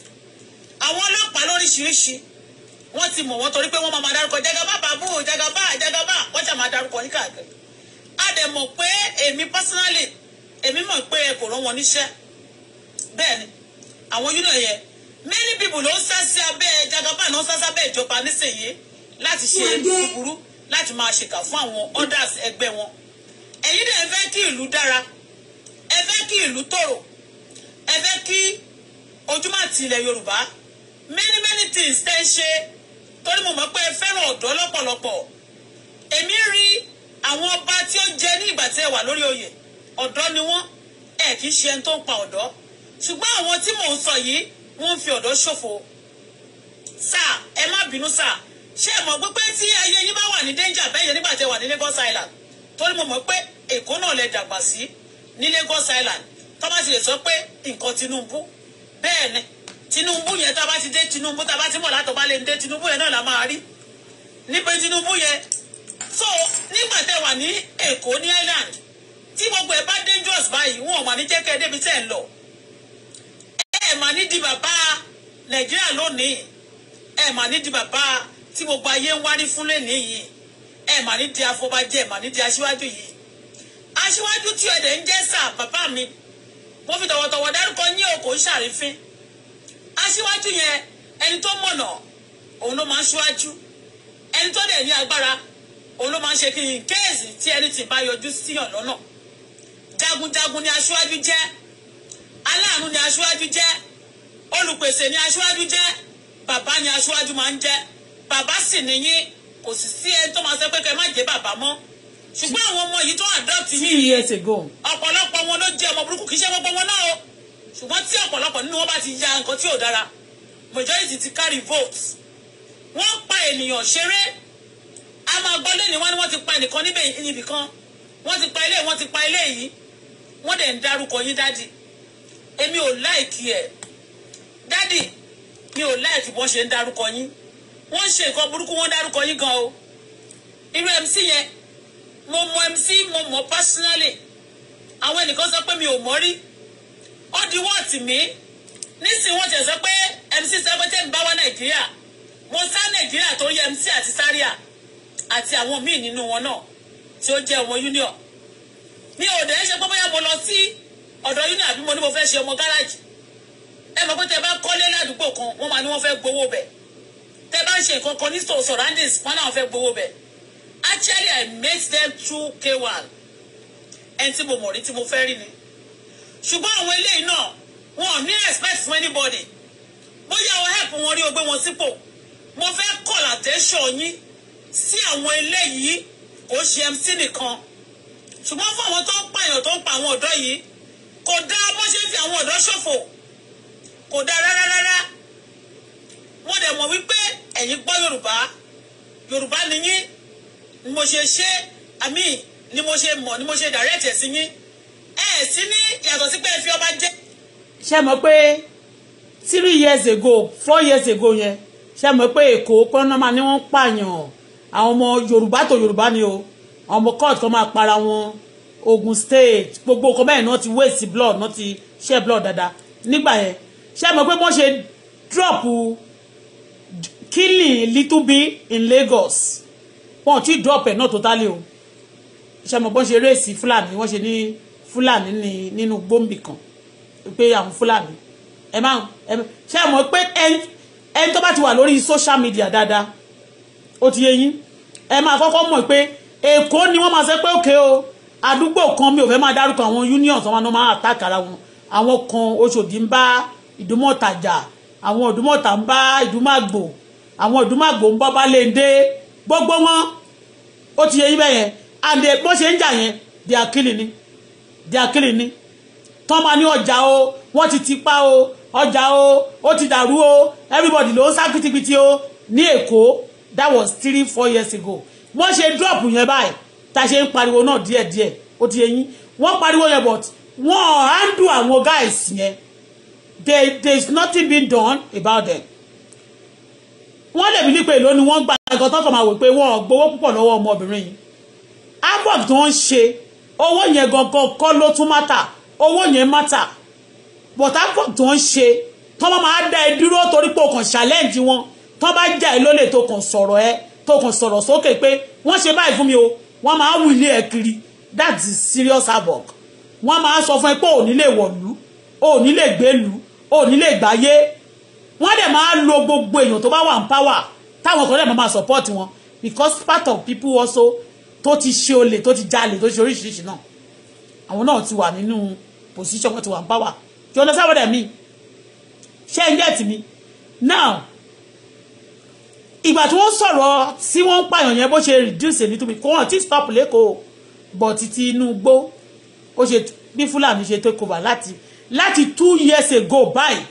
àwọn ọlọ́pàá lóríṣiríṣi wọ́n ti mọ̀ wọ́n torí pé wọ́n máa ma dárúkọ jagaba babu jagaba jagaba wọ́n ti máa dárúkọ ní káàkiri a dẹ̀ mọ̀ pé èmi personally èmi mọ̀ pé ẹ kò rán wọn níṣẹ́ bẹ́ẹ̀ ni àwọn yúnà yẹn many people ló ń sá sí abẹ́ jagaba ló ń sá sábẹ́ ìjọba nísìnyí láti ṣe búburú láti máa ṣèkà fún àwọn others ẹgbẹ́ wọn ẹ̀yin dẹ̀ fẹ́ kí ìlú dára ẹ fẹ́ kí ìlú tòrò ẹ fẹ́ kí ojúmọ̀ àti ilẹ̀ Yorùbá many many things tẹ́ ṣe torí mo mọ̀ pé ẹ fẹ́ràn ọ̀dọ́ lọ́pọ̀lọpọ̀ èmi rí àwọn ọba tí ó jẹ ní ìgbà tí ẹ wà lórí oyè ọ̀dọ́ ni wọ́n ẹ kì í ṣe ẹni tó ń pa ọ̀dọ́ ṣùgbọ́n àwọn tí mò ń sọ yìí wọ́n ń fi ọ̀dọ́ ṣòfò sáà ẹ má bínú sáà ṣé ẹ mọ̀ pé tí ayé yín bá wà ní danger bẹ́ẹ̀ yẹn nígbà tí ẹ wà ní Lagos Island torí mo mọ̀ pé Èkó náà lè dàgbà sí ní Lagos Island tó bá ti lè sọ pé nǹkan Tinubu bẹ́ẹ̀ ni Tinubu yẹn tá a bá ti dé Tinubu tá a bá ti mọ̀ látọ̀ bá lè dé Tinubu yẹn náà la máa rí ní pé Tinubu yẹn so nígbà tẹ wà ní Èkó ní Island tí gbogbo ẹ bá dangerous báyìí wọn ò mà ní jẹ́ kẹ́ ẹ débi tẹ́ ẹ lọ ẹ mà ní di bàbá Nàìjíríà lónìí ẹ mà ní di bàbá tí gbogbo ayé ń wárí fún lẹ́nìí yìí ẹ mà ní di afọbajẹ ẹ mà ní di aṣíwájú yìí aṣíwájú tí ọ̀dẹ̀ ń jẹ́ sà bàbá mi mo fi tọ̀wọ̀tọ̀wọ̀ dárúkọ yín o kò ń ṣàrífín aṣíwájú yẹn ẹni tó mọ̀nà òun ló máa ń ṣíwájú ẹni tó dẹ̀ ní agbára òun ló máa ń ṣe kí n kéèsì tí ẹni tí bá yọjú síyàn lọ́nà jagunjagun ni aṣíwájú jẹ́ aláàánú ni aṣíwájú jẹ́ olùpèsè ni aṣíwájú jẹ́ bàbá ni aṣíwájú máa ń jẹ́ bàbá sì nìyí kò sì sí ẹni tó máa sọ pé kẹ má jẹ́ bàbá mọ́ ṣùgbọ́n àwọn ọmọ yìí tó adopt yìí ọ̀pọ̀lọpọ̀ wọn ló jẹ́ ọmọ burúkú kì í ṣe gbogbo wọn náà o ṣùgbọ́n tí ọ̀pọ̀lọpọ̀ nínú wọn bá ti ya nǹkan tí ò dára majority ti carry vote wọ́n pa ènìyàn ṣeré a máa gbọ́ lẹ́ni wọn ni wọ́n ti pa ẹnìkan níbẹ̀ níbìkan wọ́n ti pa ilé wọ́n ti pa ilé yìí wọ́n dẹ̀ ń darúkọ yín dádì èmi ò láìkì ẹ̀ dádì mi ò láìkì bọ́n ṣe ń darúkọ yín wọ́n ṣe nǹkan burúkú wọ́n darúkọ yín gan o irú MC yẹn mo mọ MC mo mọ personally àwọn ẹnìkan sọ pé mi ò mọ̀ rí ó di wọ́ọ̀tì mi nísìnyí wọ́n ti sọ pé MC Dangote ń bá wá nàìjíríà mo sá nàìjíríà tó yẹ MC àti sáríà àti àwọn míì nínú wọn náà tí ó jẹ́ ọmọ union mi ò dẹ̀ ṣe pé bóyá mo lọ sí ọ̀dọ̀ union àbí mo ní mo fẹ́ ṣe ọmọ gáràjì ẹ mọ̀ pé tẹ bá kọ́lé ládùúgbò kan wọ́n máa ní wọ́n fẹ́ gbowó bẹ̀ tẹ bá ń ṣe nǹkan kan ní surroundings wọn náà fẹ́ gbowó bẹ̀ actually I made them through K1 ẹni tí mo mọ̀ rí tí mo fẹ́ rí ni ṣùgbọ́n àwọn eléyìí náà wọn ò ní respect fún anybody bóyá o help wọn rí o gbé wọn sípò mo fẹ́ call attention yín sí àwọn eléyìí kò ṣe MC nìkan ṣùgbọ́n fún àwọn tó ń pààyàn tó ń pa àwọn ọ̀dọ́ yìí kò dáa bó ṣe ń fi àwọn ọ̀dọ́ ṣòfò kò dáa rárá rárá mo dẹ̀ mọ̀ wípé ẹ̀yin gbọ́ Yorùbá Yorùbá ni yín ni mo ṣe ṣe àmì ni mo ṣe mọ̀ ni mo ṣe direct ẹ̀ sí yín ẹ sí ní yàtọ̀ sí pé ẹ fi ọba jẹ́. ṣé mọ̀ pé three years ago four years ago yẹn ṣé mọ̀ pé èkó pọ́nọ́mà ni wọ́n pààyàn àwọn ọmọ yorùbá tó yorùbá ni o àwọn ọmọ court kan máa para wọn Ogun State gbogbo nǹkan bẹ́ẹ̀ náà ti waste blood náà ti share blood dáadáa nígbà yẹn ṣé mọ̀ pé wọ́n ṣe drop killing little bee in Lagos wọn ò tí drop ẹ̀ náà totally o ṣé mọ̀ bọ́n ṣe race Fúlàní wọ́n ṣe ní fúlàní ni nínú gbòǹbì kan pé àwọn fúlàní ẹ máa ẹ ṣe é mọ̀ pé ẹni tó bá ti wà lórí social media dáadáa ó ti yé yín ẹ máa kọ́kọ́ mọ̀ pé èkó ni wọ́n máa sọ pé òkè o àdúgbò kan mi ò fẹ́ máa dárúkọ àwọn unions wọn máa attack ara wọn àwọn kan Ọ̀ṣọ́dì ń bá Ìdúmọ̀tà jà àwọn Ìdúmọ̀tà ń bá Ìdúmàgbò àwọn Ìdúmàgbò ń bọ́ Bálẹ́ndé gbogbo wọn ó ti yé yín bẹ́yẹn and bó ṣe ń jà yẹn they are killing me they are killing ni tán máa ní ọjà o wọ́n ti tipa o ọjà o ó ti dàrú o everybody ló ń sá kìtìkìtì o ní èkó that was three four years ago wọ́n ṣe drop yẹn báyìí tá a ṣe ń pariwo náà díẹ̀díẹ̀ ó ti yẹn yín wọ́n pariwo yẹn but wọ́n handle àwọn guys yẹn they there is nothing being done about them wọ́n lè bí nípa èlò ni wọ́n gba ẹ̀kọ́ tó fọmọ àwò pé wọ́n gbowó púpọ̀ lọ́wọ́ ọmọbìnrin yìí abọ́ọ̀bù tí wọ́n ń ṣe owó yẹn gangan kọ́ ló tún mátà owó yẹn mátà bọ̀tá pọ̀ tó ń ṣe tọ́mọ máa dá ẹ dúró torí pé o kàn challenge wọn tọ́ bá jà ẹ lólè tó kàn sọ̀rọ̀ ẹ tó kàn sọ̀rọ̀ sókè pé wọ́n ṣe báyìí fún mi o wọ́n máa wù ilé ẹ kiri that is serious havoc wọ́n máa sọ fún ẹ pé ò ní lè wọ̀lú ò ní lè gbélú ò ní lè gbáyé wọ́n dẹ̀ máa lo gbogbo èèyàn tó bá wà ń power táwọn kan dẹ̀ máa support wọn because part of people also tó ti ṣe olè tó ti jalè tó ṣe oríṣiríṣi náà àwọn náà ti wà nínú position wọn ti wà ń power you understand what I mean ṣé ń get mi now ìgbà tí wọ́n sọ̀rọ̀ tí wọ́n ń pààyàn yẹn bó ṣe reduce èmi tóbi kò hàn tí stop lẹ́kọ̀ọ́ bọ̀ títí inú gbó ó ṣe bí fúlàní ṣe take over láti láti two years ago báyìí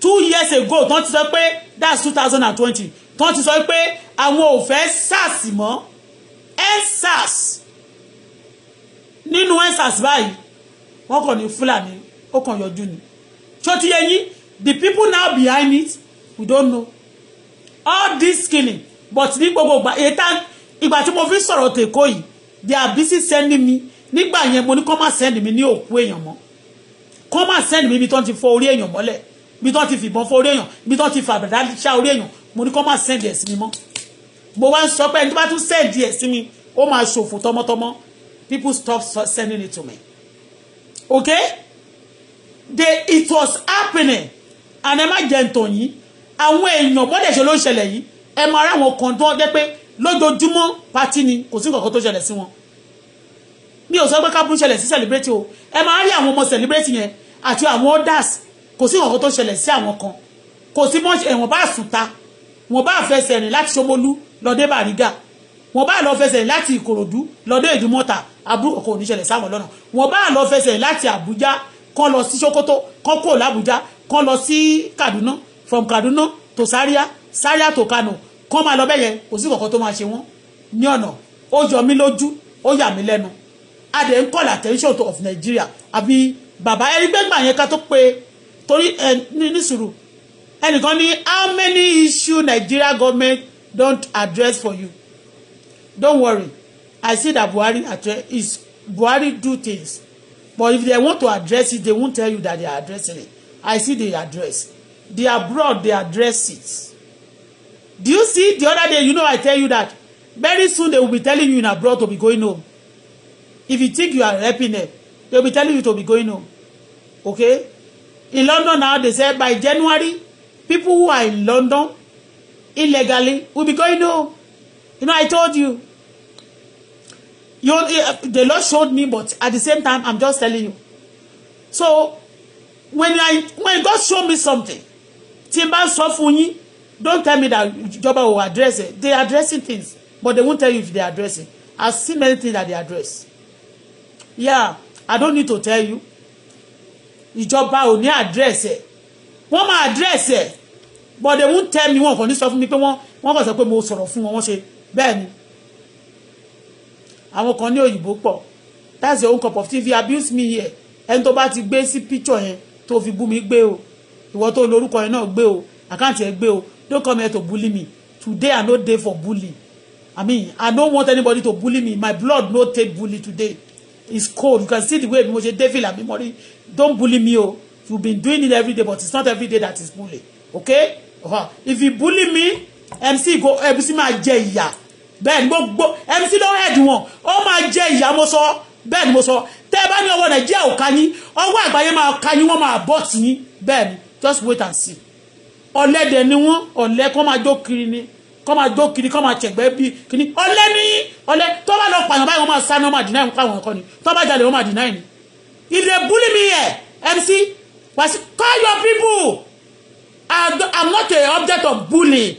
two years ago tán ti sọ pé that's two thousand and twenty tán ti sọ pé àwọn ò fẹ́ SARS mọ́ ensars nínú ensars báyìí wọ́n kàn ní fúlàní ó kàn yọjú ni tó ti yẹ yín the people now behind it we don't know all this killing but ní gbogbo ìgbà ètà ìgbà tí mo fi sọ̀rọ̀ tèkó yìí they are busy sending me nígbà yẹn mo ní kọ́ máa send me. ní òkú èèyàn mọ́ kọ́ máa send me. ibi tó ti fọ orí èèyàn mọ́lẹ̀ ibi tó ti fìbọn fọ orí èèyàn ibi tó ti fàbàdà ṣá orí èèyàn mo ní kọ́ máa send ẹ̀ sí mi mọ́ mo wá ń sọ pé ẹni tó bá tún send díẹ̀ sí mi ó máa ṣòfò tọmọtọmọ people stop sending it to me okay The it was happening and ẹ má jẹ ntàn yìí àwọn èèyàn bọ́dẹ̀ ṣe ló ń ṣẹlẹ̀ yìí ẹ máa rá àwọn kan tó ọ́ jẹ́ pé lójoojúmọ́ pati ni kò sí nǹkan tó ṣẹlẹ̀ sí wọn mi ò sọ pé kábùn ṣẹlẹ̀ sí celebrate o ẹ máa rí àwọn ọmọ celebrate yẹn àti àwọn others kò sí nǹkan tó ṣẹlẹ̀ sí àwọn kan kò sí mọ́ ẹ̀wọ̀n bá sùn ta wọ́n bá fẹsẹ̀ rìn láti ṣomolú lọ́dẹ bàrígà wọ́n bá lọ fẹsẹ̀ láti ìkòròdú lọ́dẹ ìdúmọ̀tà àbúrò kò ní ṣẹlẹ̀ sáwọn lọ́nà wọ́n bá lọ fẹsẹ̀ láti àbújá kán lọ sí sokoto kán kò lábújá kán lọ sí kaduna from kaduna to Zaria Zaria to Kano kán máa lọ bẹ́ẹ̀ yẹn kò sí kankan tó máa ṣe wọ́n ní ọ̀nà ó yọ mí lójú ó yà mí lẹ́nu a dẹ̀ ń call attention to of Nigeria àbí bàbá ẹni gbẹ́gbà yẹn ká tó pe torí ẹ ní sùúrù ẹnìkan ní how many issue Nigeria government don't address for you don't worry I see that Buhari is Buhari do things but if they want to address it they won't tell you that they are addressing it I see the address they abroad they address it do you see the other day you know I tell you that very soon they will be telling you in abroad to be going home if you think you are helping them they will be telling you to be going home okay in London now they said by January people who are in London illegally will be going no you know I told you you uh, the Lord showed me but at the same time I'm just telling you so when I when God show me something tí n bá don't tell me that ìjọba will address it they are addressing things but they won't tell you if they are addressing I've seen many things that they address yeah I don't need to tell you ìjọba will ní address it. wọ́n máa address it? but they won't tell me one kàn ní sọ fún mi pé wọ́n wọ́n kàn sọ pé mo sọ̀rọ̀ fún wọn wọ́n ṣe bẹ́ẹ̀ ni àwọn kan ní òyìnbó pọ̀ that's your own cup of tea if you abuse me here ẹni tó bá ti gbé sí picture yẹn tó fi bú mi gbé o ìwọ tó lórúkọ yẹn náà gbé o àkáǹtì ẹ gbé o don't come here to bully me today i no dey for bullying i mean i no want anybody to bully me my blood no take bully today it's cold you can see the way mo ṣe dey feel abi mori don't bully me o you been doing it every day but it's not every day that is bully okay if you bully me MC go MC máa jẹ ìyà bẹ́ẹ̀ ni gbogbo MC ló head wọn ó máa jẹ ìyà mo sọ bẹ́ẹ̀ ni mo sọ tẹ́ ẹ bá ní ọwọ́ nàìjíríà ò ka yín ọwọ́ àgbáyé máa ka yín wọ́n máa bọ̀ tì yín bẹ́ẹ̀ ni just wait and see ọ̀lẹ́dẹ̀ ni wọ́n ọ̀lẹ́ kọ́ máa jó kiri ni kọ́ máa jó kiri kọ́ máa tẹ̀gbẹ́ bí kiri ọ̀lẹ́ ni ọ̀lẹ́ tó bá lọ pààyàn báyìí wọ́n máa sáná wọ́n máa deny nǹkan àwọn ẹ̀kọ́ ni tó bá jalè wọ́n máa deny ni if they bully me here MC wàásù call your people. I'm not an object of bullying.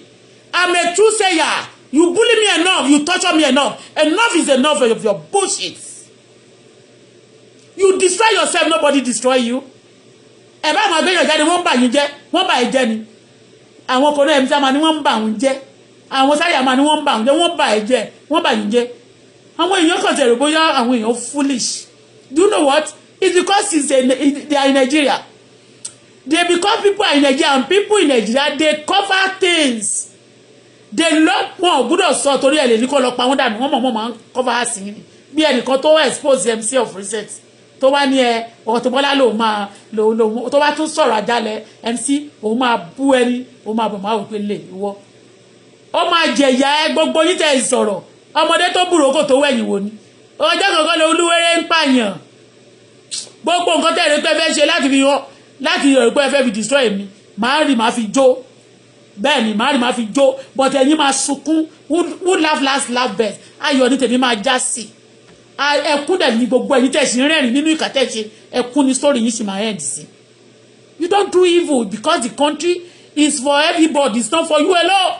I'm a true sayer. You bully me enough. You torture me enough. Enough is enough of your bullshit. You destroy yourself. Nobody destroy you. Ẹ bá àwọn agbẹ́yàn jáde wọ́n bà yín jẹ́ wọ́n bà yín jẹ́ ni. Àwọn ọkùnrin ẹ̀mí sáà máa ní wọ́n ń bà wọ́n jẹ́. Àwọn sáyà máa ní wọ́n ń bà wọ́n jẹ́ wọ́n bà yín jẹ́ wọ́n bà yín jẹ́. Àwọn èèyàn kàn tẹ̀rẹ̀ bóyá àwọn èèyàn foolish. Do you know what? It's because it's a, it, they are in Nigeria they become people in Nigeria and people in Nigeria they cover things they love wọn ò gbúdọ̀ sọ torí ẹ̀ lè ní kó lọ pa wọ́n dànù wọ́n mọ̀ mọ́ máa ń cover her sí ni bí ẹnìkan tó wá expose MC of recent tó wá ní ẹ ọkọ tó bọ́lá lòun máa lòun lòun tó bá tún sọ̀rọ̀ àjálẹ̀ MC òun máa bú ẹni òun máa bọ̀ máa wò pé lè wọ́ ó máa jẹ̀yà ẹ gbogbo yín tẹ̀ sọ̀rọ̀ ọmọdé tó bùrọ̀kọ̀ tó wẹ̀yìn wò ni ọjọ́ kankan lọ olúwẹ̀rẹ̀ ń pààyàn gbogbo nǹkan tẹ̀lé pẹ́ fẹ́ ṣe láti fi hàn láti rò pé ẹ fẹ́ fi destroy mi màá rí màá fi jó bẹ́ẹ̀ ni màá rí màá fi jó but ẹ̀yin máa sunkún who laugh last laugh best ayọ̀ ni tèmi máa já sí ẹkún dẹ̀ ní gbogbo ẹ̀yin tẹ̀sí rẹ́rìn nínú ìkà tẹ̀sí ẹkún ni story yìí sì máa end sí you don't do evil because the country is for everybody it's not for you alone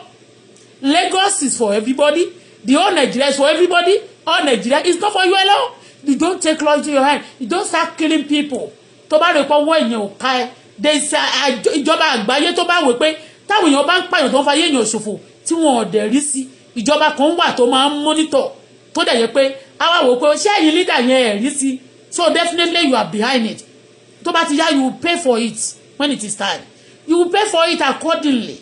Lagos is for everybody the whole Nigeria is for everybody all Nigeria is not for you alone you don't take law into your hand you don't start killing people tó bá rè pọ́wọ́ èèyàn ò ká ẹ ìjọba àgbáyé tó bá wò pé táwọn èèyàn bá ń pààyàn tó ń fa yéèyàn ṣòfò tí wọn ò dẹ̀ rí sí ìjọba kan wà tó máa ń mọ́nítọ̀ tó dẹ̀ yẹ pé àwa wò pé ṣé ẹ̀yin lídà yẹn ẹ̀ rí sí so definitely you are behind it tó bá ti yá you pay for it when it is time you pay for it accordingly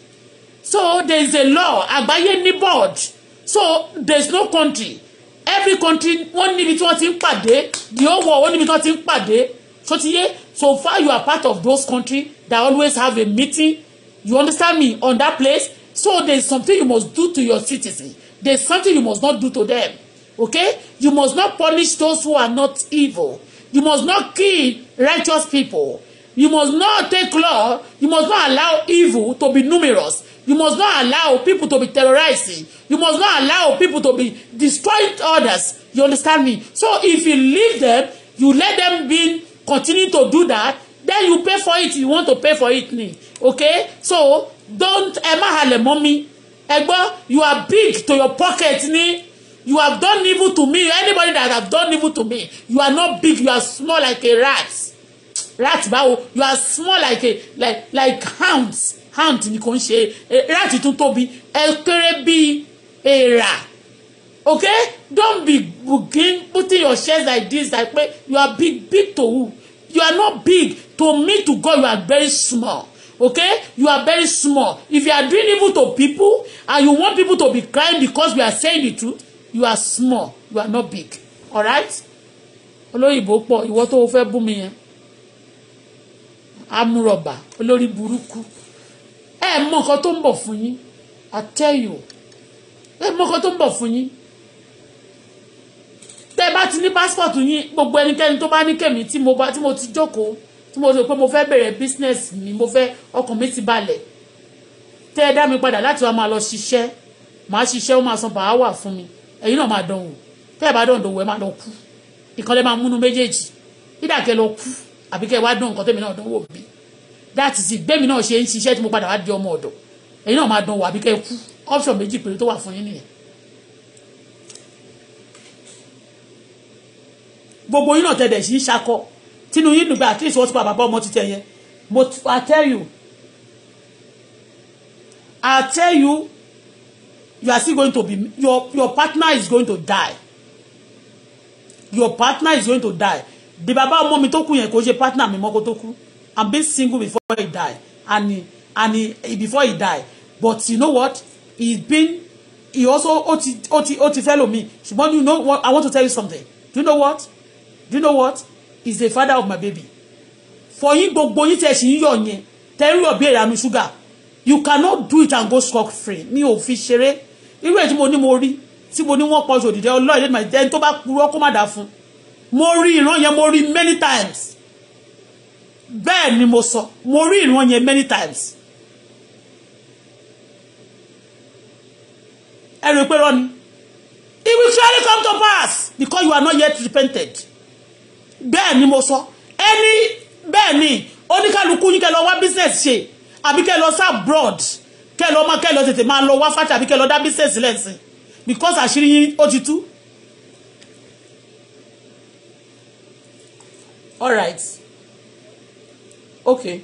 so there is a law àgbáyé ní board so there is no country every country wọ́n níbi tí wọ́n ti ń pàdé the whole world wọ́n níbi tí wọ́n ti ń pàdé so ti so far you are part of those country that always have a meeting you understand me on that place so there is something you must do to your citizen there is something you must not do to them okay you must not punish those who are not evil you must not kill righteous people you must not take law you must not allow evil to be numerous you must not allow people to be terrorizing you must not allow people to be destroying others you understand me so if you leave them you let them be continue to do that then you pay for it you want to pay for it ni okay so don't ẹ má halẹ̀ mọ́ mi ẹ you are big to your pocket ni you have done evil to me anybody that have done evil to me you are not big you are small like a rat rat báwo you are small like a like like hound hound ni kò ń ṣe rat tún tobi. ẹ kéré era okay don't be begin putting your chest like this like pe you are big big to who you are not big to me to God you are very small okay you are very small if you are doing evil to people and you want people to be crying because we are saying the truth you are small you are not big alright olóyìnbó pọ̀ ìwọ tó o fẹ́ bú mi yẹn amúrọ̀bà olórí burúkú ẹ mọ nǹkan tó ń bọ̀ fún yín I tell you ẹ mọ nǹkan tó ń bọ̀ fún yín tẹ́ bá ti ní passport yín gbogbo ẹnikẹ́ni tó bá ní kẹ̀mí tí mo bá tí mo ti jókòó tí mo sọ pé mo fẹ́ bẹ̀rẹ̀ business mi mo fẹ́ ọkàn mi ti balẹ̀ tẹ́ ẹ dá mi padà láti wá máa lọ ṣiṣẹ́ máa ṣiṣẹ́ ó máa san pàáwà fún mi ẹ̀yin náà máa dán wò tẹ́ ẹ bá dán dòwò ẹ máa lọ kú ìkànnì máa múnú méjèèjì nígbà kẹ lọ kú àbí kẹ wá dán nǹkan tẹ́mi náà dán wò bí láti sì gbẹ́mi náà ṣe ń ṣiṣẹ́ tí mo padà wá di ọmọ ọ̀dọ̀ ẹ̀yin náà máa dán wò àbí kẹ kú option méjì péré tó wà fún yín nìyẹn gbogbo yín náà tẹ̀dẹ̀ sí ṣakọ tínú yín nígbà àti ìṣòwò tí bàbá ọmọ ti tẹ̀ yẹn mo I tell you I tell you you are still going to be your your partner is going to die your partner is going to die the bàbá ọmọ mi tó kú yẹn kò ṣe partner mi mọ́ kó tó kú I'm being single before he die and he, and he, before he die but you know what he's been he also ó ti ó ti ó ti fẹ́ lomi ṣùgbọ́n you know what I want to tell you something do you know what do you know what he's the father of my baby for him, gbogbo yín tẹ̀ sí yọ̀ yẹn tẹ́rù ọ̀bí ìranu ṣúgà you cannot do it and go scot free mi ò fi ṣeré irú ẹ̀ tí mo ní mo rí tí mo ní wọ́n pọ̀ sí òdìdẹ́ ọlọ́ọ̀dẹ́ màá jẹ́ ẹni tó bá purọ́ kó má dà fún mo rí ìran yẹn mo rí many times bẹ́ẹ̀ ni mo sọ mo rí ìran yẹn many times ẹ rò pé rọ ni it will surely come to pass because you are not yet repented bẹ́ẹ̀ ni mo sọ ẹni bẹ́ẹ̀ ni oníkálukú yín kẹ́ lọ wá business ṣe àbí kẹ́ lọ sá broad kẹ́ lọ máa kẹ́ lọ tètè máa lọ wá fàtà àbí kẹ́ lọ dá business lẹ́sìn because àṣírí yín ó ti tú. all right okay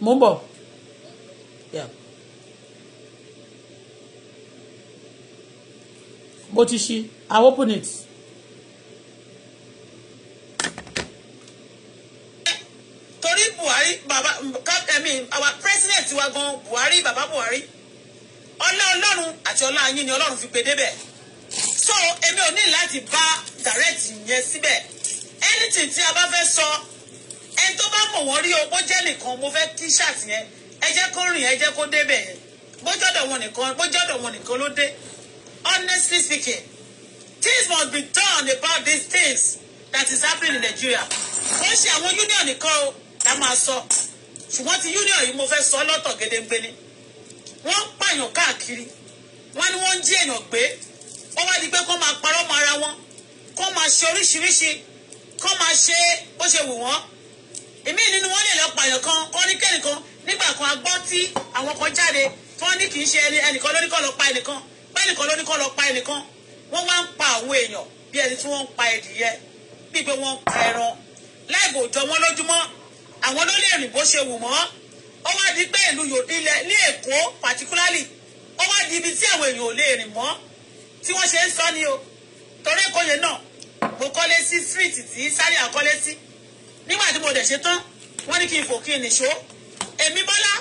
mo ń bọ̀. Yeah. mo ti ṣí i open it. torí Buhari bàbá I mean our president wa gan Buhari bàbá Buhari ọlá ọlọ́run àti ọlá yín ni ọlọ́run fi gbé débẹ̀ so èmi ò ní láti bá direct yẹn síbẹ̀ anything tí a bá fẹ́ sọ ẹni tó bá mọ̀ wọ́n rí o bó jẹ́ nìkan mo fẹ́ kí ṣàtì yẹn ẹ jẹ́ kó rìn ẹ jẹ́ kó débẹ̀ yẹn bó jọ́dọ̀ wọn nìkan bó jọ́dọ̀ wọn nìkan ló dé honestly speaking things must be done about these things that is happening in Nigeria wọ́n ṣe àwọn union nìkan o ká máa sọ ṣùgbọ́n ti union yìí mo fẹ́ sọ lọ́tọ̀ gédéńgbé ni wọ́n ń pààyàn káàkiri wọ́n ní wọ́n ń jí èèyàn gbé wọ́n wá di pé kó máa parọ́ mọ́ ara wọn kó máa ṣe oríṣiríṣi kó máa ṣe bó ṣe wù wọ́n èmi nínú wọn lè lọ pààyàn kan kọ́ ní kẹ́nìkan nígbà kan a gbọ́ tí àwọn kan jáde tí wọ́n ní kì í ṣe ẹnìkan lóníkọ́ lọ pa ẹnìkan pẹ́ẹ́nìkan lóníkọ́ lọ pa ẹnìkan wọ́n wá ń pa àwọn èèyàn bí ẹni tí wọ́n ń pa ẹdìyẹ bí pé wọ́n ń pa ẹran láì bò jọ wọ́n lójúmọ́ àwọn ló lè rìn bó ṣe wù mọ́ ó wá di pé ìlú ilẹ̀ ní èkó particularly ó wá di ibi tí àwọn èèyàn ò lè rìn mọ́ tí wọ́n ṣe ń sọ ni o torí èkó yẹn náà mo kọ́lé sí street tí sáré àkọ́lé sí nígbà tí mo dẹ̀ ṣe tán wọ́n ní kí n fò kí n nìṣó èmi bọ́lá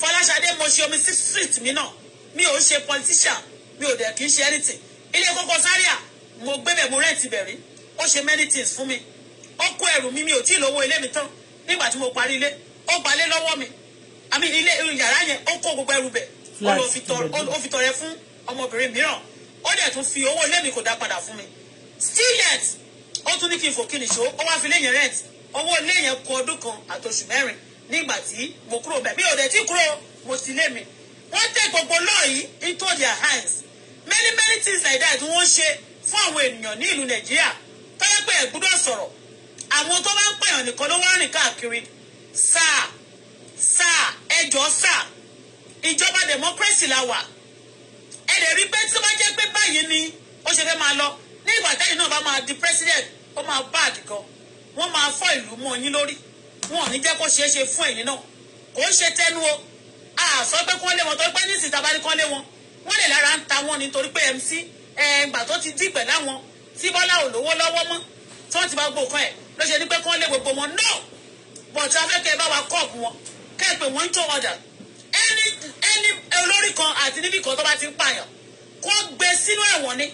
fọláṣadé mo ṣe omi sí street mi náà mi ò ṣe politician mi ò dẹ̀ kì í ṣe anything ilé kókó sáré à mo gbébẹ̀ mo rẹ́ǹtì bẹ̀rí ó ṣe many things fún mi ó kó ẹrù mi mi ò tí ì lówó ilé mi tán nígbà tí mo parí ilé ó gbalé lọ́wọ́ mi àmì ilé yàrá yẹn ó kó gbogbo ẹrù bẹ̀ ó fi tọrẹ fún ọmọbìnrin mìíràn ó dẹ̀ tún fi owó ilé mi kò dá padà fún mi still yet ó tún ní kí n fò kí n ṣó ó wá fi ilé yẹn rent owó ilé yẹn kọ ọdún kan àtòṣù mẹ́rin nígbà tí mo kúrò bẹ̀ mi ò dẹ̀ tí kúrò mo sì lé mi wọ́n tẹ gbogbo law yìí into their hands many many things like that wọ́n ṣe fún àwọn ènìyàn ní ìlú Nàìjíríà tọ́yẹ́ pé ẹ̀ gbọ́dọ̀ sọ̀rọ̀ àwọn tó bá ń pààyàn nìkan ló wá rìn káàkiri sáà sáà ẹjọ́ sáà ìjọba democracy la wà ẹ lè rí pé tí ó bá jẹ́ pé báyìí ni ó ṣe fẹ́ máa lọ ní ìgbà táyì náà bá máa di president ó máa bad gan wọ́n máa fọ́ ìlú mọ́ yín lórí wọn ò ní jẹ́ kó ṣeé ṣe fún ẹ̀yin náà kò ń ṣe tẹnu o a sọ pé kí wọ́n lé wọn torí pé ní ìsìn tabarí kan lé wọn wọ́n lè lára ń ta wọn nítorí pé MC ẹ̀ ń gbà tó ti dìgbẹ̀ láwọn tí Bọ́lá ò lówó lọ́wọ́ mọ́ tí wọ́n ti bá gbó kan ẹ̀ ló ṣe ní pé kán lé gbogbo wọn no but afẹ́kẹ́ bá wa kọ́ọ̀pù wọn kẹ́ẹ̀pẹ̀ wọ́n ń tó ọjà ẹni ẹni olórí kan àti níbi kan tó bá ti ń pààyàn kó gbé sínú ẹ̀wọ̀n ni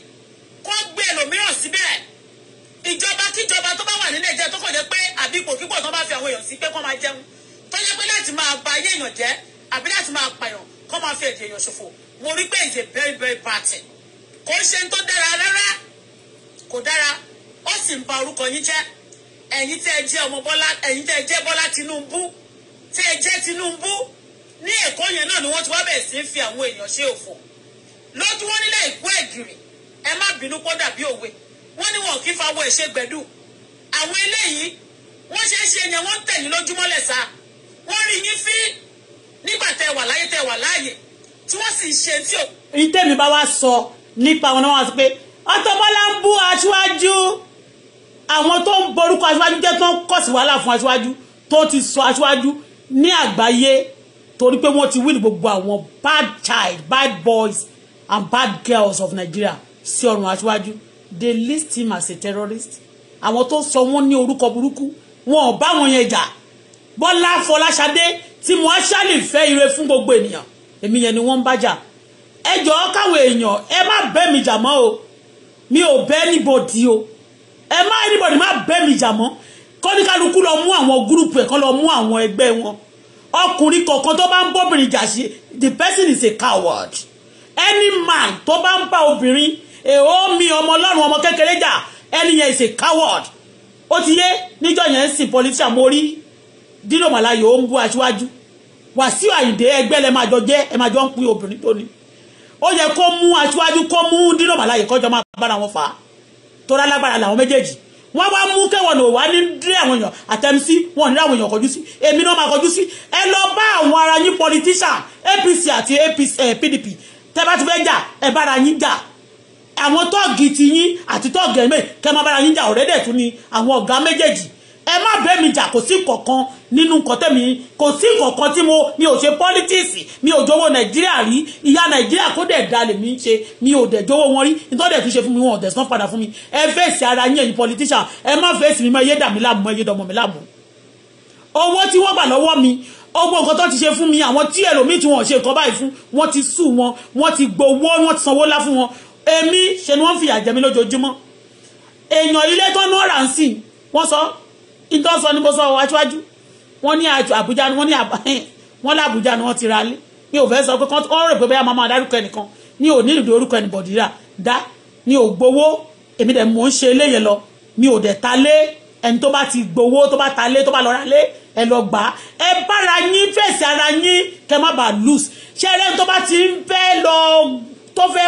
kó gbé ẹlòmíràn síbẹ̀ ìjọba kíjọba tó bá wà nílé jẹ tó kàn jẹ́ pé àbíkò kíkọ̀ tó bá fi àwọn èèyàn sí pé kó máa jẹun tó jẹ́ pé láti máa ba ayé èèyàn jẹ́ àbí láti máa pààyàn kó máa fi èdè èèyàn ṣòfò mo rí pé ìṣe very very bad thing kò ń ṣe ń tó dára rárá kò dára ó sì ń ba orúkọ yín jẹ́ ẹ̀yin tẹ́ ẹ jẹ́ ọmọ Bọ́lá ẹ̀yin tẹ́ ẹ jẹ́ Bọ́lá Tinubu tẹ́ ẹ jẹ́ Tinubu ní Èkó yẹn náà ni wọ́n ti wá bẹ̀rẹ̀ sí fi àwọn èèyàn ṣe òfò lójú wọn nílẹ̀ ìkú ẹ̀gìrì ẹ má bínú kó dàbí òwe wọ́n ní wọn kì í fawọ́ ẹ̀ ṣe gbẹ̀dù àwọn eléyìí wọ́n ṣe é ṣe yẹn wọ́n ń tẹ̀yìn lójúmọ́ lẹ̀sà wọ́n rí yín fí nígbà tẹ wà láyé tẹ wà láàyè tí wọ́n sì ṣe tí ò. ìtẹ̀mí bá wá sọ nípa wọn náà wá sí pé Auto ń bú aṣíwájú àwọn tó ń borúkọ aṣíwájú jẹ́ tó ń kọ̀ sí wàhálà fún aṣíwájú tó ti sọ aṣíwájú ní àgbáyé torí pé wọ́n ti wíìlì gbogbo àwọn bad child bad boys and bad girls of Nigeria sí ọrùn aṣíwájú they list him as a terrorist àwọn tó sọ wọ́n ní orúkọ burúkú wọn ò bá wọn yẹn jà Bọ́lá Fọláṣadé tí mo aṣáálì fẹ́ ire fún gbogbo ènìyàn èmi yẹn ni wọ́n ń bá jà ẹ jọ̀ọ́ káwọn èèyàn ẹ má bẹ́ mi jà mọ́ o mi ò bẹ́ níbo di o ẹ má anybody má bẹ́ mi jà mọ́ kọ́níkálukú lọ mú àwọn gúrùpù ẹ̀ kọ́ lọ mú àwọn ẹgbẹ́ wọn ọkùnrin kọ̀ọ̀kan tó bá ń bọ́bìnrin jà sí the person is a coward any man tó bá ń bá obìnrin èho mi ọmọ ọlọ́run ọmọ kékeré jà ẹni yẹn is a coward ó ti yé níjọ́ yẹn ń sìn politician mo rí Dino Melayo ó ń bú aṣíwájú Wàsíù Àyìndé ẹgbẹ́ lẹ́ máa jọ jẹ́ ẹ máa jọ ń pín obìnrin tó ní ó yẹ kó mú aṣíwájú kó mú Dino Melayo kọjọ máa bára wọn fà á tọ́ra lágbára làwọn méjèèjì wọ́n wá mú kẹwọ́n ní òwá ní dé àwọn èèyàn àtẹ̀mísí wọ́n ní àwọn èèyàn kọjú sí èmi náà máa kọjú sí ẹ lọ bá àwọn ara yín politician APC àti APC PDP tẹ bá ti fẹ́ jà ẹ bára yín jà àwọn tọ́ọ̀gì ti yín àti tọ́ọ̀gì ẹ̀mẹ́ kẹ máa bára yín jà ọ̀rẹ́dẹ̀ tún ni àwọn ọ̀gá méjèèjì ẹ má bẹ́ mi jà kò sí kankan nínú nǹkan tẹ̀mí kò sí kankan tí mo mi ò ṣe pọ́lítíìsì mi ò jọ̀wọ́ nàìjíríà rí ìyá nàìjíríà kó dẹ̀ da lè mi ṣe mi ò dẹ̀ jọ̀wọ́ wọn rí nítorí ẹ̀ tún ṣe fún mi wọn ò dẹ̀ sán padà fún mi ẹ fèsì ara yín ẹ̀yin politician ẹ má fèsì mi mọ́ iye dà mí láàmú mọ́ iye dọmọ mi láàmú owó tí wọ́n gbà lọ́wọ́ mi ọgbọ́n nǹkan tó ti ṣe fún mi àwọn tí ẹlòmíì tí wọ́n ṣe nǹkan báyìí fún wọ́n ti sù wọn wọ́n ti gbowó wọ́n ti sanwó lá fún wọn èmi ṣe ni wọ́n fìyà jẹ mí lójoojúmọ́ èèyàn ilé tó náà rà ń sìn wọ́n sọ nǹkan sọ ni mo sọ ọ aṣáájú wọ́n ní àbújá wọ́n ní eh, wọ́n lábújá ni wọ́n ti ra lé mi ò fẹ́ sọ pé kán ọ̀rọ̀ ìpè bẹ́ẹ̀ máa dárúkọ ẹnìkan ní ò ní ìdí orúkọ ẹnìbọ̀dì rà dá ní ò gbowó èmi dẹ̀ mò ń ṣe eléyẹn lọ mi ò dẹ̀ ta lé ẹni tó bá ti gbowó tó bá ta lé tó bá lọ lé ẹ lọ gbà á ẹ bára yín fèsì ara yín kẹ má bàa lose ṣé ẹrẹ́ni tó bá ti ń fẹ́ lọ tó fẹ́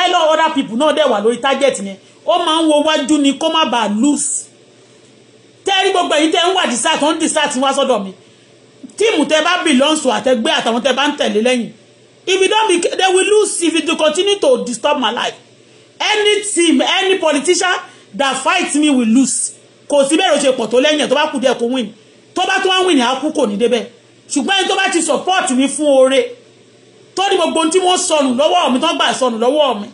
other people náà dẹ̀ wà lórí tájẹ̀tì ó máa ń wo wájú ni kó má bàa lose tẹ́rí gbogbo èyí tẹ́ ń wà dísà tó ń dísà tí wá sọ́dọ̀ mi tíìmù tẹ́ bá belongs to àtẹgbẹ́ àtàwọn tẹ́ bá ń tẹ̀lé lẹ́yìn if you don't be they will lose if you continue to disturb my life any team any politician that fight me will lose kò sí bẹ́ẹ̀ ló ṣe pọ̀ tó lẹ́yìn ẹ̀ tó bá kù díẹ̀ kó win tó bá tó wá win àá kú kò ní débẹ̀ ṣùgbọ́n ẹni tó bá ti support mi fún oore tó ní gbogbo ohun tí wọ́n sọnù lọ́wọ́ mi tó gbà sọnù lọ́wọ́ mi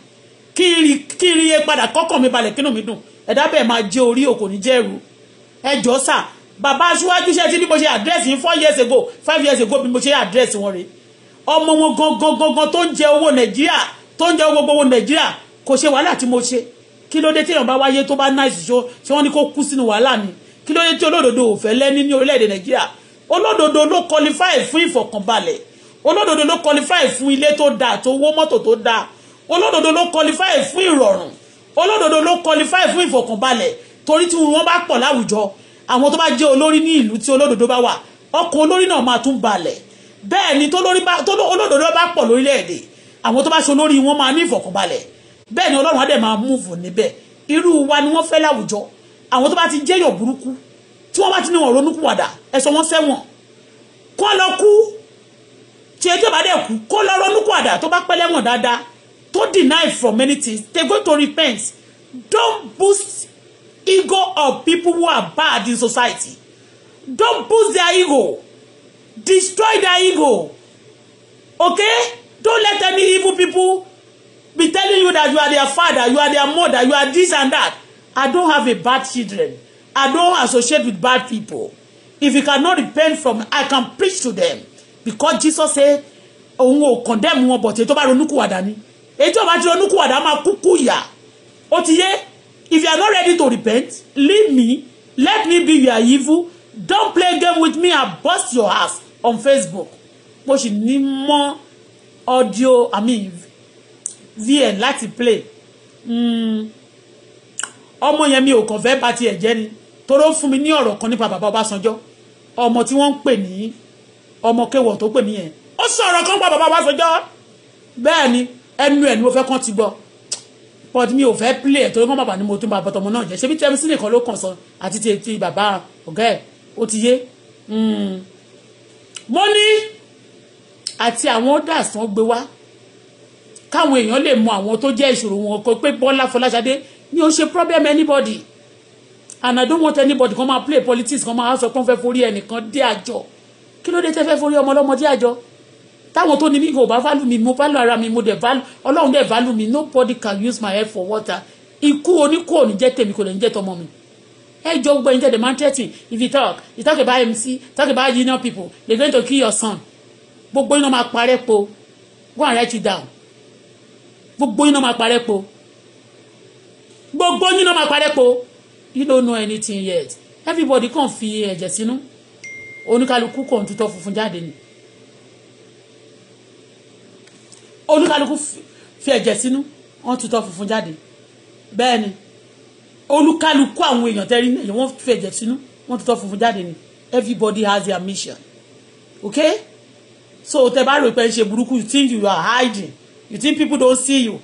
kí n rí kí n padà kọ́kàn mi balẹ̀ kínú mi dùn ẹ̀dá bẹ́ẹ̀ máa jẹ́ orí òkò ní jẹ́rù ẹjọ́ sà bàbá aṣíwájú ṣe ti bí mo ṣe àdírẹ́sì yín four years ago five years ago bí mo ṣe àdírẹ́sì wọn rè ọmọ wọn gangan gangan tó ń jẹ owó nàìjíríà tó ń jẹ owó gbogbo nàìjíríà kò ṣe wàhálà tí mo ṣe kí ló dé tí èèyàn bá wáyé tó bá náìsì ṣó ṣé wọ́n ní kó kú sínú wàhálà ni kí ló dé tí olódodo ò fẹ́ lẹ́ni ní orílẹ̀-èdè nàìjíríà olódodo ló qualify fún ìfọ̀kànbalẹ̀ olódodo ló qualify fún ilé tó dáa tó wó mọ́tò tó dáa olódodo ló qualify fún ìrọ̀rùn olódodo ló qualify fún ìfọ̀kànbalẹ̀ torí tí wọ́n bá pọ̀ láwùjọ àwọn tó bá jẹ́ olórí ní ìlú tí olódodo bá wà ọkàn olórí náà máa tún balẹ̀ bẹ́ẹ̀ ni olódodo bá pọ̀ lórílẹ̀‐èdè àwọn tó bá ṣe olórí wọn máa ní ìfọ̀kànbalẹ̀ bẹ́ẹ̀ ni ọlọ́run á dẹ̀ máa múùfù níbẹ̀ irú wa ni wọ́n fẹ́ láwùjọ àwọn tó bá ti jẹ́yàn burúkú tí wọ́n bá ti ní wọn ronú kúwàdà ẹ̀sọ́ wọn sẹ́wọ̀n kó lọ kú tí ẹjọ́ bá dẹ̀ kú kó lọ ronú kúwàdà tó bá pẹ́ lẹ́wọ̀n dáadáa to deny from many things they go to repent don't boost ego of people who are bad in society don't boost their ego destroy their ego okay don't let any evil people be telling you that you are their father you are their mother you are this and that I don't have a bad children I don't associate with bad people if you cannot repent from I can preach to them because Jesus say òun ò condemn wọn but ètò bá ronúkúwàdà ni èyí tí o bá ti ronú kú wàdà máa kúkú yà ó ti yé if you are not ready to repent leave me let me be your evil don't play game with me and burst your ass on Facebook mo sì ní mọ́ audio i mean vn láti play hmm. ọmọ yẹn mi ò kàn fẹ́ bá tiẹ̀ jẹ́ ni toró fún mi ní ọ̀rọ̀ kan nípa bàbá Ọbásanjọ́ ọmọ tí wọ́n ń pè ní ọmọ kéwọ̀ tó pè ní yẹn ó sọ ọ̀rọ̀ kan pa bàbá Ọbásanjọ́ bẹ́ẹ̀ ni ẹnu ẹ̀ ni mo fẹ́ kán ti gbọ́ but mi ò fẹ́ play ẹ̀ torí wọ́n bàbá ni mo tún bá bọ́tọ̀ ọmọ náà jẹ́ ṣebí tẹ́mi sí nìkan ló kàn sọ àti ti ti bàbá ọ̀gá ẹ̀ ó ti yé hmm. mo ní àti àwọn orders wọ́n gbé wá káwọn èèyàn lè mọ àwọn tó jẹ́ ìṣòro wọn kó pé Bọ́lá Fọláṣadé ni ó ṣe problem anybody and I don't want anybody kan máa play politics kan máa sọ pé wọ́n fẹ́ forí ẹnìkan dé àjọ kí ló dé tẹ́ fẹ́ forí ọmọ ọlọ́mọ dé àjọ táwọn tó ní mi kò bá value mi mo value ara mi mo dẹ̀ value ọlọ́run dẹ̀ value mi nobody can use my head for water ikú oníkó ò ní jẹ́ tèmi kò lè ní jẹ́ tọmọ mi ẹ jọ gbogbo ẹni jẹ́ the man if you talk you talk about MC talk about union people they going to kill your son gbogbo iná máa parẹ́ po go and write it down gbogbo iná máa parẹ́ po gbogbo iná máa parẹ́ po you don't know anything yet everybody kàn fi ẹ̀jẹ̀ sínú oníkálukú kàn tutọ́ funfun jáde ni olúkálukú fi ẹ̀jẹ̀ sínú wọ́n tutọ́ funfun jáde bẹ́ẹ̀ ni olúkálukú àwọn èèyàn tẹ́rí náà wọ́n fi ẹ̀jẹ̀ sínú wọ́n tutọ́ funfun jáde ni everybody has their mission okay so tẹ bá rò pé ń ṣe burúkú you think you are hiding you think people don't see you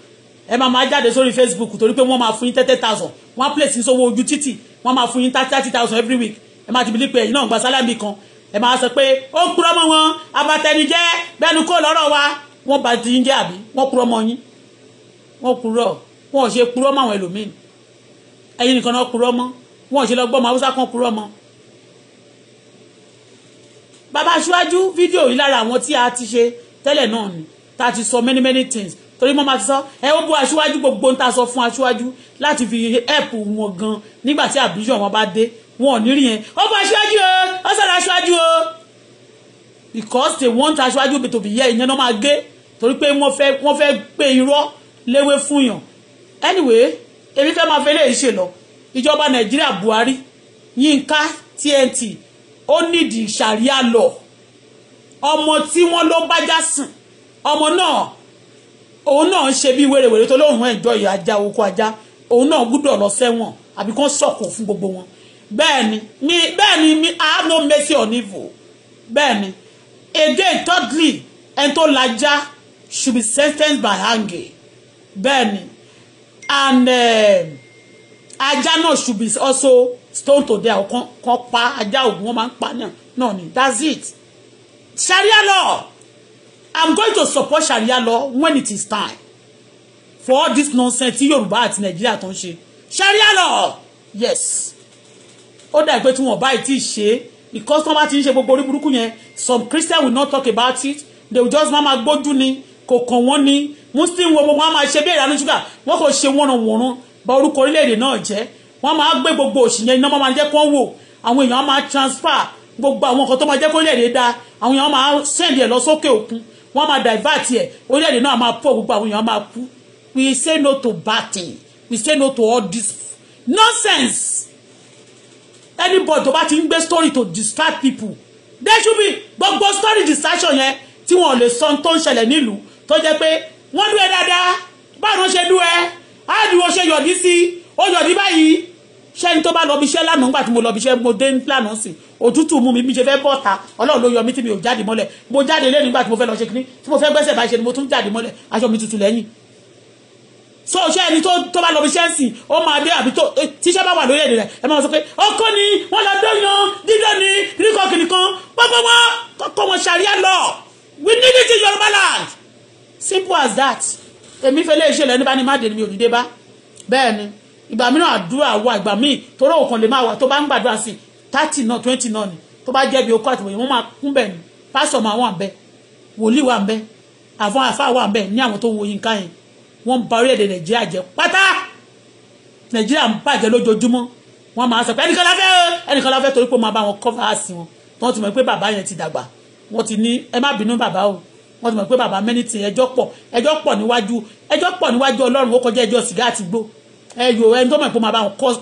ẹ máa máa jáde sórí facebook torí pé wọ́n máa fún yín thirty thousand One place ní sọ́wọ́ ojú títì wọ́n máa fún yín thirty thousand every week ẹ máa ti bìlí pé ẹ̀yin náà ń gba sálámì kan ẹ máa sọ pé ó ń kúrọ́mọ́ wọn abatẹnijẹ́ bẹ́ẹ̀ ni kó lọ́rọ̀ wa wọ́n ba ti ń jẹ́ àbí wọ́n kúrọ́ mọ́ yín wọ́n kúrọ́ wọn ò ṣe kúrọ́ mọ́ àwọn ẹlòmíì ẹ̀yin nìkan náà kúrọ́ mọ́ wọn ò ṣe lọ́gbọ́n mọ́ haúsá kan kúrọ́ mọ́. bàbá aṣáájú fídíò yìí lára àwọn tí a ti ṣe tẹ́lẹ̀ náà ni tá a ti sọ many many things torí mo máa ti sọ ẹ ó bú aṣáájú gbogbo ń ta sọ fún aṣáájú láti fi ẹ̀pù wọn gan nígbà tí àbíyàn wọn bá dé wọn ò ní rí yẹn ó bú aṣáájú o ó sọ̀rọ̀ aṣáájú o because they want aṣáájú to be here ìyẹn náà máa gé torí pé wọ́n fẹ́ wọ́n fẹ́ pé irọ́ léwé fún yàn anyway èmi fẹ́ máa fẹ́ lè ṣe lọ ìjọba nàìjíríà buhari yínká tnt ó nídìí ṣàríà lọ ọmọ tí wọ́n ló bá já sùn ọmọ náà òun náà ń ṣe bí wèrèwèrè tó lóun ẹ̀jọ́ ìyá ajá oko ajá òun náà gbúdọ̀ lọ sẹ́wọ̀n àbí kán sọ̀kò fún gbogbo wọn bẹ́ẹ̀ ni mi bẹ́ẹ̀ ni mi i have no mercy on evil bẹ́ẹ̀ ni again thirdly ẹni tó lajá should be sentenced by hanging bẹ́ẹ̀ ni and um, ajá náà should be also stone to death kan kan pa ajá ògùn wọn máa ń pa náà ni that's it sharia law i'm going to support sharia law when it is time for all this nonsense tí yorùbá àti nàìjíríà tó ń ṣe sharia law yes ó dà pé tí wọn báyìí tí ṣe because wọ́n bá ti ń ṣe gbogbo orí burúkú yẹn some Christians will not talk about it they will just máa ma gbójú ni kò kàn wọ́n ni muslim wo gbogbo wọn máa ṣe bí ìranú ṣúgà wọn kò ṣe wọ́nranwọ̀nran ba orúkọ orílẹ̀-èdè náà jẹ́ wọ́n máa gbé gbogbo òṣì yẹn iná máa máa jẹ́ kó wò àwọn èèyàn máa transfer gbogbo àwọn nǹkan tó máa jẹ́ kó orílẹ̀-èdè da àwọn èèyàn máa send ẹ̀ lọ sókè òkun wọ́n máa divert ẹ̀ orílẹ̀-èdè náà máa pọ̀ gbogbo àwọn èèyàn máa kú we say no to batting we say no to all this nonsense anybody tó bá ti ń gbé story to distract people there should be gbogbo story distraction yẹn tí wọn ò lè sọ tó ń ṣẹlẹ̀ nílùú tó jẹ́ pé Ba lú ẹ dáadáa báwọn ṣe lú ẹ áàdìwọ̀ ṣe yọ̀dí sí ó yọ̀dí báyìí ṣẹ́ni tó bá lọ bí iṣẹ́ lánàá nígbà tí mo lọ bí iṣẹ́ mo dé lánàá sí òtútù mú mi bí ṣe fẹ́ bọ́ta ọlọ́run ló yọ mí tí mi ò jáde mọ́lẹ̀ mo jáde lé nígbà tí mo fe lọ ṣe kíní tí mo fe gbẹ́sẹ̀ ba ṣe ni mo tún jáde mọ́lẹ̀ Aso mi tutù lẹ́yìn so ṣé ẹni tó bá lọ bí iṣẹ́ ń sìn ó máa dé àbí tó eh, tíṣẹ́ bá wà lórí èdè rẹ̀ ẹ máa sọ pé ọkọ ni wọ́n lọ dọ́yàn dídọ́ ni kíríkọ́ kìnìkan pápá wọn kọ́kọ́ wọn ṣàríà lọ we need it in your land simple as that èmi fẹ́ lè ṣe bá ní má dèmi òdìdé bá bẹ́ẹ̀ ni ìgbà mìíràn àdúrà wà ìgbà míì toró òkan lè máa wà tó bá ń gbàdúrà sí thirty náà twenty náà ni tó bá jẹ́bi okó àtìwòye wọ́n máa kún bẹ́ẹ̀ ni pásítọ̀ máa wà ń bẹ́ẹ̀ wòlíì wà ń bẹ́ẹ̀ àfọ̀n àfáà wà ń bẹ́ẹ̀ ní àwọn tó wo yín ká wọ́n ń ba orílẹ̀-èdè nàìjíríà jẹ́ pátá nàìjíríà ń bàjẹ́ lójoojúmọ́ wọ́n máa sọ pé ẹnìkan láfẹ́ ẹnìkan láfẹ́ torí pé wọ́n máa bá wọn cover àsìn wọn tí wọ́n ti mọ̀ pé bàbá yẹn ti dàgbà wọ́n ti ní ẹ má bínú bàbá o wọ́n ti mọ̀ pé bàbá mẹ́ni ti ẹjọ́ pọ̀ ẹjọ́ pọ̀ níwájú ẹjọ́ pọ̀ níwájú ọlọ́run ó kọjá ẹjọ́ sìgá àti gbó ẹyọ ẹni tó mọ̀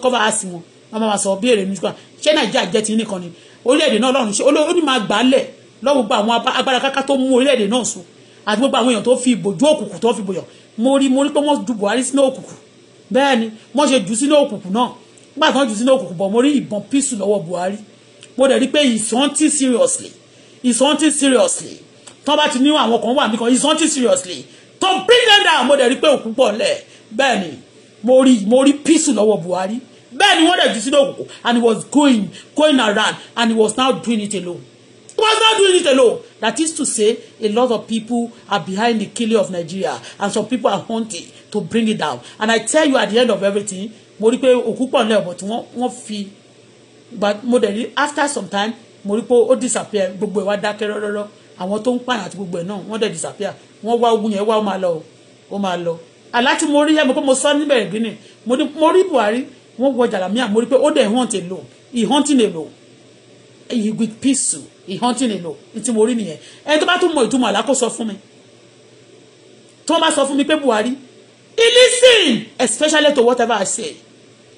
cover àsìn wọn wọ́n máa sọ bí èrè mi ṣé nàìjíríà jẹ́ ti nìkan ni orílẹ̀-èdè náà ọlọ́run ṣe ó ní máa gbà á lẹ̀ lọ́wọ́ gba àwọn agbára káká tó mú orílẹ̀-èdè náà sùn àti gbogbo àwọn èèyàn tó fi ìbòjú òkùnkùn tó fi bòyàn mo rí mo rí pé wọ́n ju Buhari sínú òkùnkùn bẹ́ẹ̀ ni wọ́n ṣe jù sínú òkùnkùn náà nígbà tí wọ́n jù sínú òkùnkùn bọ̀ mo rí ìbọn písù lọ́wọ́ Buhari mo dẹ̀ rí pé ìsọ́ntì seriously ìsọ́ntì seriously tán bá ti ní àwọn kan wà mí kan ìsọ́ntì seriously tó bring them down mo dẹ̀ rí pé òkú pọ̀ lẹ̀ bẹ́ẹ̀ ni mo rí mo rí písù lọ́wọ́ Buhari bẹ́ẹ̀ ni wọ́n dẹ̀ jù sínú òkùnkùn and he was going going around and he was now doing it alone not doing it alone. That is to say, a lot of people are behind the killing of Nigeria, and some people are hunting to bring it down. And I tell you at the end of everything, mo rí pé òkú pọ̀ lẹ́yìn but wọ́n wọ́n fi but mo dẹ̀ rí after some time mo rí pé ó disappear gbogbo ẹ̀ wá dákẹ́ rọ́rọ́rọ́ àwọn tó ń pààyàn àti gbogbo ẹ̀ náà wọ́n dẹ̀ disappear wọ́n wá ogun yẹn wá ó máa lọ ó máa lọ aláti mo rí yẹn pé mo sọ níbẹ̀ ìbínú mo rí Buhari wọ́n wọ jàlámíà mo rí pé ó dẹ̀ hunt alone he hunting alone he with peace ìhántìnì lò tí mo rí nìyẹn ẹni tó bá tún mọ ìtumọ̀ àlá kó sọ fún mi tí wọ́n bá sọ fún mi pé Buhari he listen especially to whatever I say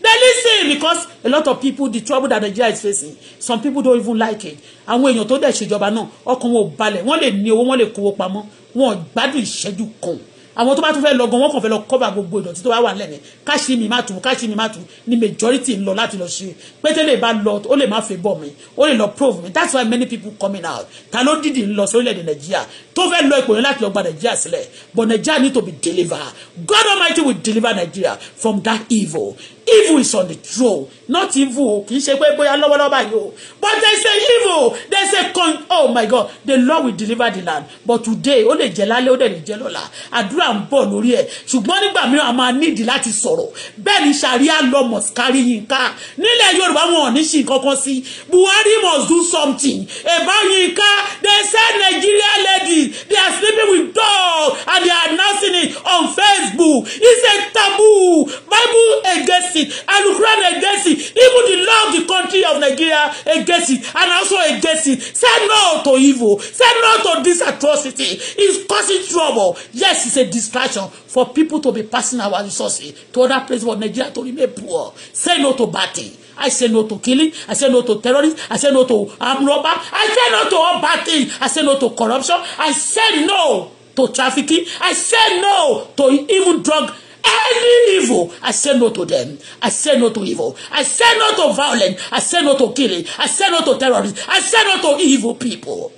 they listen because a lot of people the trouble that Nigeria is facing some people don't even like it àwọn èèyàn tó dẹ̀ ṣèjọba náà ọkàn wọn ò balẹ̀ wọ́n lè ní owó wọ́n lè kówó pamọ́ wọn ò gbádùn ìṣẹ́jú kan àwọn tó bá tún fẹ́ lọ gan wọ́n kàn fẹ́ lọ kọ́ba gbogbo ìdọ̀tí tó bá wà lẹ́nu káṣí mi má tù káṣí mi má tù ni majority ń lọ láti lọ ṣe pété lè bá lọ ó lè má fi bọ̀ mi ó lè lọ prove mi that's why many people coming out ta ló dìdì ń lọ sórílẹ̀-èdè nàìjíríà tó fẹ́ lọ ipò yẹn láti lọ gba nàìjíríà sílẹ̀ but nàìjíríà need to be delivered God Almighty will deliver Nigeria from that evil evil is on the throne not evil kì í ṣe pé bóyá lọ́wọ́lọ́wọ́ báyìí o but there is a evil there is a con oh my god the lord will deliver the land but today ó lè jẹ́ lálẹ́ ó dẹ̀ lè jẹ́ lọ́la àdúrà ń bọ̀ lórí ẹ̀ ṣùgbọ́n nígbà mìíràn a máa nídìí láti sọ̀rọ̀ bẹ́ẹ̀ ni sharia law must carry Yinka nílẹ̀ yorùbá wọn ò ní ṣì kankan sí buhari must do something about Yinka they say Nigerian ladies they are sleeping with dogs and they are announcing it on facebook it's a taboo bible against against it and Ukraine against it even the law of the country of Nigeria against it and also against it say no to evil say no to this atrocity it's causing trouble yes it's a distraction for people to be passing our resources to other places for Nigeria to remain poor say no to bad thing I say no to killing. I say no to terrorism. I say no to armed robber. I say no to all bad things. I say no to corruption. I say no to trafficking. I say no to even drug Any evil, I say no to them. I say no to evil. I say no to violence. I say no to killing. I say no to terrorism. I say no to evil people.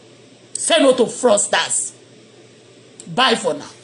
Say no to fraudsters. Bye for now.